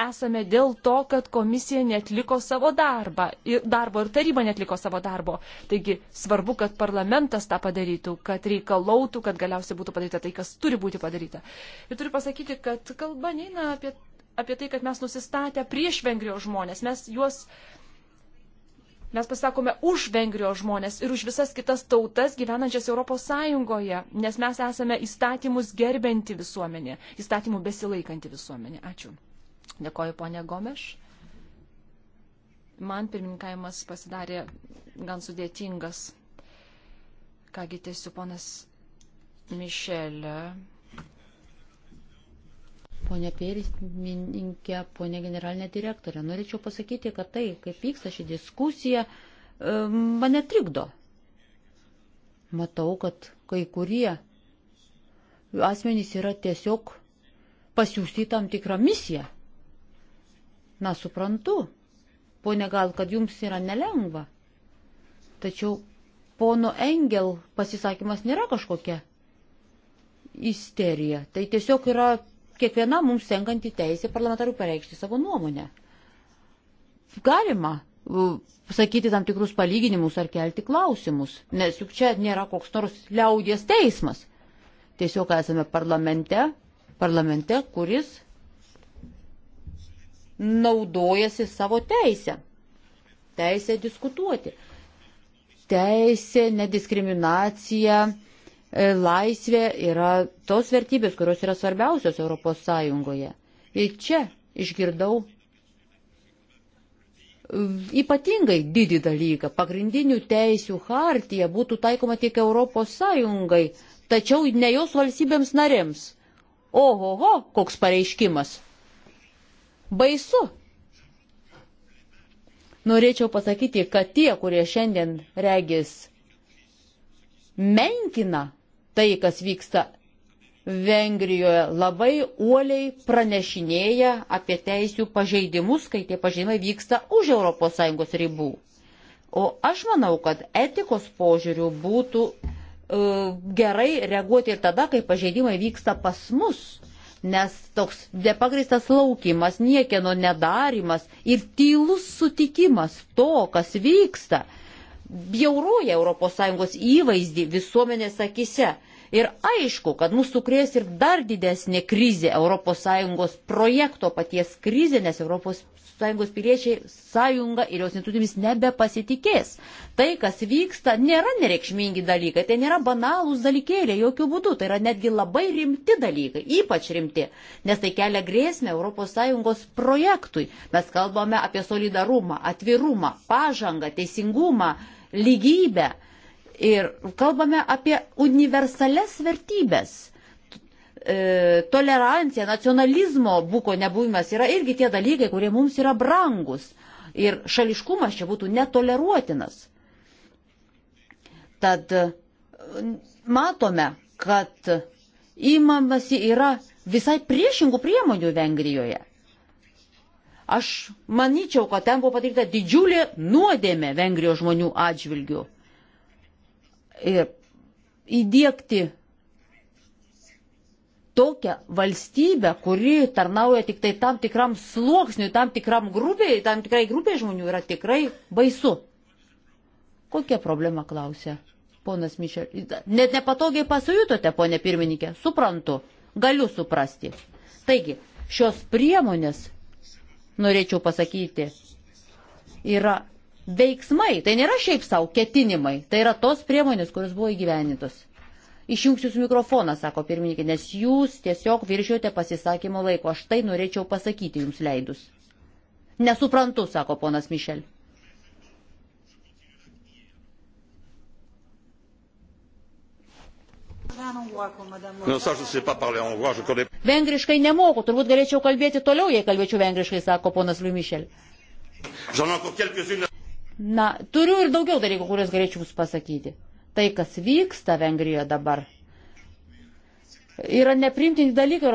esame dėl to, kad komisija netliko savo darbą, ir darbo ir taryba netliko savo darbo. Taigi svarbu, kad parlamentas tą padarytų, kad reikalautų, kad galiausiai būtų padaryta tai, kas turi būti padaryta. Ir turiu pasakyti, kad kalba neina apie apie tai, kad mes nusistatę prieš Vengrijos žmonės, mes juos mes pasakome už Vengrijos žmonės ir už visas kitas tautas gyvenančias Europos Sąjungoje, nes mes esame įstatymus gerbianti visuomenė, įstatymų besilaikanti visuomenė. Ačiū. Dėkoju, ponė Gomeš. Man pirmininkavimas pasidarė gan sudėtingas. Kągi tiesiu, ponas Mišelė. Pone Pėrismininkė, pone generalinė direktorė, norėčiau pasakyti, kad tai, kaip vyksta ši diskusija, mane trikdo. Matau, kad kai kurie asmenys yra tiesiog pasiūsti tam tikrą misiją. Na, suprantu, ponė, gal, kad jums yra nelengva. Tačiau pono Engel pasisakymas nėra kažkokia isterija. Tai tiesiog yra kiekviena mums tenkanti teisė parlamentarų pareikšti savo nuomonę. Galima sakyti tam tikrus palyginimus ar kelti klausimus, nes juk čia nėra koks nors liaudies teismas. Tiesiog esame parlamente, parlamente, kuris naudojasi savo teisę. Teisę diskutuoti. Teisė, nediskriminacija, E, laisvė yra tos vertybės, kurios yra svarbiausios Europos Sąjungoje. Ir čia išgirdau ypatingai didį dalyką. Pagrindinių teisių hartija būtų taikoma tik Europos Sąjungai, tačiau ne jos valstybėms narėms. Ohoho, koks pareiškimas. Baisu. Norėčiau pasakyti, kad tie, kurie šiandien regis menkina tai, kas vyksta Vengrijoje, labai uoliai pranešinėja apie teisių pažeidimus, kai tie pažeidimai vyksta už ES ribų. O aš manau, kad etikos požiūrių būtų e, gerai reaguoti ir tada, kai pažeidimai vyksta pas mus, nes toks nepagristas laukimas, niekieno nedarimas ir tylus sutikimas to, kas vyksta, bjauroja ES įvaizdį visuomenės akise. Ir aišku, kad mūsų krės ir dar didesnė krizė ES projekto paties krizė, nes ES piliečiai sąjunga ir jos institucijomis nebepasitikės. Tai, kas vyksta, nėra nereikšmingi dalykai, tai nėra banalūs dalykėliai, jokių būdų, tai yra netgi labai rimti dalykai, ypač rimti, nes tai kelia grėsmę ES projektui. Mes kalbame apie solidarumą, atvirumą, pažangą, teisingumą, lygybę Ir kalbame apie universales vertybės. E, tolerancija, nacionalizmo būko nebuvimas yra irgi tie dalykai, kurie mums yra brangus. Ir šališkumas čia būtų netoleruotinas. Tad e, matome, kad įmamasi yra visai priešingų priemonių Vengrijoje. Aš manyčiau, kad ten buvo padaryta didžiulė nuodėmė Vengrijos žmonių atžvilgių. E, įdėkti tokią valstybę, kuri tarnauja tik tai tam tikram sluoksniui, tam tikram grupiai, tam tikrai grupiai žmonių yra tikrai baisu. Kokia problema klausia ponas Mišel? Net nepatogiai pasijutote, ponė pirmininkė, suprantu, galiu suprasti. Taigi, šios priemonės, norėčiau pasakyti, yra veiksmai, tai nėra šiaip savo ketinimai, tai yra tos priemonės, kurios buvo įgyvenintos. Išjungsiu jūsų mikrofoną, sako pirmininkė, nes jūs tiesiog viršiote pasisakymo laiko, aš tai norėčiau pasakyti jums leidus. Nesuprantu, sako ponas Mišel. Vengriškai nemoku, turbūt galėčiau kalbėti toliau, jei kalbėčiau vengriškai, sako ponas Liumišel. J'en ai encore quelques-unes. Na, turiu ir daugiau dalykų, kuriuos galėčiau jums pasakyti. Tai, kas vyksta Vengrijoje dabar, yra neprimtini dalykai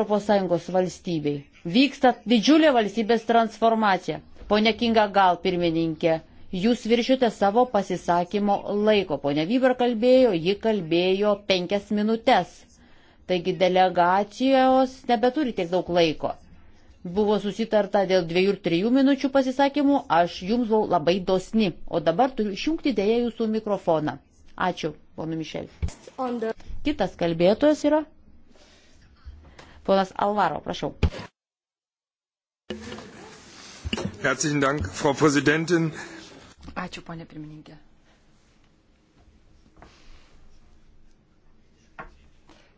ES valstybei. Vyksta didžiulė valstybės transformacija. Pone Kinga, gal pirmininkė, jūs viršite savo pasisakymo laiko. Pone Vyber kalbėjo, ji kalbėjo penkias minutės. Taigi delegacijos nebeturi tiek daug laiko buvo susitarta dėl dviejų ir trijų minučių pasisakymų, aš jums buvau labai dosni, o dabar turiu išjungti dėja jūsų mikrofoną. Ačiū, ponu Mišel. The... Kitas kalbėtojas yra ponas Alvaro, prašau. Dank, Frau Ačiū, ponė pirmininkė.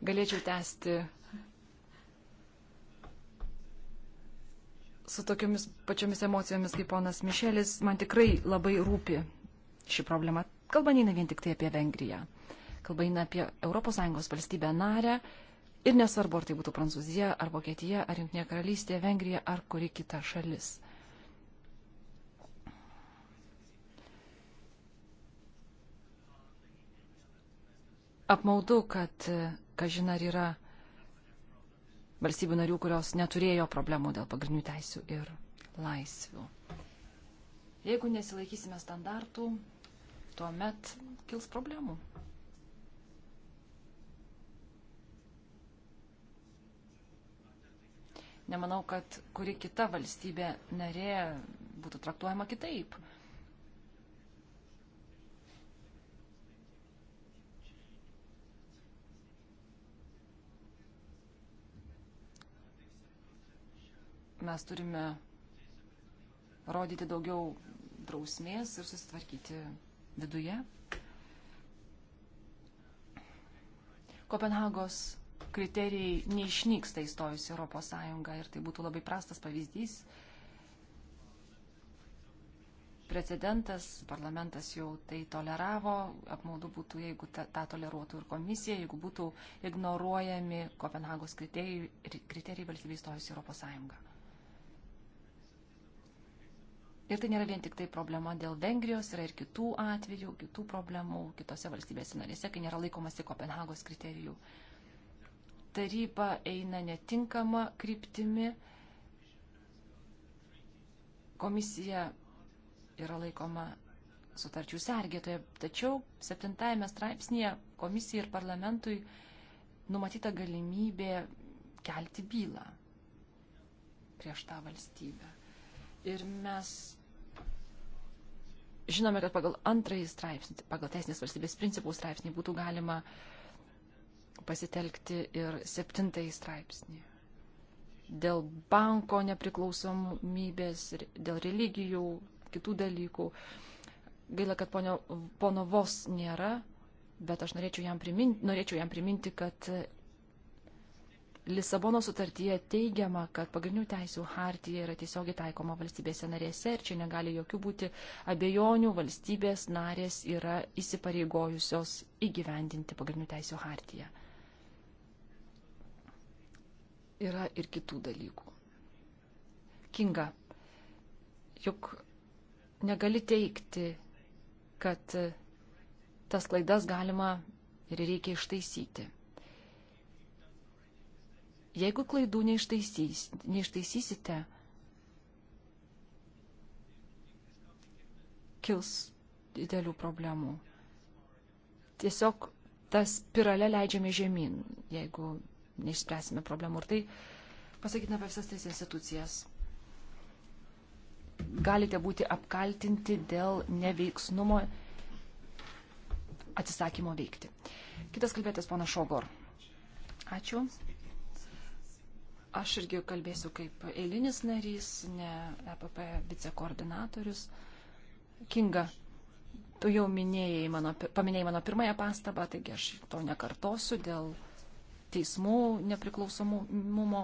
Galėčiau tęsti su tokiomis pačiomis emocijomis kaip ponas Mišelis, man tikrai labai rūpi ši problema. Kalba neina vien tik tai apie Vengriją. Kalba eina apie ES valstybę narę ir nesvarbu, ar tai būtų Prancūzija, ar Vokietija, ar Junktinė karalystė, Vengrija, ar kuri kita šalis. Apmaudu, kad, e, kažin ar yra valstybių narių, kurios neturėjo problemų dėl pagrindinių teisių ir laisvių. Jeigu nesilaikysime standartų, tuomet kils problemų. Nemanau, kad kuri kita valstybė narė būtų traktuojama kitaip. mes turime rodyti daugiau drausmės ir susitvarkyti viduje. Kopenhagos kriterijai neišnyksta įstojus į Europos Sąjungą ir tai būtų labai prastas pavyzdys. Precedentas, parlamentas jau tai toleravo, apmaudu būtų, jeigu ta, tą toleruotų ir komisija, jeigu būtų ignoruojami Kopenhagos kriterijai, kriterijai valstybė įstojus į Europos Sąjungą. Ir tai nėra vien tik tai problema dėl Vengrijos, yra ir kitų atvejų, kitų problemų kitose valstybėse narėse, kai nėra laikomasi Kopenhagos kriterijų. Taryba eina netinkama kryptimi. Komisija yra laikoma sutarčių sergėtoje, tačiau septintajame straipsnėje komisijai ir parlamentui numatyta galimybė kelti bylą prieš tą valstybę. Ir mes žinome, kad pagal antrąjį straipsnį, pagal teisinės valstybės principų straipsnį būtų galima pasitelkti ir septintąjį straipsnį. Dėl banko nepriklausomybės, dėl religijų, kitų dalykų. Gaila, kad ponio, pono vos nėra, bet aš norėčiau jam priminti, norėčiau jam priminti kad Lisabono sutartyje teigiama, kad pagrindinių teisų hartija yra tiesiogiai taikoma valstybėse narėse ir čia negali jokių būti abejonių, valstybės narės yra įsipareigojusios įgyvendinti pagrindinių teisų hartiją. Yra ir kitų dalykų. Kinga, juk negali teikti, kad tas klaidas galima ir reikia ištaisyti. Jeigu klaidų neištaisys, neištaisysite, kils didelių problemų. Tiesiog tas spiralę leidžiame žemyn, jeigu neišspręsime problemų. Ir tai pasakytina apie visas tris institucijas. Galite būti apkaltinti dėl neveiksnumo atsisakymo veikti. Kitas kalbėtas pana Šogor. Ačiū. Aš irgi kalbėsiu kaip eilinis narys, ne EPP vicekoordinatorius. Kinga, tu jau minėjai mano, paminėjai mano pirmąją pastabą, taigi aš to nekartosiu dėl teismų nepriklausomumo.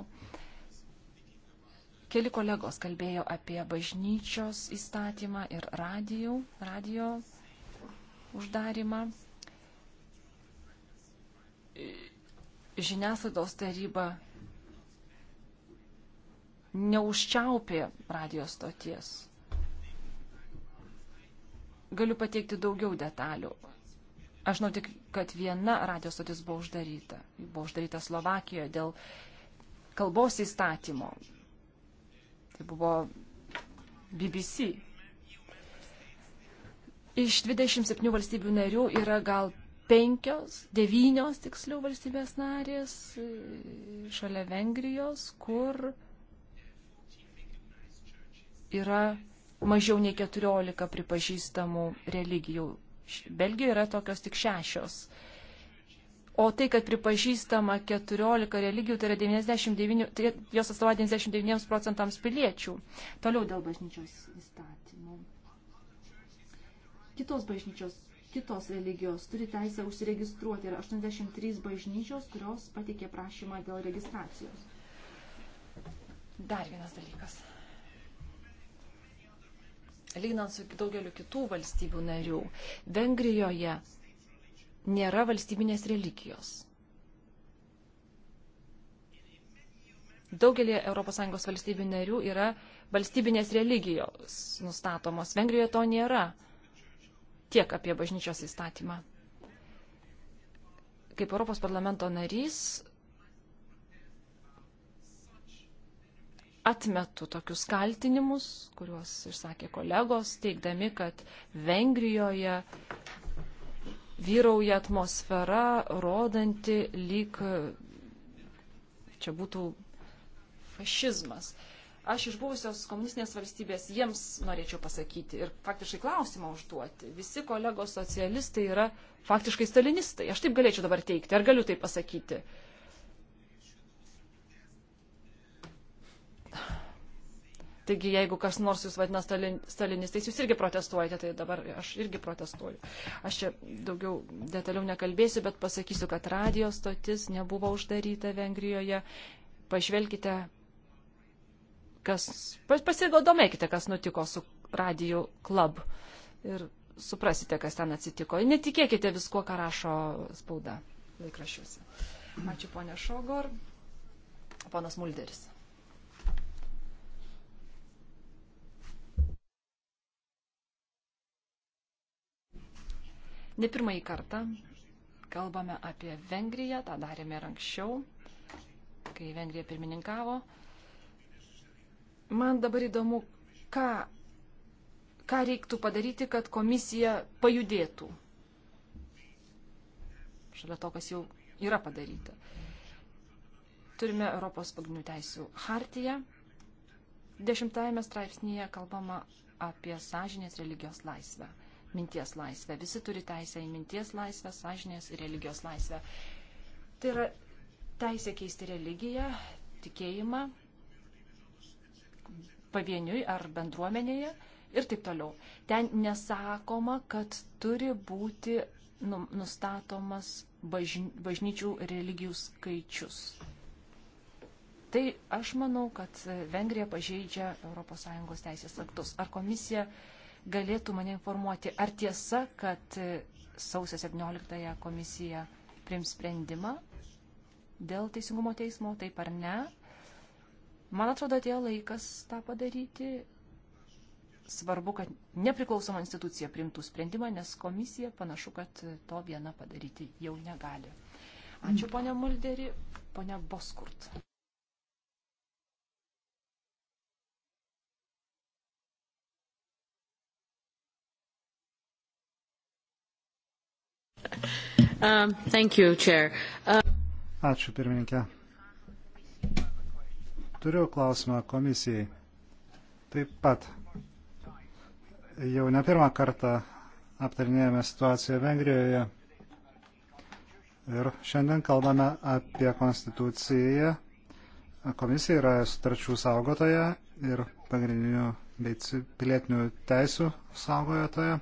Keli kolegos kalbėjo apie bažnyčios įstatymą ir radijų, radio uždarimą. Žiniasklaidos taryba neužčiaupė radijos stoties. Galiu pateikti daugiau detalių. Aš žinau tik, kad viena radijos stotis buvo uždaryta. Ji buvo uždaryta Slovakijoje dėl kalbos įstatymo. Tai buvo BBC. Iš 27 valstybių narių yra gal penkios, devynios tiksliau valstybės narės e, šalia Vengrijos, kur yra mažiau nei 14 pripažįstamų religijų. Belgijoje yra tokios tik šešios. O tai, kad pripažįstama 14 religijų, tai yra 99, tai jos atstovauja 99 procentams piliečių. Toliau dėl bažnyčios įstatymų. Kitos bažnyčios, kitos religijos turi teisę užsiregistruoti. Yra 83 bažnyčios, kurios patikė prašymą dėl registracijos. Dar vienas dalykas lyginant su daugeliu kitų valstybių narių, Vengrijoje nėra valstybinės religijos. Daugelį ES valstybių narių yra valstybinės religijos nustatomos. Vengrijoje to nėra. Tiek apie bažnyčios įstatymą. Kaip Europos parlamento narys atmetu tokius kaltinimus, kuriuos išsakė kolegos, teikdami, kad Vengrijoje vyrauja atmosfera, rodanti lyg čia būtų fašizmas. Aš iš buvusios komunistinės valstybės jiems norėčiau pasakyti ir faktiškai klausimą užduoti. Visi kolegos socialistai yra faktiškai stalinistai. Aš taip galėčiau dabar teikti. Ar galiu tai pasakyti? Uh, Taigi, jeigu kas nors jūs vadina stalin, stalinistais, jūs irgi protestuojate, tai dabar aš irgi protestuoju. Aš čia daugiau detaliau nekalbėsiu, bet pasakysiu, kad radio stotis nebuvo uždaryta Vengrijoje. Pažvelkite, kas, pasigodomėkite, kas nutiko su radio klub ir suprasite, kas ten atsitiko. Netikėkite viskuo, ką rašo spauda laikrašiuose. Ačiū, ponė Šogor. Ponas Mulderis. Ne pirmąjį kartą kalbame apie Vengriją, tą darėme ir anksčiau, kai Vengrija pirmininkavo. Man dabar įdomu, ką, ką reiktų padaryti, kad komisija pajudėtų. Šalia to, kas jau yra padaryta. Turime Europos pagrindinių teisių hartiją. Dešimtajame straipsnėje kalbama apie sąžinės religijos laisvę minties laisvę. Visi turi teisę į minties laisvę, sąžinės ir religijos laisvę. Tai yra teisė keisti religiją, tikėjimą pavieniui ar bendruomenėje ir taip toliau. Ten nesakoma, kad turi būti nu, nustatomas bažnyčių religijų skaičius. Tai aš manau, kad Vengrija pažeidžia ES teisės aktus. Ar komisija uh, galėtų mane informuoti, ar tiesa, kad sausio 17 komisija prims sprendimą dėl teisingumo teismo, taip ar ne. Man atrodo, atėjo laikas tą padaryti. Svarbu, kad nepriklausoma institucija primtų sprendimą, nes komisija panašu, kad to viena padaryti jau negali. Ačiū, ponia Mulderi, ponia Boskurt. Um, thank you, Chair. Uh... Ačiū, pirmininkė. Turiu klausimą komisijai. Taip pat jau ne pirmą kartą aptarinėjame situaciją Vengrijoje ir šiandien kalbame apie konstituciją. Komisija yra sutarčių saugotoja ir pagrindinių bei pilietinių teisų saugotoja.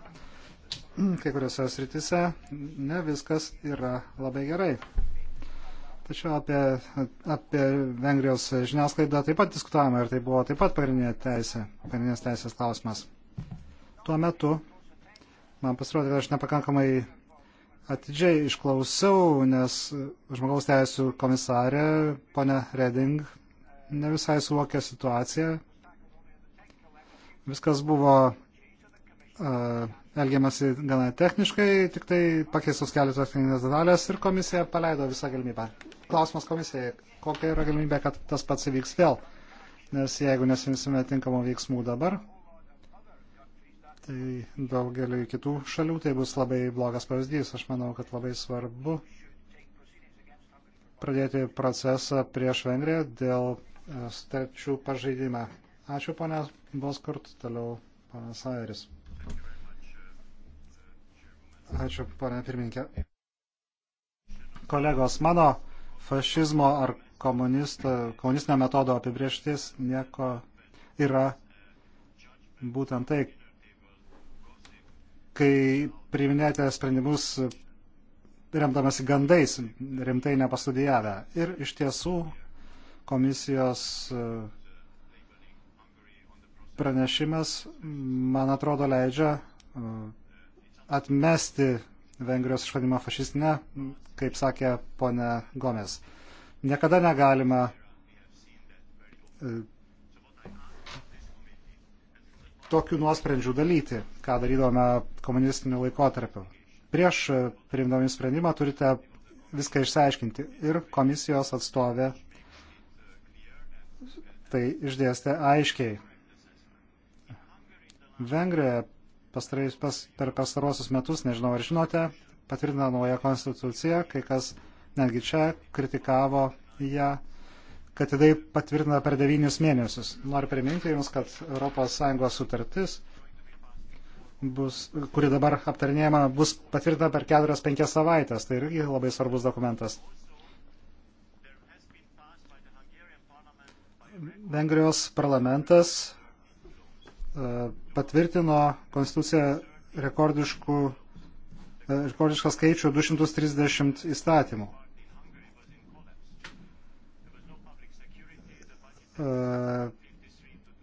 Mm, kai kuriuose sritise ne viskas yra labai gerai. Tačiau apie, apie Vengrijos žiniasklaidą taip pat diskutavome ir tai buvo taip pat pagrindinė teisė, pagrindinės teisės klausimas. Tuo metu man pasirodė, kad aš nepakankamai atidžiai išklausiau, nes žmogaus teisų komisarė, ponė Reding, ne visai suvokė situaciją. Viskas buvo uh, elgiamasi gana techniškai, tik tai pakeistus keletos techninės detalės ir komisija paleido visą galimybę. Klausimas komisijai, kokia yra galimybė, kad tas pats įvyks vėl? Nes jeigu nesimsime tinkamų veiksmų dabar, tai daugeliu kitų šalių tai bus labai blogas pavyzdys. Aš manau, kad labai svarbu pradėti procesą prieš Vengriją dėl e, starčių pažeidimą. Ačiū, ponė Boskurt, toliau ponas Airis. Ačiū, ponia pirminkė. Kolegos, mano fašizmo ar komunistinio metodo apibrieštis nieko yra būtent tai, kai priiminėte sprendimus remdamasi gandais, rimtai nepastudijavę. Ir iš tiesų komisijos e, pranešimas, man atrodo, leidžia e, atmesti Vengrijos išvadimą fašistinę, kaip sakė ponė Gomes. Niekada negalima e, tokių nuosprendžių dalyti, ką darydome komunistiniu laikotarpiu. Prieš e, priimdami sprendimą turite viską išsiaiškinti. Ir komisijos atstovė tai išdėstė aiškiai. Vengrijoje pastarais, pas, per pastarosius metus, nežinau ar žinote, patvirtino naują konstituciją, kai kas netgi čia kritikavo ją, kad jinai patvirtina per devynius mėnesius. Noriu priminti Jums, kad ES sutartis, bus, kuri dabar aptarinėjama, bus patvirtinta per 4-5 savaitės. Tai irgi labai svarbus dokumentas. Vengrijos parlamentas E, patvirtino konstituciją rekordiškų, e, rekordišką skaičių 230 įstatymų. E,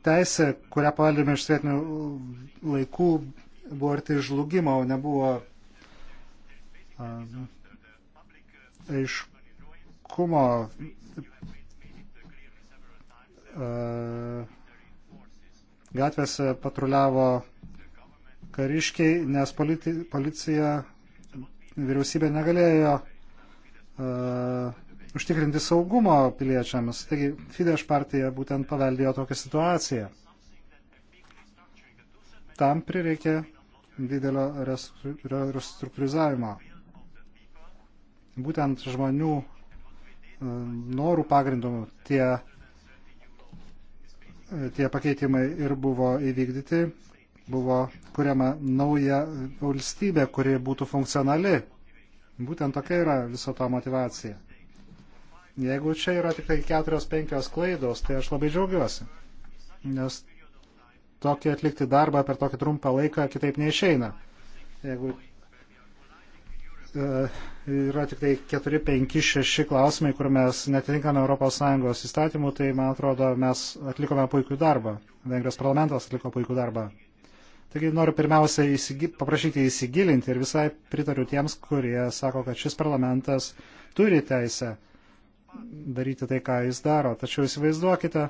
teisė, kurią paveldėme iš svietinių laikų, buvo arti žlugimo, nebuvo aiškumo. Uh, Gatvėse patruliavo kariškiai, nes politi, policija, vyriausybė negalėjo uh, užtikrinti saugumo piliečiams. Taigi Fidesz partija būtent paveldėjo tokią situaciją. Tam prireikė didelio restruktūrizavimo. Būtent žmonių e, norų pagrindų tie tie pakeitimai ir buvo įvykdyti, buvo kuriama nauja valstybė, kuri būtų funkcionali. Būtent tokia yra viso to motivacija. Jeigu čia yra tik tai keturios, penkios klaidos, tai aš labai džiaugiuosi, nes tokį atlikti darbą per tokį trumpą laiką kitaip neišeina. Jeigu E, yra tik tai 4, 5, 6 klausimai, kur mes netitinkame ES įstatymų, tai man atrodo, mes atlikome puikų darbą. Vengrijos parlamentas atliko puikų darbą. Taigi noriu pirmiausia įsigi, paprašyti įsigilinti ir visai pritariu tiems, kurie sako, kad šis parlamentas turi teisę daryti tai, ką jis daro. Tačiau įsivaizduokite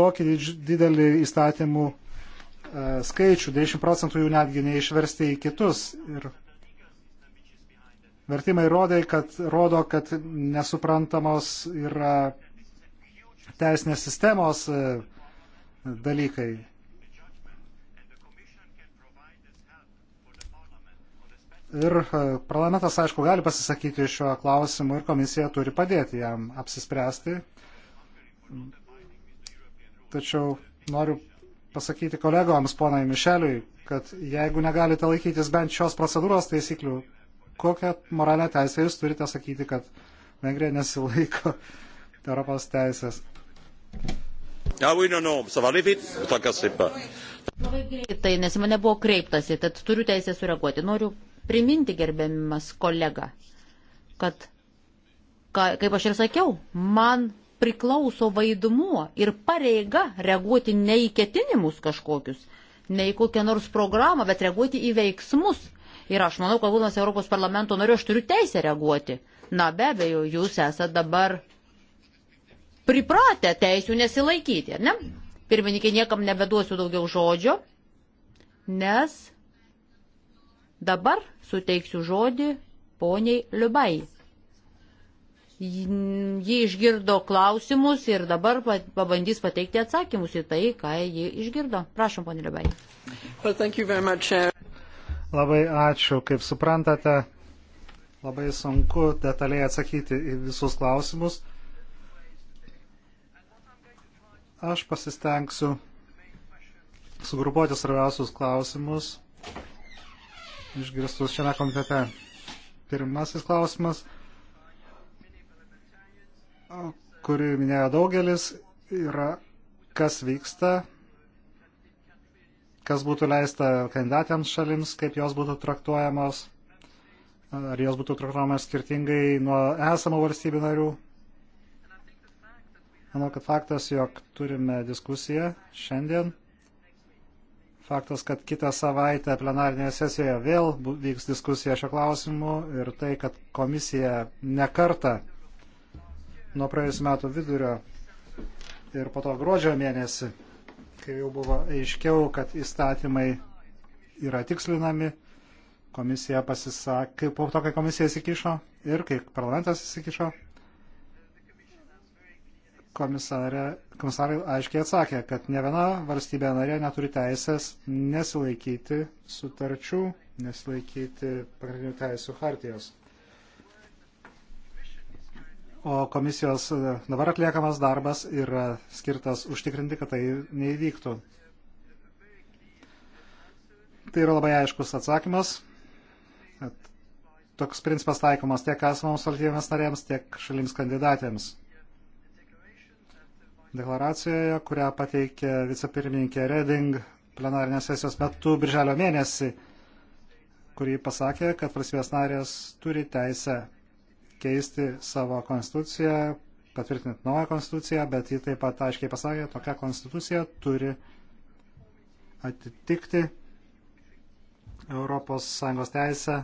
tokį didelį įstatymų e, skaičių, 10 procentų jų netgi neišversti į kitus. Ir Vertimai rodė, kad, rodo, kad nesuprantamos yra teisinės sistemos e, dalykai. Ir e, parlamentas, aišku, gali pasisakyti šiuo klausimu ir komisija turi padėti jam apsispręsti. Tačiau noriu pasakyti kolegoms, ponai Mišeliui, kad jeigu negalite laikytis bent šios procedūros taisyklių, kokią moralę teisę jūs turite sakyti, kad Vengrija nesilaiko Europos teisės? Ja, oui, non, non, ça va aller vite, ne t'inquiète pas. Labai greitai, nes mane buvo kreiptasi, tad turiu teisę sureaguoti. Noriu priminti gerbiamas kolega, kad, ka, kaip aš ir sakiau, man priklauso vaidmuo ir pareiga reaguoti ne į ketinimus kažkokius, ne į kokią nors programą, bet reaguoti į veiksmus, Ir aš manau, kad būdamas Europos parlamento nariu, aš turiu teisę reaguoti. Na, be abejo, jūs esate dabar pripratę teisų nesilaikyti, ne? Pirmininkė, niekam nebeduosiu daugiau žodžio, nes dabar suteiksiu žodį poniai Liubai. Ji išgirdo klausimus ir dabar pabandys pateikti atsakymus į tai, ką ji išgirdo. Prašom, ponė Liubai. Well, Labai ačiū. Kaip suprantate, labai sunku detaliai atsakyti į visus klausimus. Aš pasistengsiu sugrupuoti svarbiausius klausimus išgirstus šiame komitete. Pirmasis klausimas, kurį minėjo daugelis, yra kas vyksta kas būtų leista kandidatėms šalims, kaip jos būtų traktuojamos, ar jos būtų traktuojamos skirtingai nuo esamų valstybių narių. Manau, kad faktas, jog turime diskusiją šiandien, faktas, kad kitą savaitę plenarinėje sesijoje vėl vyks diskusija šio klausimu ir tai, kad komisija nekarta nuo praėjusiu metu vidurio ir po to gruodžio mėnesį kai jau buvo aiškiau, kad įstatymai yra tikslinami, komisija pasisakė, po to, kai komisija įsikišo ir kai parlamentas įsikišo, komisarai aiškiai atsakė, kad ne viena valstybė narė neturi teisės nesilaikyti sutarčių, nesilaikyti pagrindinių teisų hartijos o komisijos e, dabar atliekamas darbas yra skirtas užtikrinti, kad tai neįvyktų. Tai yra labai aiškus atsakymas. Toks principas taikomas tiek esamoms valstybėms narėms, tiek šalims kandidatėms. Deklaracijoje, kurią pateikė vicepirmininkė Reding plenarinės sesijos metu birželio mėnesį, kurį pasakė, kad valstybės narės turi teisę keisti savo konstituciją, patvirtinti naują konstituciją, bet ji taip pat aiškiai pasakė, tokia konstitucija turi atitikti ES teisę,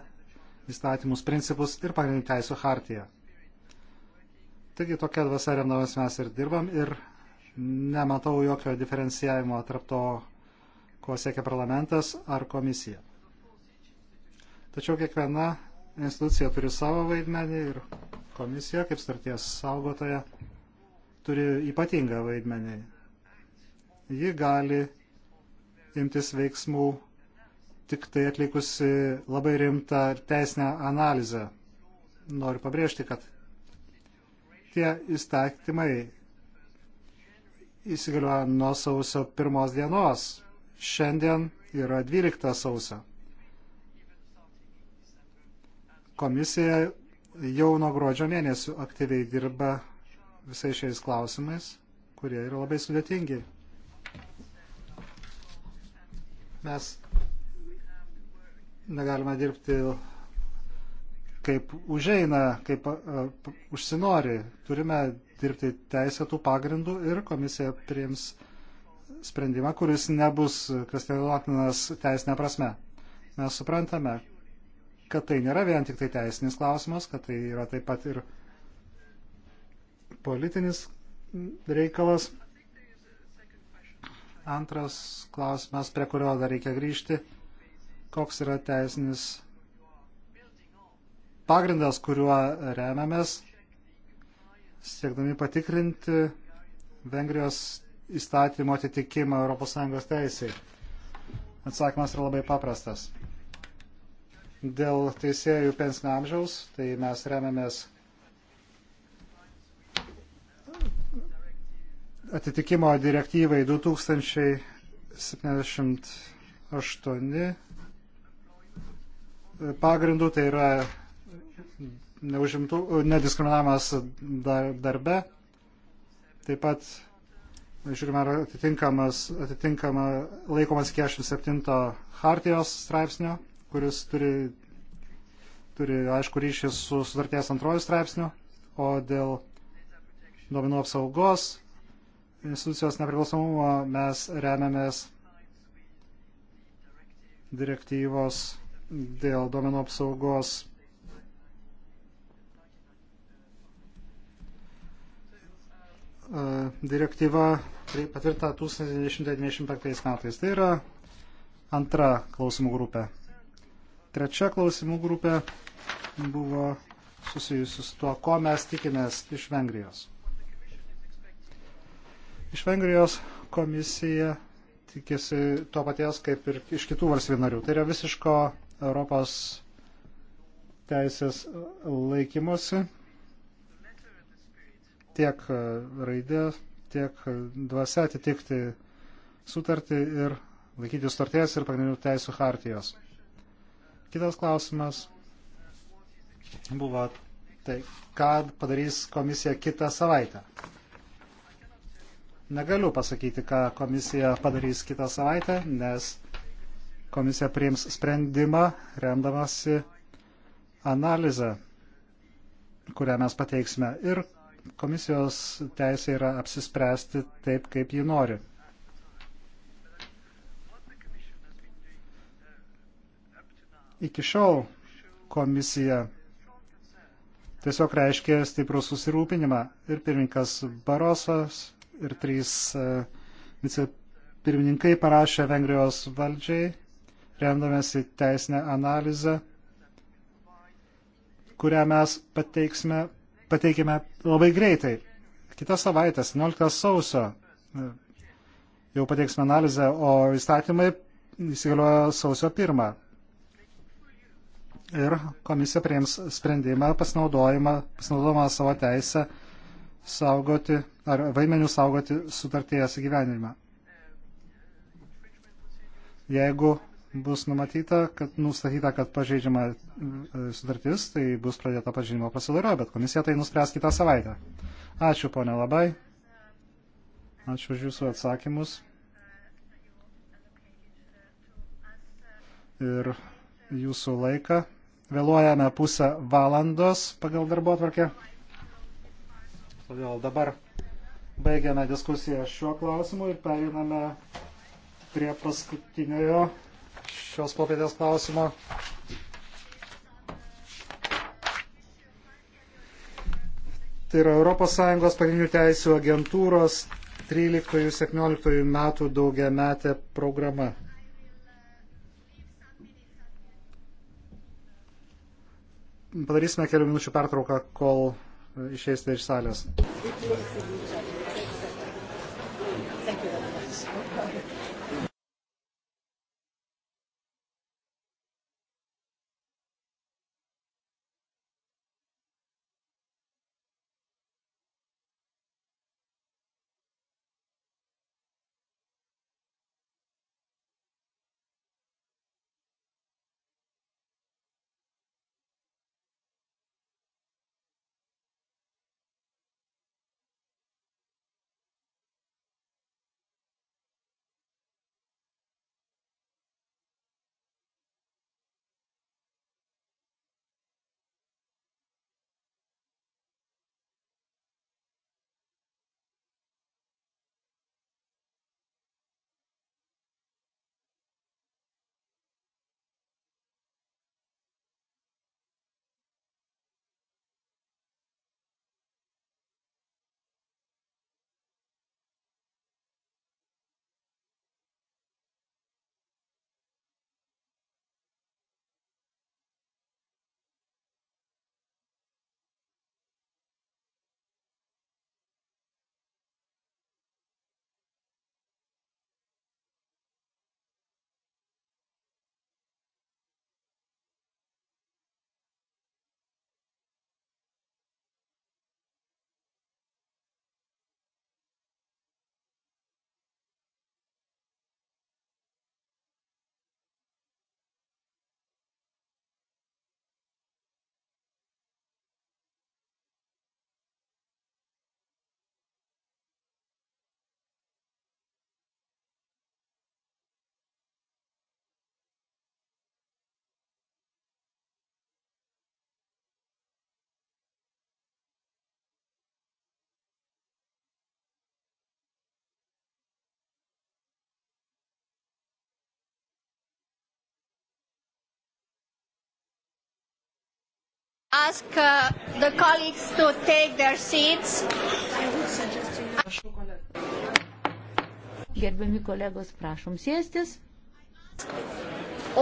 įstatymus, principus ir pagrindinių teisų hartiją. Taigi tokia dvasia remdavęs mes ir dirbam ir nematau jokio diferencijavimo tarp to, ko siekia parlamentas ar komisija. Tačiau kiekviena institucija turi savo vaidmenį ir komisija, kaip starties saugotoja, turi ypatingą vaidmenį. Ji gali imtis veiksmų tik tai atlikusi labai rimtą teisinę analizę. Noriu pabrėžti, kad tie įstatymai įsigalioja nuo sausio pirmos dienos. Šiandien yra 12 sausio. Komisija jau nuo gruodžio mėnesių aktyviai dirba visais šiais klausimais, kurie yra labai sudėtingi. Mes negalime dirbti kaip užeina, kaip uh, užsinori. Turime dirbti teisėtų pagrindų ir komisija priims sprendimą, kuris nebus kastelatinas teisinė prasme. Mes suprantame, kad tai nėra vien tik tai teisinis klausimas, kad tai yra taip pat ir politinis reikalas. Antras klausimas, prie kurio dar reikia grįžti, koks yra teisinis pagrindas, kuriuo remiamės, siekdami patikrinti Vengrijos įstatymo atitikimą ES teisėjai. Atsakymas yra labai paprastas. Dėl teisėjų pensinio amžiaus, tai mes remiamės atitikimo direktyvai 2078 pagrindų, tai yra neužimtų, nediskriminavimas dar, darbe. Taip pat žiūrime, ar atitinkamas, atitinkama laikomas 47 hartijos straipsnio kuris turi, turi aišku, ryšį su sutarties antrojų straipsnių, o dėl duomenų apsaugos institucijos nepriklausomumo mes remiamės direktyvos dėl duomenų apsaugos e, direktyva patvirta 1995 metais. Tai yra antra klausimų grupė. Trečia klausimų grupė buvo susijusi su tuo, ko mes tikimės iš Vengrijos. Iš Vengrijos komisija tikisi to paties kaip ir iš kitų valstybių narių. Tai yra visiško Europos teisės laikymosi tiek raidė, tiek dvasia atitikti sutartį ir laikyti sutarties ir pagrindinių teisų hartijos. Kitas klausimas buvo tai, ką padarys komisija kitą savaitę. Negaliu pasakyti, ką komisija padarys kitą savaitę, nes komisija priims sprendimą remdamasi analizę, kurią mes pateiksime. Ir komisijos teisė yra apsispręsti taip, kaip ji nori. Iki šiol komisija tiesiog reiškė stiprų susirūpinimą ir pirmininkas Barosas ir trys e, vicepirmininkai parašė Vengrijos valdžiai, remdamėsi teisinę analizę, kurią mes pateiksime, pateikime labai greitai. Kita savaitė, 17 sausio, e, jau pateiksime analizę, o įstatymai įsigaliojo sausio 1 ir komisija priims sprendimą pasinaudodama savo teisę saugoti ar vaimenių saugoti sutarties įgyvenimą. Jeigu bus numatyta, kad nustatyta, kad pažeidžiama e, sutartis, tai bus pradėta pažeidimo procedūra, bet komisija tai nuspręs kitą savaitę. Ačiū, ponė labai. Ačiū už Jūsų atsakymus. Ir Jūsų laiką vėluojame pusę valandos pagal darbo atvarkę. Todėl dabar baigiame diskusiją šiuo klausimu ir periname prie paskutiniojo šios popietės klausimo. Tai yra ES pagrindinių teisų agentūros 13-17 metų daugiametė programa. Padarysime kelių minučių pertrauką, kol išeisite iš salės. ask uh, the colleagues to take their seats. Gerbiami kolegos, prašom sėstis.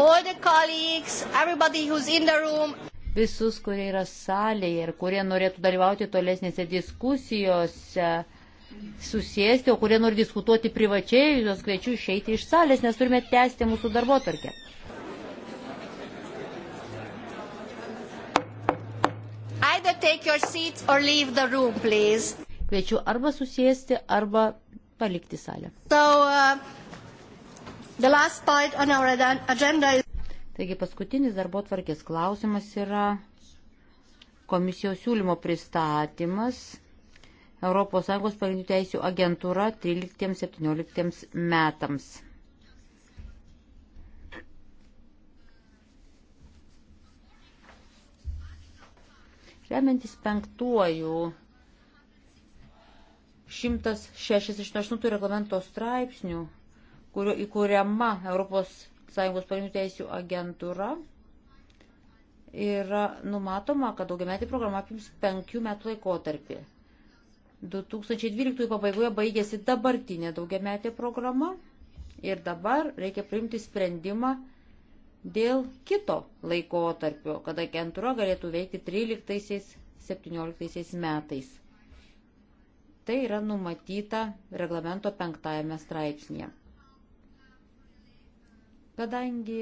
All the colleagues, everybody who's in the room. Visus, kurie yra salėje ir kurie norėtų dalyvauti tolesnėse diskusijose, susėsti, o kurie nori diskutuoti privačiai, juos kviečiu išeiti iš salės, nes turime tęsti mūsų darbo tarkę. take your seats or leave the room, please. Kviečiu arba susėsti, arba palikti salę. So, uh, is... Taigi paskutinis darbo tvarkės klausimas yra komisijos siūlymo pristatymas ES pagrindų teisų agentūra 13-17 metams. Remiantis penktuoju 168 reglamento straipsnių, kurio įkūriama ES pareigų teisų agentūra, yra numatoma, kad daugiametį programą apims penkių metų laikotarpį. 2012 pabaigoje baigėsi dabartinė daugiametė programa ir dabar reikia priimti sprendimą dėl kito laikotarpio, kada agentūra galėtų veikti 13-17 metais. Tai yra numatyta reglamento penktajame straipsnėje. Kadangi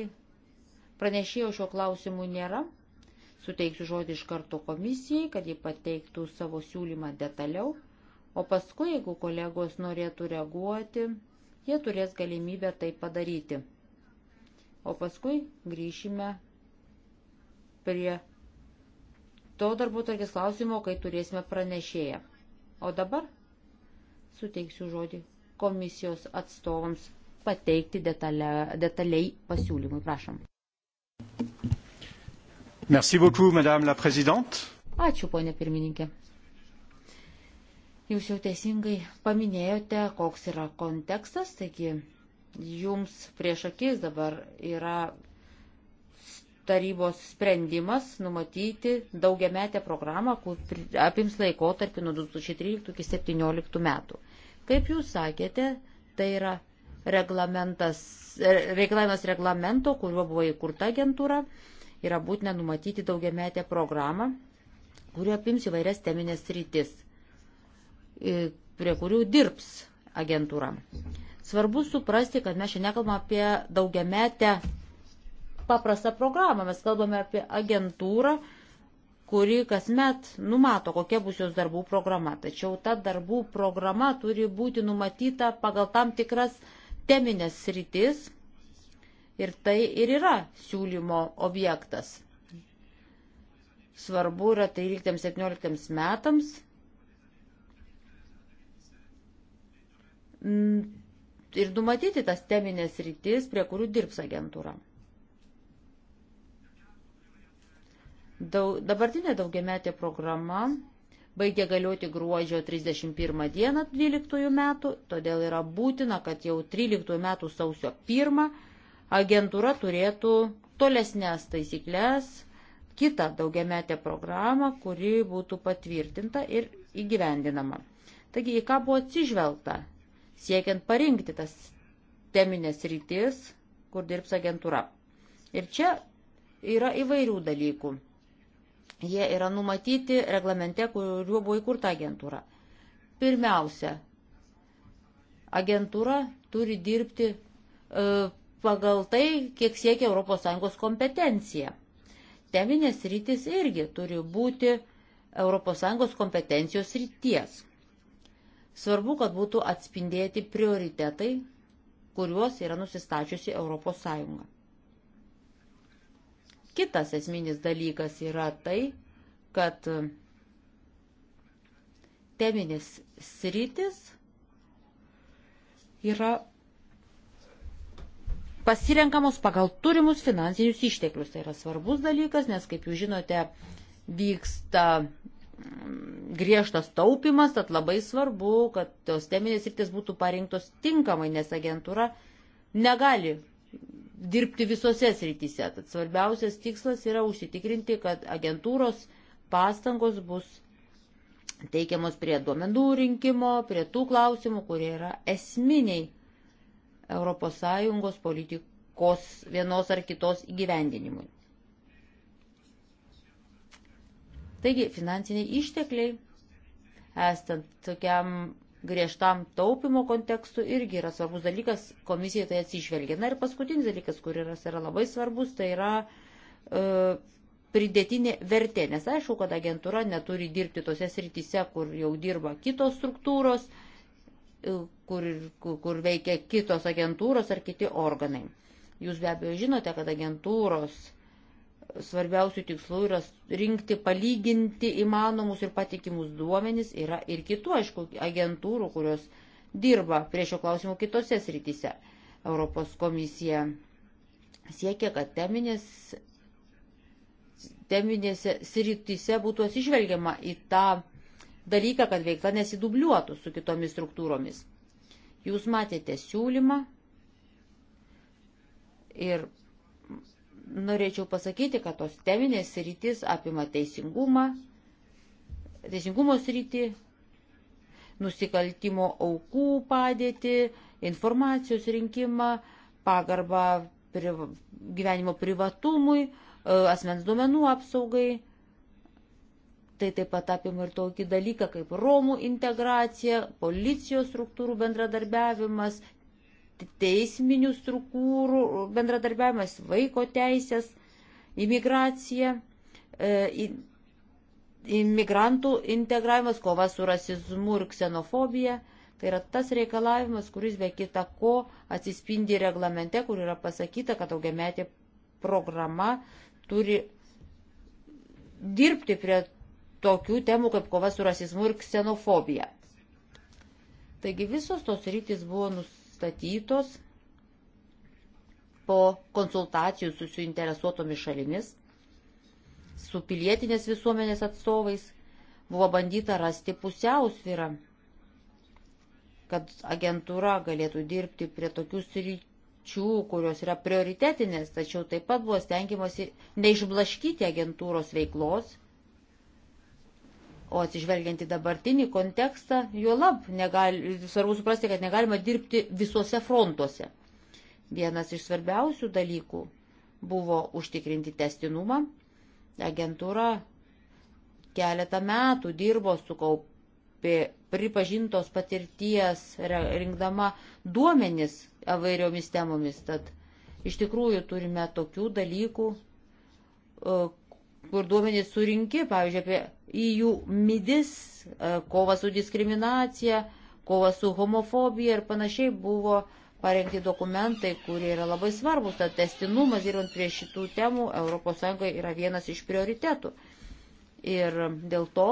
pranešėjo šio klausimų nėra, suteiksiu žodį iš karto komisijai, kad ji pateiktų savo siūlymą detaliau, o paskui, jeigu kolegos norėtų reaguoti, jie turės galimybę tai padaryti o paskui grįšime prie to darbo tarkis klausimo, kai turėsime pranešėją. O dabar suteiksiu žodį komisijos atstovams pateikti detale, detaliai pasiūlymui. Prašom. Merci beaucoup, madame la présidente. Ačiū, ponė pirmininkė. Jūs jau teisingai paminėjote, koks yra kontekstas, taigi jums prieš akis dabar yra tarybos sprendimas numatyti daugiametę programą, kur apims laikotarpį nuo 2013 iki 2017 metų. Kaip jūs sakėte, tai yra reglamentas, reikalavimas reglamento, kuriuo buvo įkurta agentūra, yra būtina numatyti daugiametę programą, kuri apims įvairias teminės rytis, prie kurių dirbs agentūra. Svarbu suprasti, kad mes šiandien kalbame apie daugiametę paprastą programą. Mes kalbame apie agentūrą, kuri kasmet numato, kokia bus jos darbų programa. Tačiau ta darbų programa turi būti numatyta pagal tam tikras teminės sritis ir tai ir yra siūlymo objektas. Svarbu yra 13-17 metams ir numatyti tas teminės rytis, prie kurių dirbs agentūra. Daug, dabartinė daugiametė programa baigia galioti gruodžio 31 dieną 12 metų, todėl yra būtina, kad jau 13 metų sausio 1 agentūra turėtų tolesnės taisyklės, kitą daugiametę programą, kuri būtų patvirtinta ir įgyvendinama. Taigi, į ką buvo atsižvelgta siekiant parinkti tas teminės rytis, kur dirbs agentūra. Ir čia yra įvairių dalykų. Jie yra numatyti reglamente, kuriuo buvo įkurta agentūra. Pirmiausia, agentūra turi dirbti e, pagal tai, kiek siekia ES kompetencija. Teminės rytis irgi turi būti ES kompetencijos ryties. Svarbu, kad būtų atspindėti prioritetai, kuriuos yra nusistačiusi ES. Kitas esminis dalykas yra tai, kad teminis sritis yra pasirenkamos pagal turimus finansinius išteklius. Tai yra svarbus dalykas, nes, kaip jūs žinote, vyksta griežtas taupimas, tad labai svarbu, kad tos teminės rytis būtų parinktos tinkamai, nes agentūra negali dirbti visose srityse. Tad svarbiausias tikslas yra užsitikrinti, kad agentūros pastangos bus teikiamos prie duomenų rinkimo, prie tų klausimų, kurie yra esminiai ES politikos vienos ar kitos įgyvendinimui. Taigi finansiniai ištekliai, esant tokiam griežtam taupimo kontekstu, irgi yra svarbus dalykas, komisija tai atsižvelgia. Na ir paskutinis dalykas, kuris yra labai svarbus, tai yra e, pridėtinė vertė. Nes aišku, kad agentūra neturi dirbti tose srityse, kur jau dirba kitos struktūros, e, kur, kur, kur veikia kitos agentūros ar kiti organai. Jūs be abejo žinote, kad agentūros svarbiausių tikslų yra rinkti, palyginti įmanomus ir patikimus duomenis, yra ir kitų, aišku, agentūrų, kurios dirba prie šio klausimo kitose srityse. Europos komisija siekia, kad teminės, teminėse srityse būtų atsižvelgiama į tą dalyką, kad veikla nesidubliuotų su kitomis struktūromis. Jūs matėte siūlymą ir norėčiau pasakyti, kad tos teminės rytis apima teisingumą, teisingumo rytį, nusikaltimo aukų padėtį, informacijos rinkimą, pagarbą priva, gyvenimo privatumui, e, asmens duomenų apsaugai. Tai taip pat apima ir tokį dalyką kaip Romų integracija, policijos struktūrų bendradarbiavimas, teisminių struktūrų bendradarbiavimas, vaiko teisės, imigracija, e, imigrantų integravimas, kova su rasizmu ir ksenofobija. Tai yra tas reikalavimas, kuris be kita ko atsispindi reglamente, kur yra pasakyta, kad daugiametė programa turi dirbti prie tokių temų kaip kova su rasizmu ir ksenofobija. Taigi visos tos rytis buvo nus nustatytos po konsultacijų su suinteresuotomis šalimis, su pilietinės visuomenės atstovais, buvo bandyta rasti pusiausvyrą, kad agentūra galėtų dirbti prie tokių sričių, kurios yra prioritetinės, tačiau taip pat buvo stengiamasi neišblaškyti agentūros veiklos O atsižvelgiant į dabartinį kontekstą, juo lab, negali, svarbu suprasti, kad negalima dirbti visuose frontuose. Vienas iš svarbiausių dalykų buvo užtikrinti testinumą. Agentūra keletą metų dirbo sukaupė pripažintos patirties, rinkdama duomenis avairiomis temomis. Tad iš tikrųjų turime tokių dalykų, e, kur duomenys surinki, pavyzdžiui, apie į e jų midis, e, kova su diskriminacija, kova su homofobija ir panašiai buvo parengti dokumentai, kurie yra labai svarbus. Tad testinumas, dirbant prie šitų temų, ES yra vienas iš prioritetų. Ir dėl to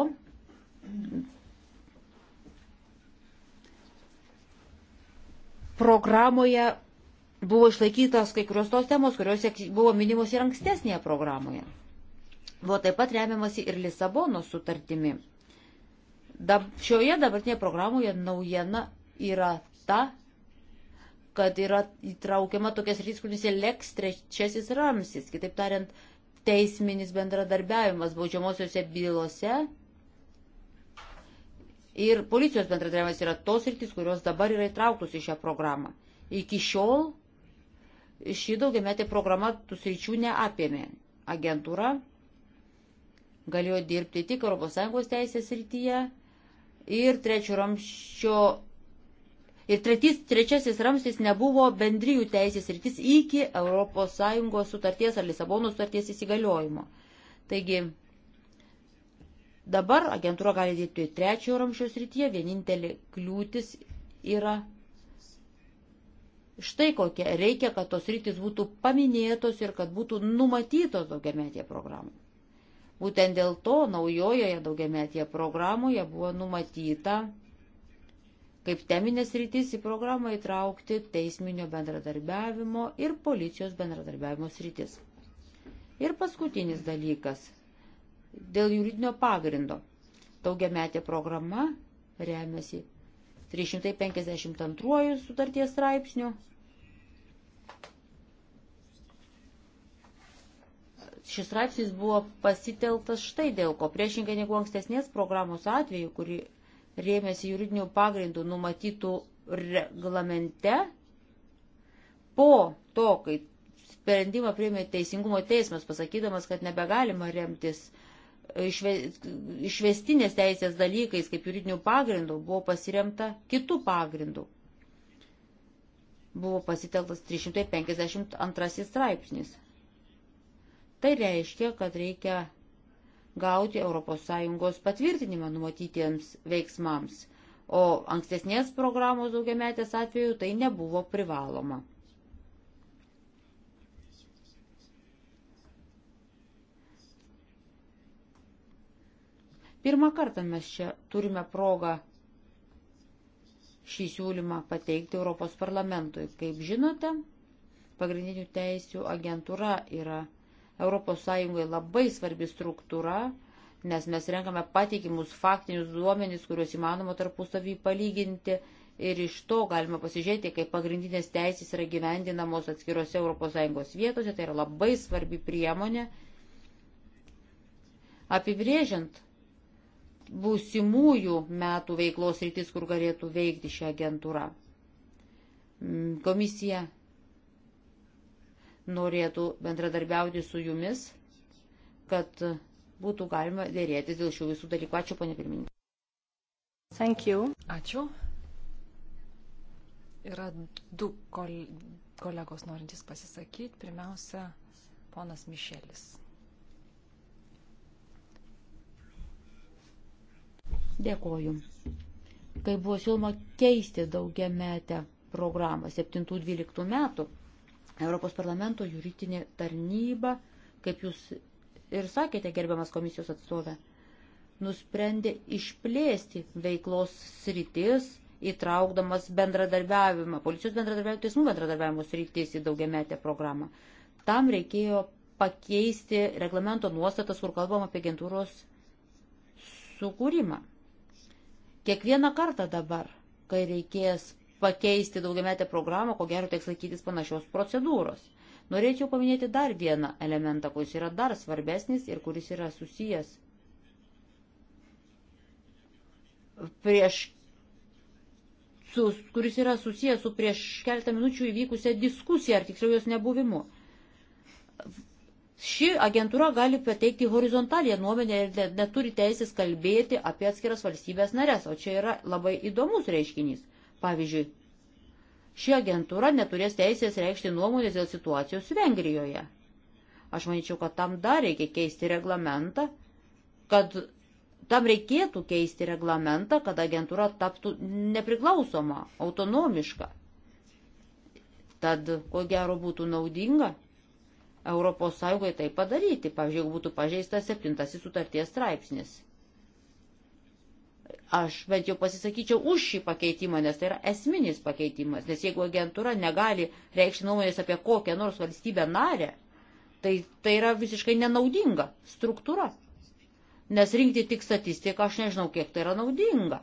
programoje buvo išlaikytos kai kurios tos temos, kurios buvo minimos ir ankstesnėje programoje. Buvo taip pat remiamasi ir Lisabono sutartimi. Dab, šioje dabartinėje programoje naujiena yra ta, kad yra įtraukiama tokias riskulis leks trečiasis ramsis, kitaip tariant, teisminis bendradarbiavimas baudžiamosiose bylose ir policijos bendradarbiavimas yra tos rytis, kurios dabar yra įtrauktos į šią programą. Iki šiol ši daugiametė programa tų sričių neapėmė. Agentūra galėjo dirbti tik ES teisės rytyje ir trečio ramščio. Ir tretis, trečiasis ramstis nebuvo bendrijų teisės rytis iki ES sutarties ar Lisabono sutarties įsigaliojimo. Taigi dabar agentūra gali dirbti trečiojo ramščio srityje, vienintelė kliūtis yra štai kokia reikia, kad tos rytis būtų paminėtos ir kad būtų numatytos daugiametėje programoje. Būtent dėl to naujojoje daugiametėje programoje buvo numatyta kaip teminės rytis į programą įtraukti teisminio bendradarbiavimo ir policijos bendradarbiavimo sritis. Ir paskutinis dalykas – dėl juridinio pagrindo. Daugiametė programa remiasi 352 sutarties straipsnių šis straipsnis buvo pasiteltas štai dėl ko, priešingai negu ankstesnės programos atveju, kuri rėmėsi juridinių pagrindų numatytų reglamente, po to, kai sprendimą priėmė Teisingumo teismas, pasakydamas, kad nebegalima remtis išve, išvestinės teisės dalykais kaip juridinių pagrindų, buvo pasiremta kitų pagrindų. Buvo pasiteltas 352 straipsnis. Tai reiškia, kad reikia gauti ES patvirtinimą numatytiems veiksmams, o ankstesnės programos daugiametės atveju tai nebuvo privaloma. Pirmą kartą mes čia turime progą šį siūlymą pateikti Europos parlamentui. Kaip žinote, pagrindinių teisių agentūra yra ES labai svarbi struktūra, nes mes renkame patikimus faktinius duomenys, kuriuos įmanoma tarpusavį palyginti ir iš to galima pasižiūrėti, kaip pagrindinės teisės yra gyvendinamos atskirose ES vietose. Tai yra labai svarbi priemonė apibrėžiant būsimųjų metų veiklos rytis, kur galėtų veikti šią agentūrą. Komisija norėtų bendradarbiauti su jumis, kad būtų galima dėrėtis dėl šių visų dalykų. Ačiū, ponė pirmininkė. Thank you. Ačiū. Yra du kol, kolegos norintys pasisakyti. Pirmiausia, ponas Mišelis. Dėkoju. Kai buvo siūloma keisti daugiametę programą 7-12 metų, Europos parlamento juridinė tarnyba, kaip jūs ir sakėte, gerbiamas komisijos atstovė, nusprendė išplėsti veiklos sritis, įtraukdamas bendradarbiavimą, policijos bendradarbiavimo, teismų bendradarbiavimo sritis į daugiametę programą. Tam reikėjo pakeisti reglamento nuostatas, kur kalbam apie agentūros sukūrimą. Kiekvieną kartą dabar, kai reikės pakeisti daugiametę programą, ko gero teks laikytis panašios procedūros. Norėčiau paminėti dar vieną elementą, kuris yra dar svarbesnis ir kuris yra susijęs. Prieš, su, kuris yra susijęs su prieš keletą minučių įvykusią diskusiją, ar tiksliau jos nebuvimu. Ši agentūra gali pateikti horizontalią nuomenę ir neturi teisės kalbėti apie atskiras valstybės narės, o čia yra labai įdomus reiškinys. Pavyzdžiui, ši agentūra neturės teisės reikšti nuomonės dėl situacijos Vengrijoje. Aš manyčiau, kad tam dar reikia keisti reglamentą, kad tam reikėtų keisti reglamentą, kad agentūra taptų nepriklausoma, autonomiška. Tad, ko gero, būtų naudinga ES tai padaryti, pavyzdžiui, jeigu būtų pažeistas septintasis sutarties straipsnis. Aš bent jau pasisakyčiau už šį pakeitimą, nes tai yra esminis pakeitimas, nes jeigu agentūra negali reikšti nuomonės apie kokią nors valstybę narę, tai tai yra visiškai nenaudinga struktūra. Nes rinkti tik statistiką, aš nežinau, kiek tai yra naudinga.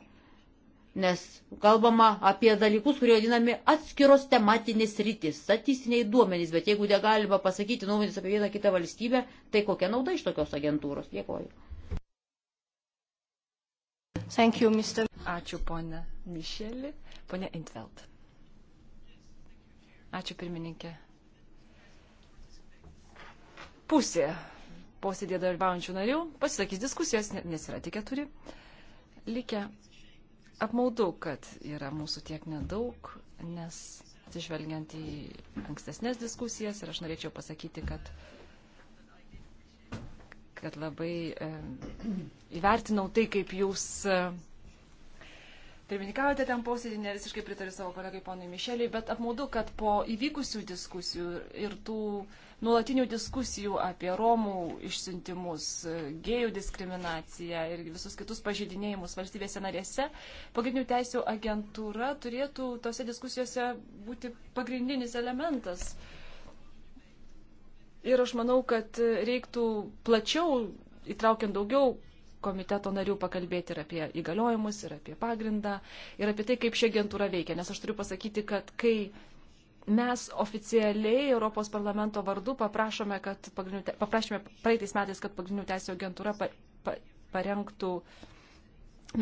Nes kalbama apie dalykus, kurie vadinami atskiros tematinės rytis, statistiniai duomenys, bet jeigu negalima pasakyti nuomonės apie vieną kitą valstybę, tai kokia nauda iš tokios agentūros? Dėkuoju. Thank you, Mr. Ačiū, ponė Mišelė. Ponė Intveld. Ačiū, pirmininkė. Pusė posėdėje dalyvaujančių narių pasisakys diskusijas, nes yra tik keturi. Likę apmaudu, kad yra mūsų tiek nedaug, nes atsižvelgiant į ankstesnės diskusijas ir aš norėčiau pasakyti, kad kad labai įvertinau tai, kaip jūs pirmininkavote ten posėdį, ne visiškai pritariu savo kolegai ponui Mišeliui, bet apmaudu, kad po įvykusių diskusijų ir tų nuolatinių diskusijų apie Romų išsiuntimus, gėjų diskriminaciją ir visus kitus pažydinėjimus valstybėse narėse, pagrindinių teisų agentūra turėtų tose diskusijose būti pagrindinis elementas. Uh, Ir aš manau, kad reiktų plačiau, įtraukiant daugiau komiteto narių, pakalbėti ir apie įgaliojimus, ir apie pagrindą, ir apie tai, kaip ši agentūra veikia. Nes aš turiu pasakyti, kad kai mes oficialiai Europos parlamento vardu paprašome, kad paprašėme praeitais metais, kad pagrindinių teisėjų agentūra pa, pa, parengtų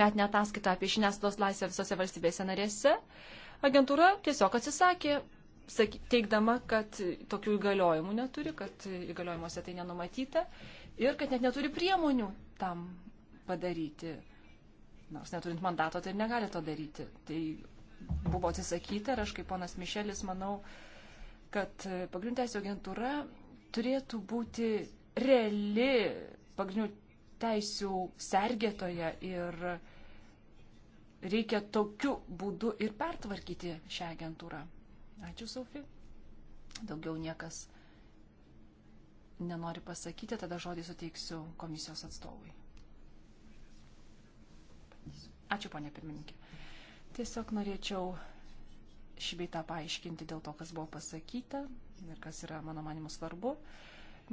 metinę ataskaitą apie žiniasklaidos laisvę visose valstybėse narėse, agentūra tiesiog atsisakė teikdama, kad tokių įgaliojimų neturi, kad įgaliojimuose tai nenumatyta ir kad net neturi priemonių tam padaryti. Nors neturint mandato, tai negali to daryti. Tai buvo atsisakyta ir aš kaip ponas Mišelis manau, kad pagrindinės agentūra turėtų būti reali pagrindinių teisių sergėtoja ir reikia tokiu būdu ir pertvarkyti šią agentūrą. Ačiū, Sofi. Daugiau niekas nenori pasakyti, tada žodį suteiksiu komisijos atstovui. Ačiū, ponė pirmininkė. Tiesiog norėčiau šveitą paaiškinti dėl to, kas buvo pasakyta ir kas yra mano manimu svarbu.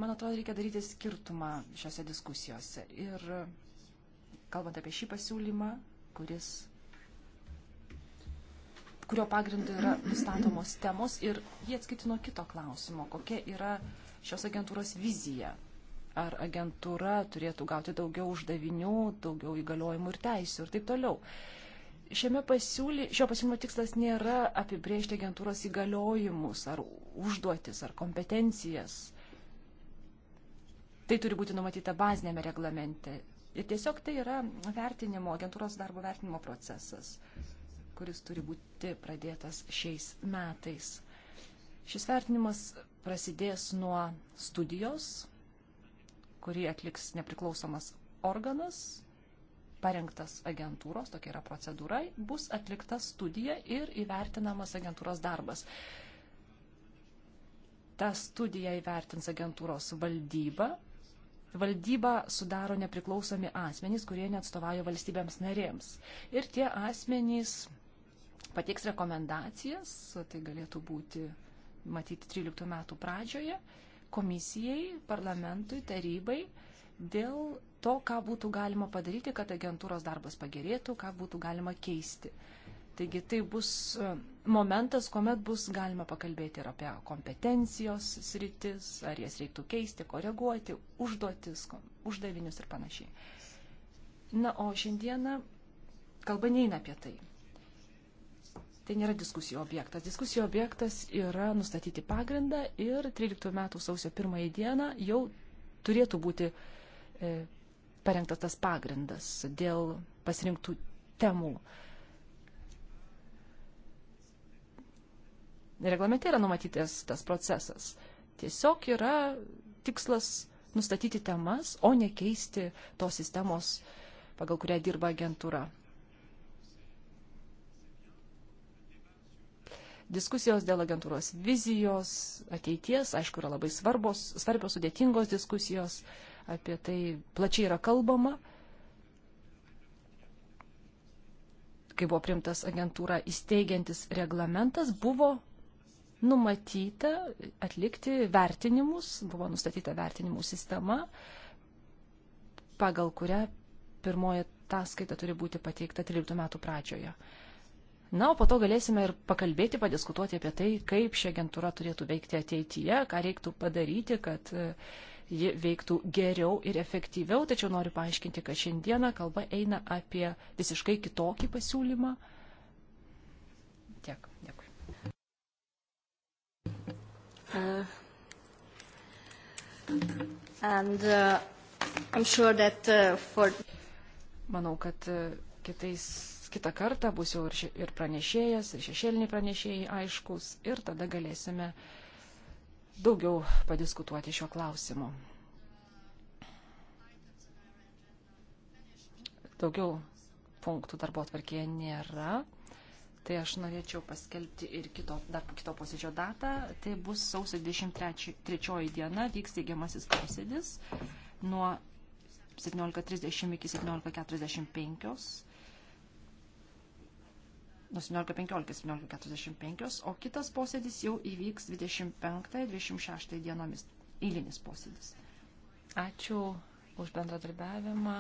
Man atrodo, reikia daryti skirtumą šiuose diskusijose. Ir kalbant apie šį pasiūlymą, kuris kurio pagrindu yra nustatomos temos ir jie atskirti nuo kito klausimo, kokia yra šios agentūros vizija. Ar agentūra turėtų gauti daugiau uždavinių, daugiau įgaliojimų ir teisų ir taip toliau. Šiame pasiūly, šio pasiūlymo tikslas nėra apibriežti agentūros įgaliojimus ar užduotis ar kompetencijas. Tai turi būti numatyta bazinėme reglamente. Ir tiesiog tai yra vertinimo, agentūros darbo vertinimo procesas kuris turi būti pradėtas šiais metais. Šis vertinimas prasidės nuo studijos, kurį atliks nepriklausomas organas, parengtas agentūros, tokia yra procedūra, bus atlikta studija ir įvertinamas agentūros darbas. Ta studija įvertins agentūros valdybą. Valdybą sudaro nepriklausomi asmenys, kurie neatstovauja valstybėms narėms. Ir tie asmenys pateiks rekomendacijas, tai galėtų būti matyti 13 metų pradžioje, komisijai, parlamentui, tarybai dėl to, ką būtų galima padaryti, kad agentūros darbas pagerėtų, ką būtų galima keisti. Taigi tai bus e, momentas, kuomet bus galima pakalbėti ir apie kompetencijos sritis, ar jas reiktų keisti, koreguoti, užduotis, uždavinius ir panašiai. Na, o šiandieną kalba neina apie tai tai nėra diskusijų objektas. Diskusijų objektas yra nustatyti pagrindą ir 13 metų sausio 1 dieną jau turėtų būti e, parengtas tas pagrindas dėl pasirinktų temų. Reglamente yra numatytas tas procesas. Tiesiog yra tikslas nustatyti temas, o ne keisti tos sistemos, pagal kurią dirba agentūra. Diskusijos dėl agentūros vizijos, ateities, aišku, yra labai svarbos, svarbios, sudėtingos diskusijos, apie tai plačiai yra kalbama. Kai buvo primtas agentūra įsteigiantis reglamentas, buvo numatyta atlikti vertinimus, buvo nustatyta vertinimų sistema, pagal kurią pirmoji ataskaita turi būti pateikta 13 metų pradžioje. Na, o po to galėsime ir pakalbėti, padiskutuoti apie tai, kaip ši agentūra turėtų veikti ateityje, ką reiktų padaryti, kad e, ji veiktų geriau ir efektyviau. Tačiau noriu paaiškinti, kad šiandieną kalba eina apie visiškai kitokį pasiūlymą. Tiek, dėkui. Uh, and, uh, I'm sure that, uh, for... Manau, kad uh, kitais kitą kartą bus jau ir, še, ir pranešėjas, ir šešėliniai pranešėjai aiškus, ir tada galėsime daugiau padiskutuoti šiuo klausimu. Daugiau punktų darbo atvarkėje nėra. Tai aš norėčiau paskelbti ir kito, dar kito posėdžio datą. Tai bus sausio 23 diena, vyks teigiamasis posėdis nuo 17.30 iki 17.45 nuo 17.15-17.45, o kitas posėdis jau įvyks 25-26 dienomis. Įlinis posėdis. Ačiū už bendradarbiavimą.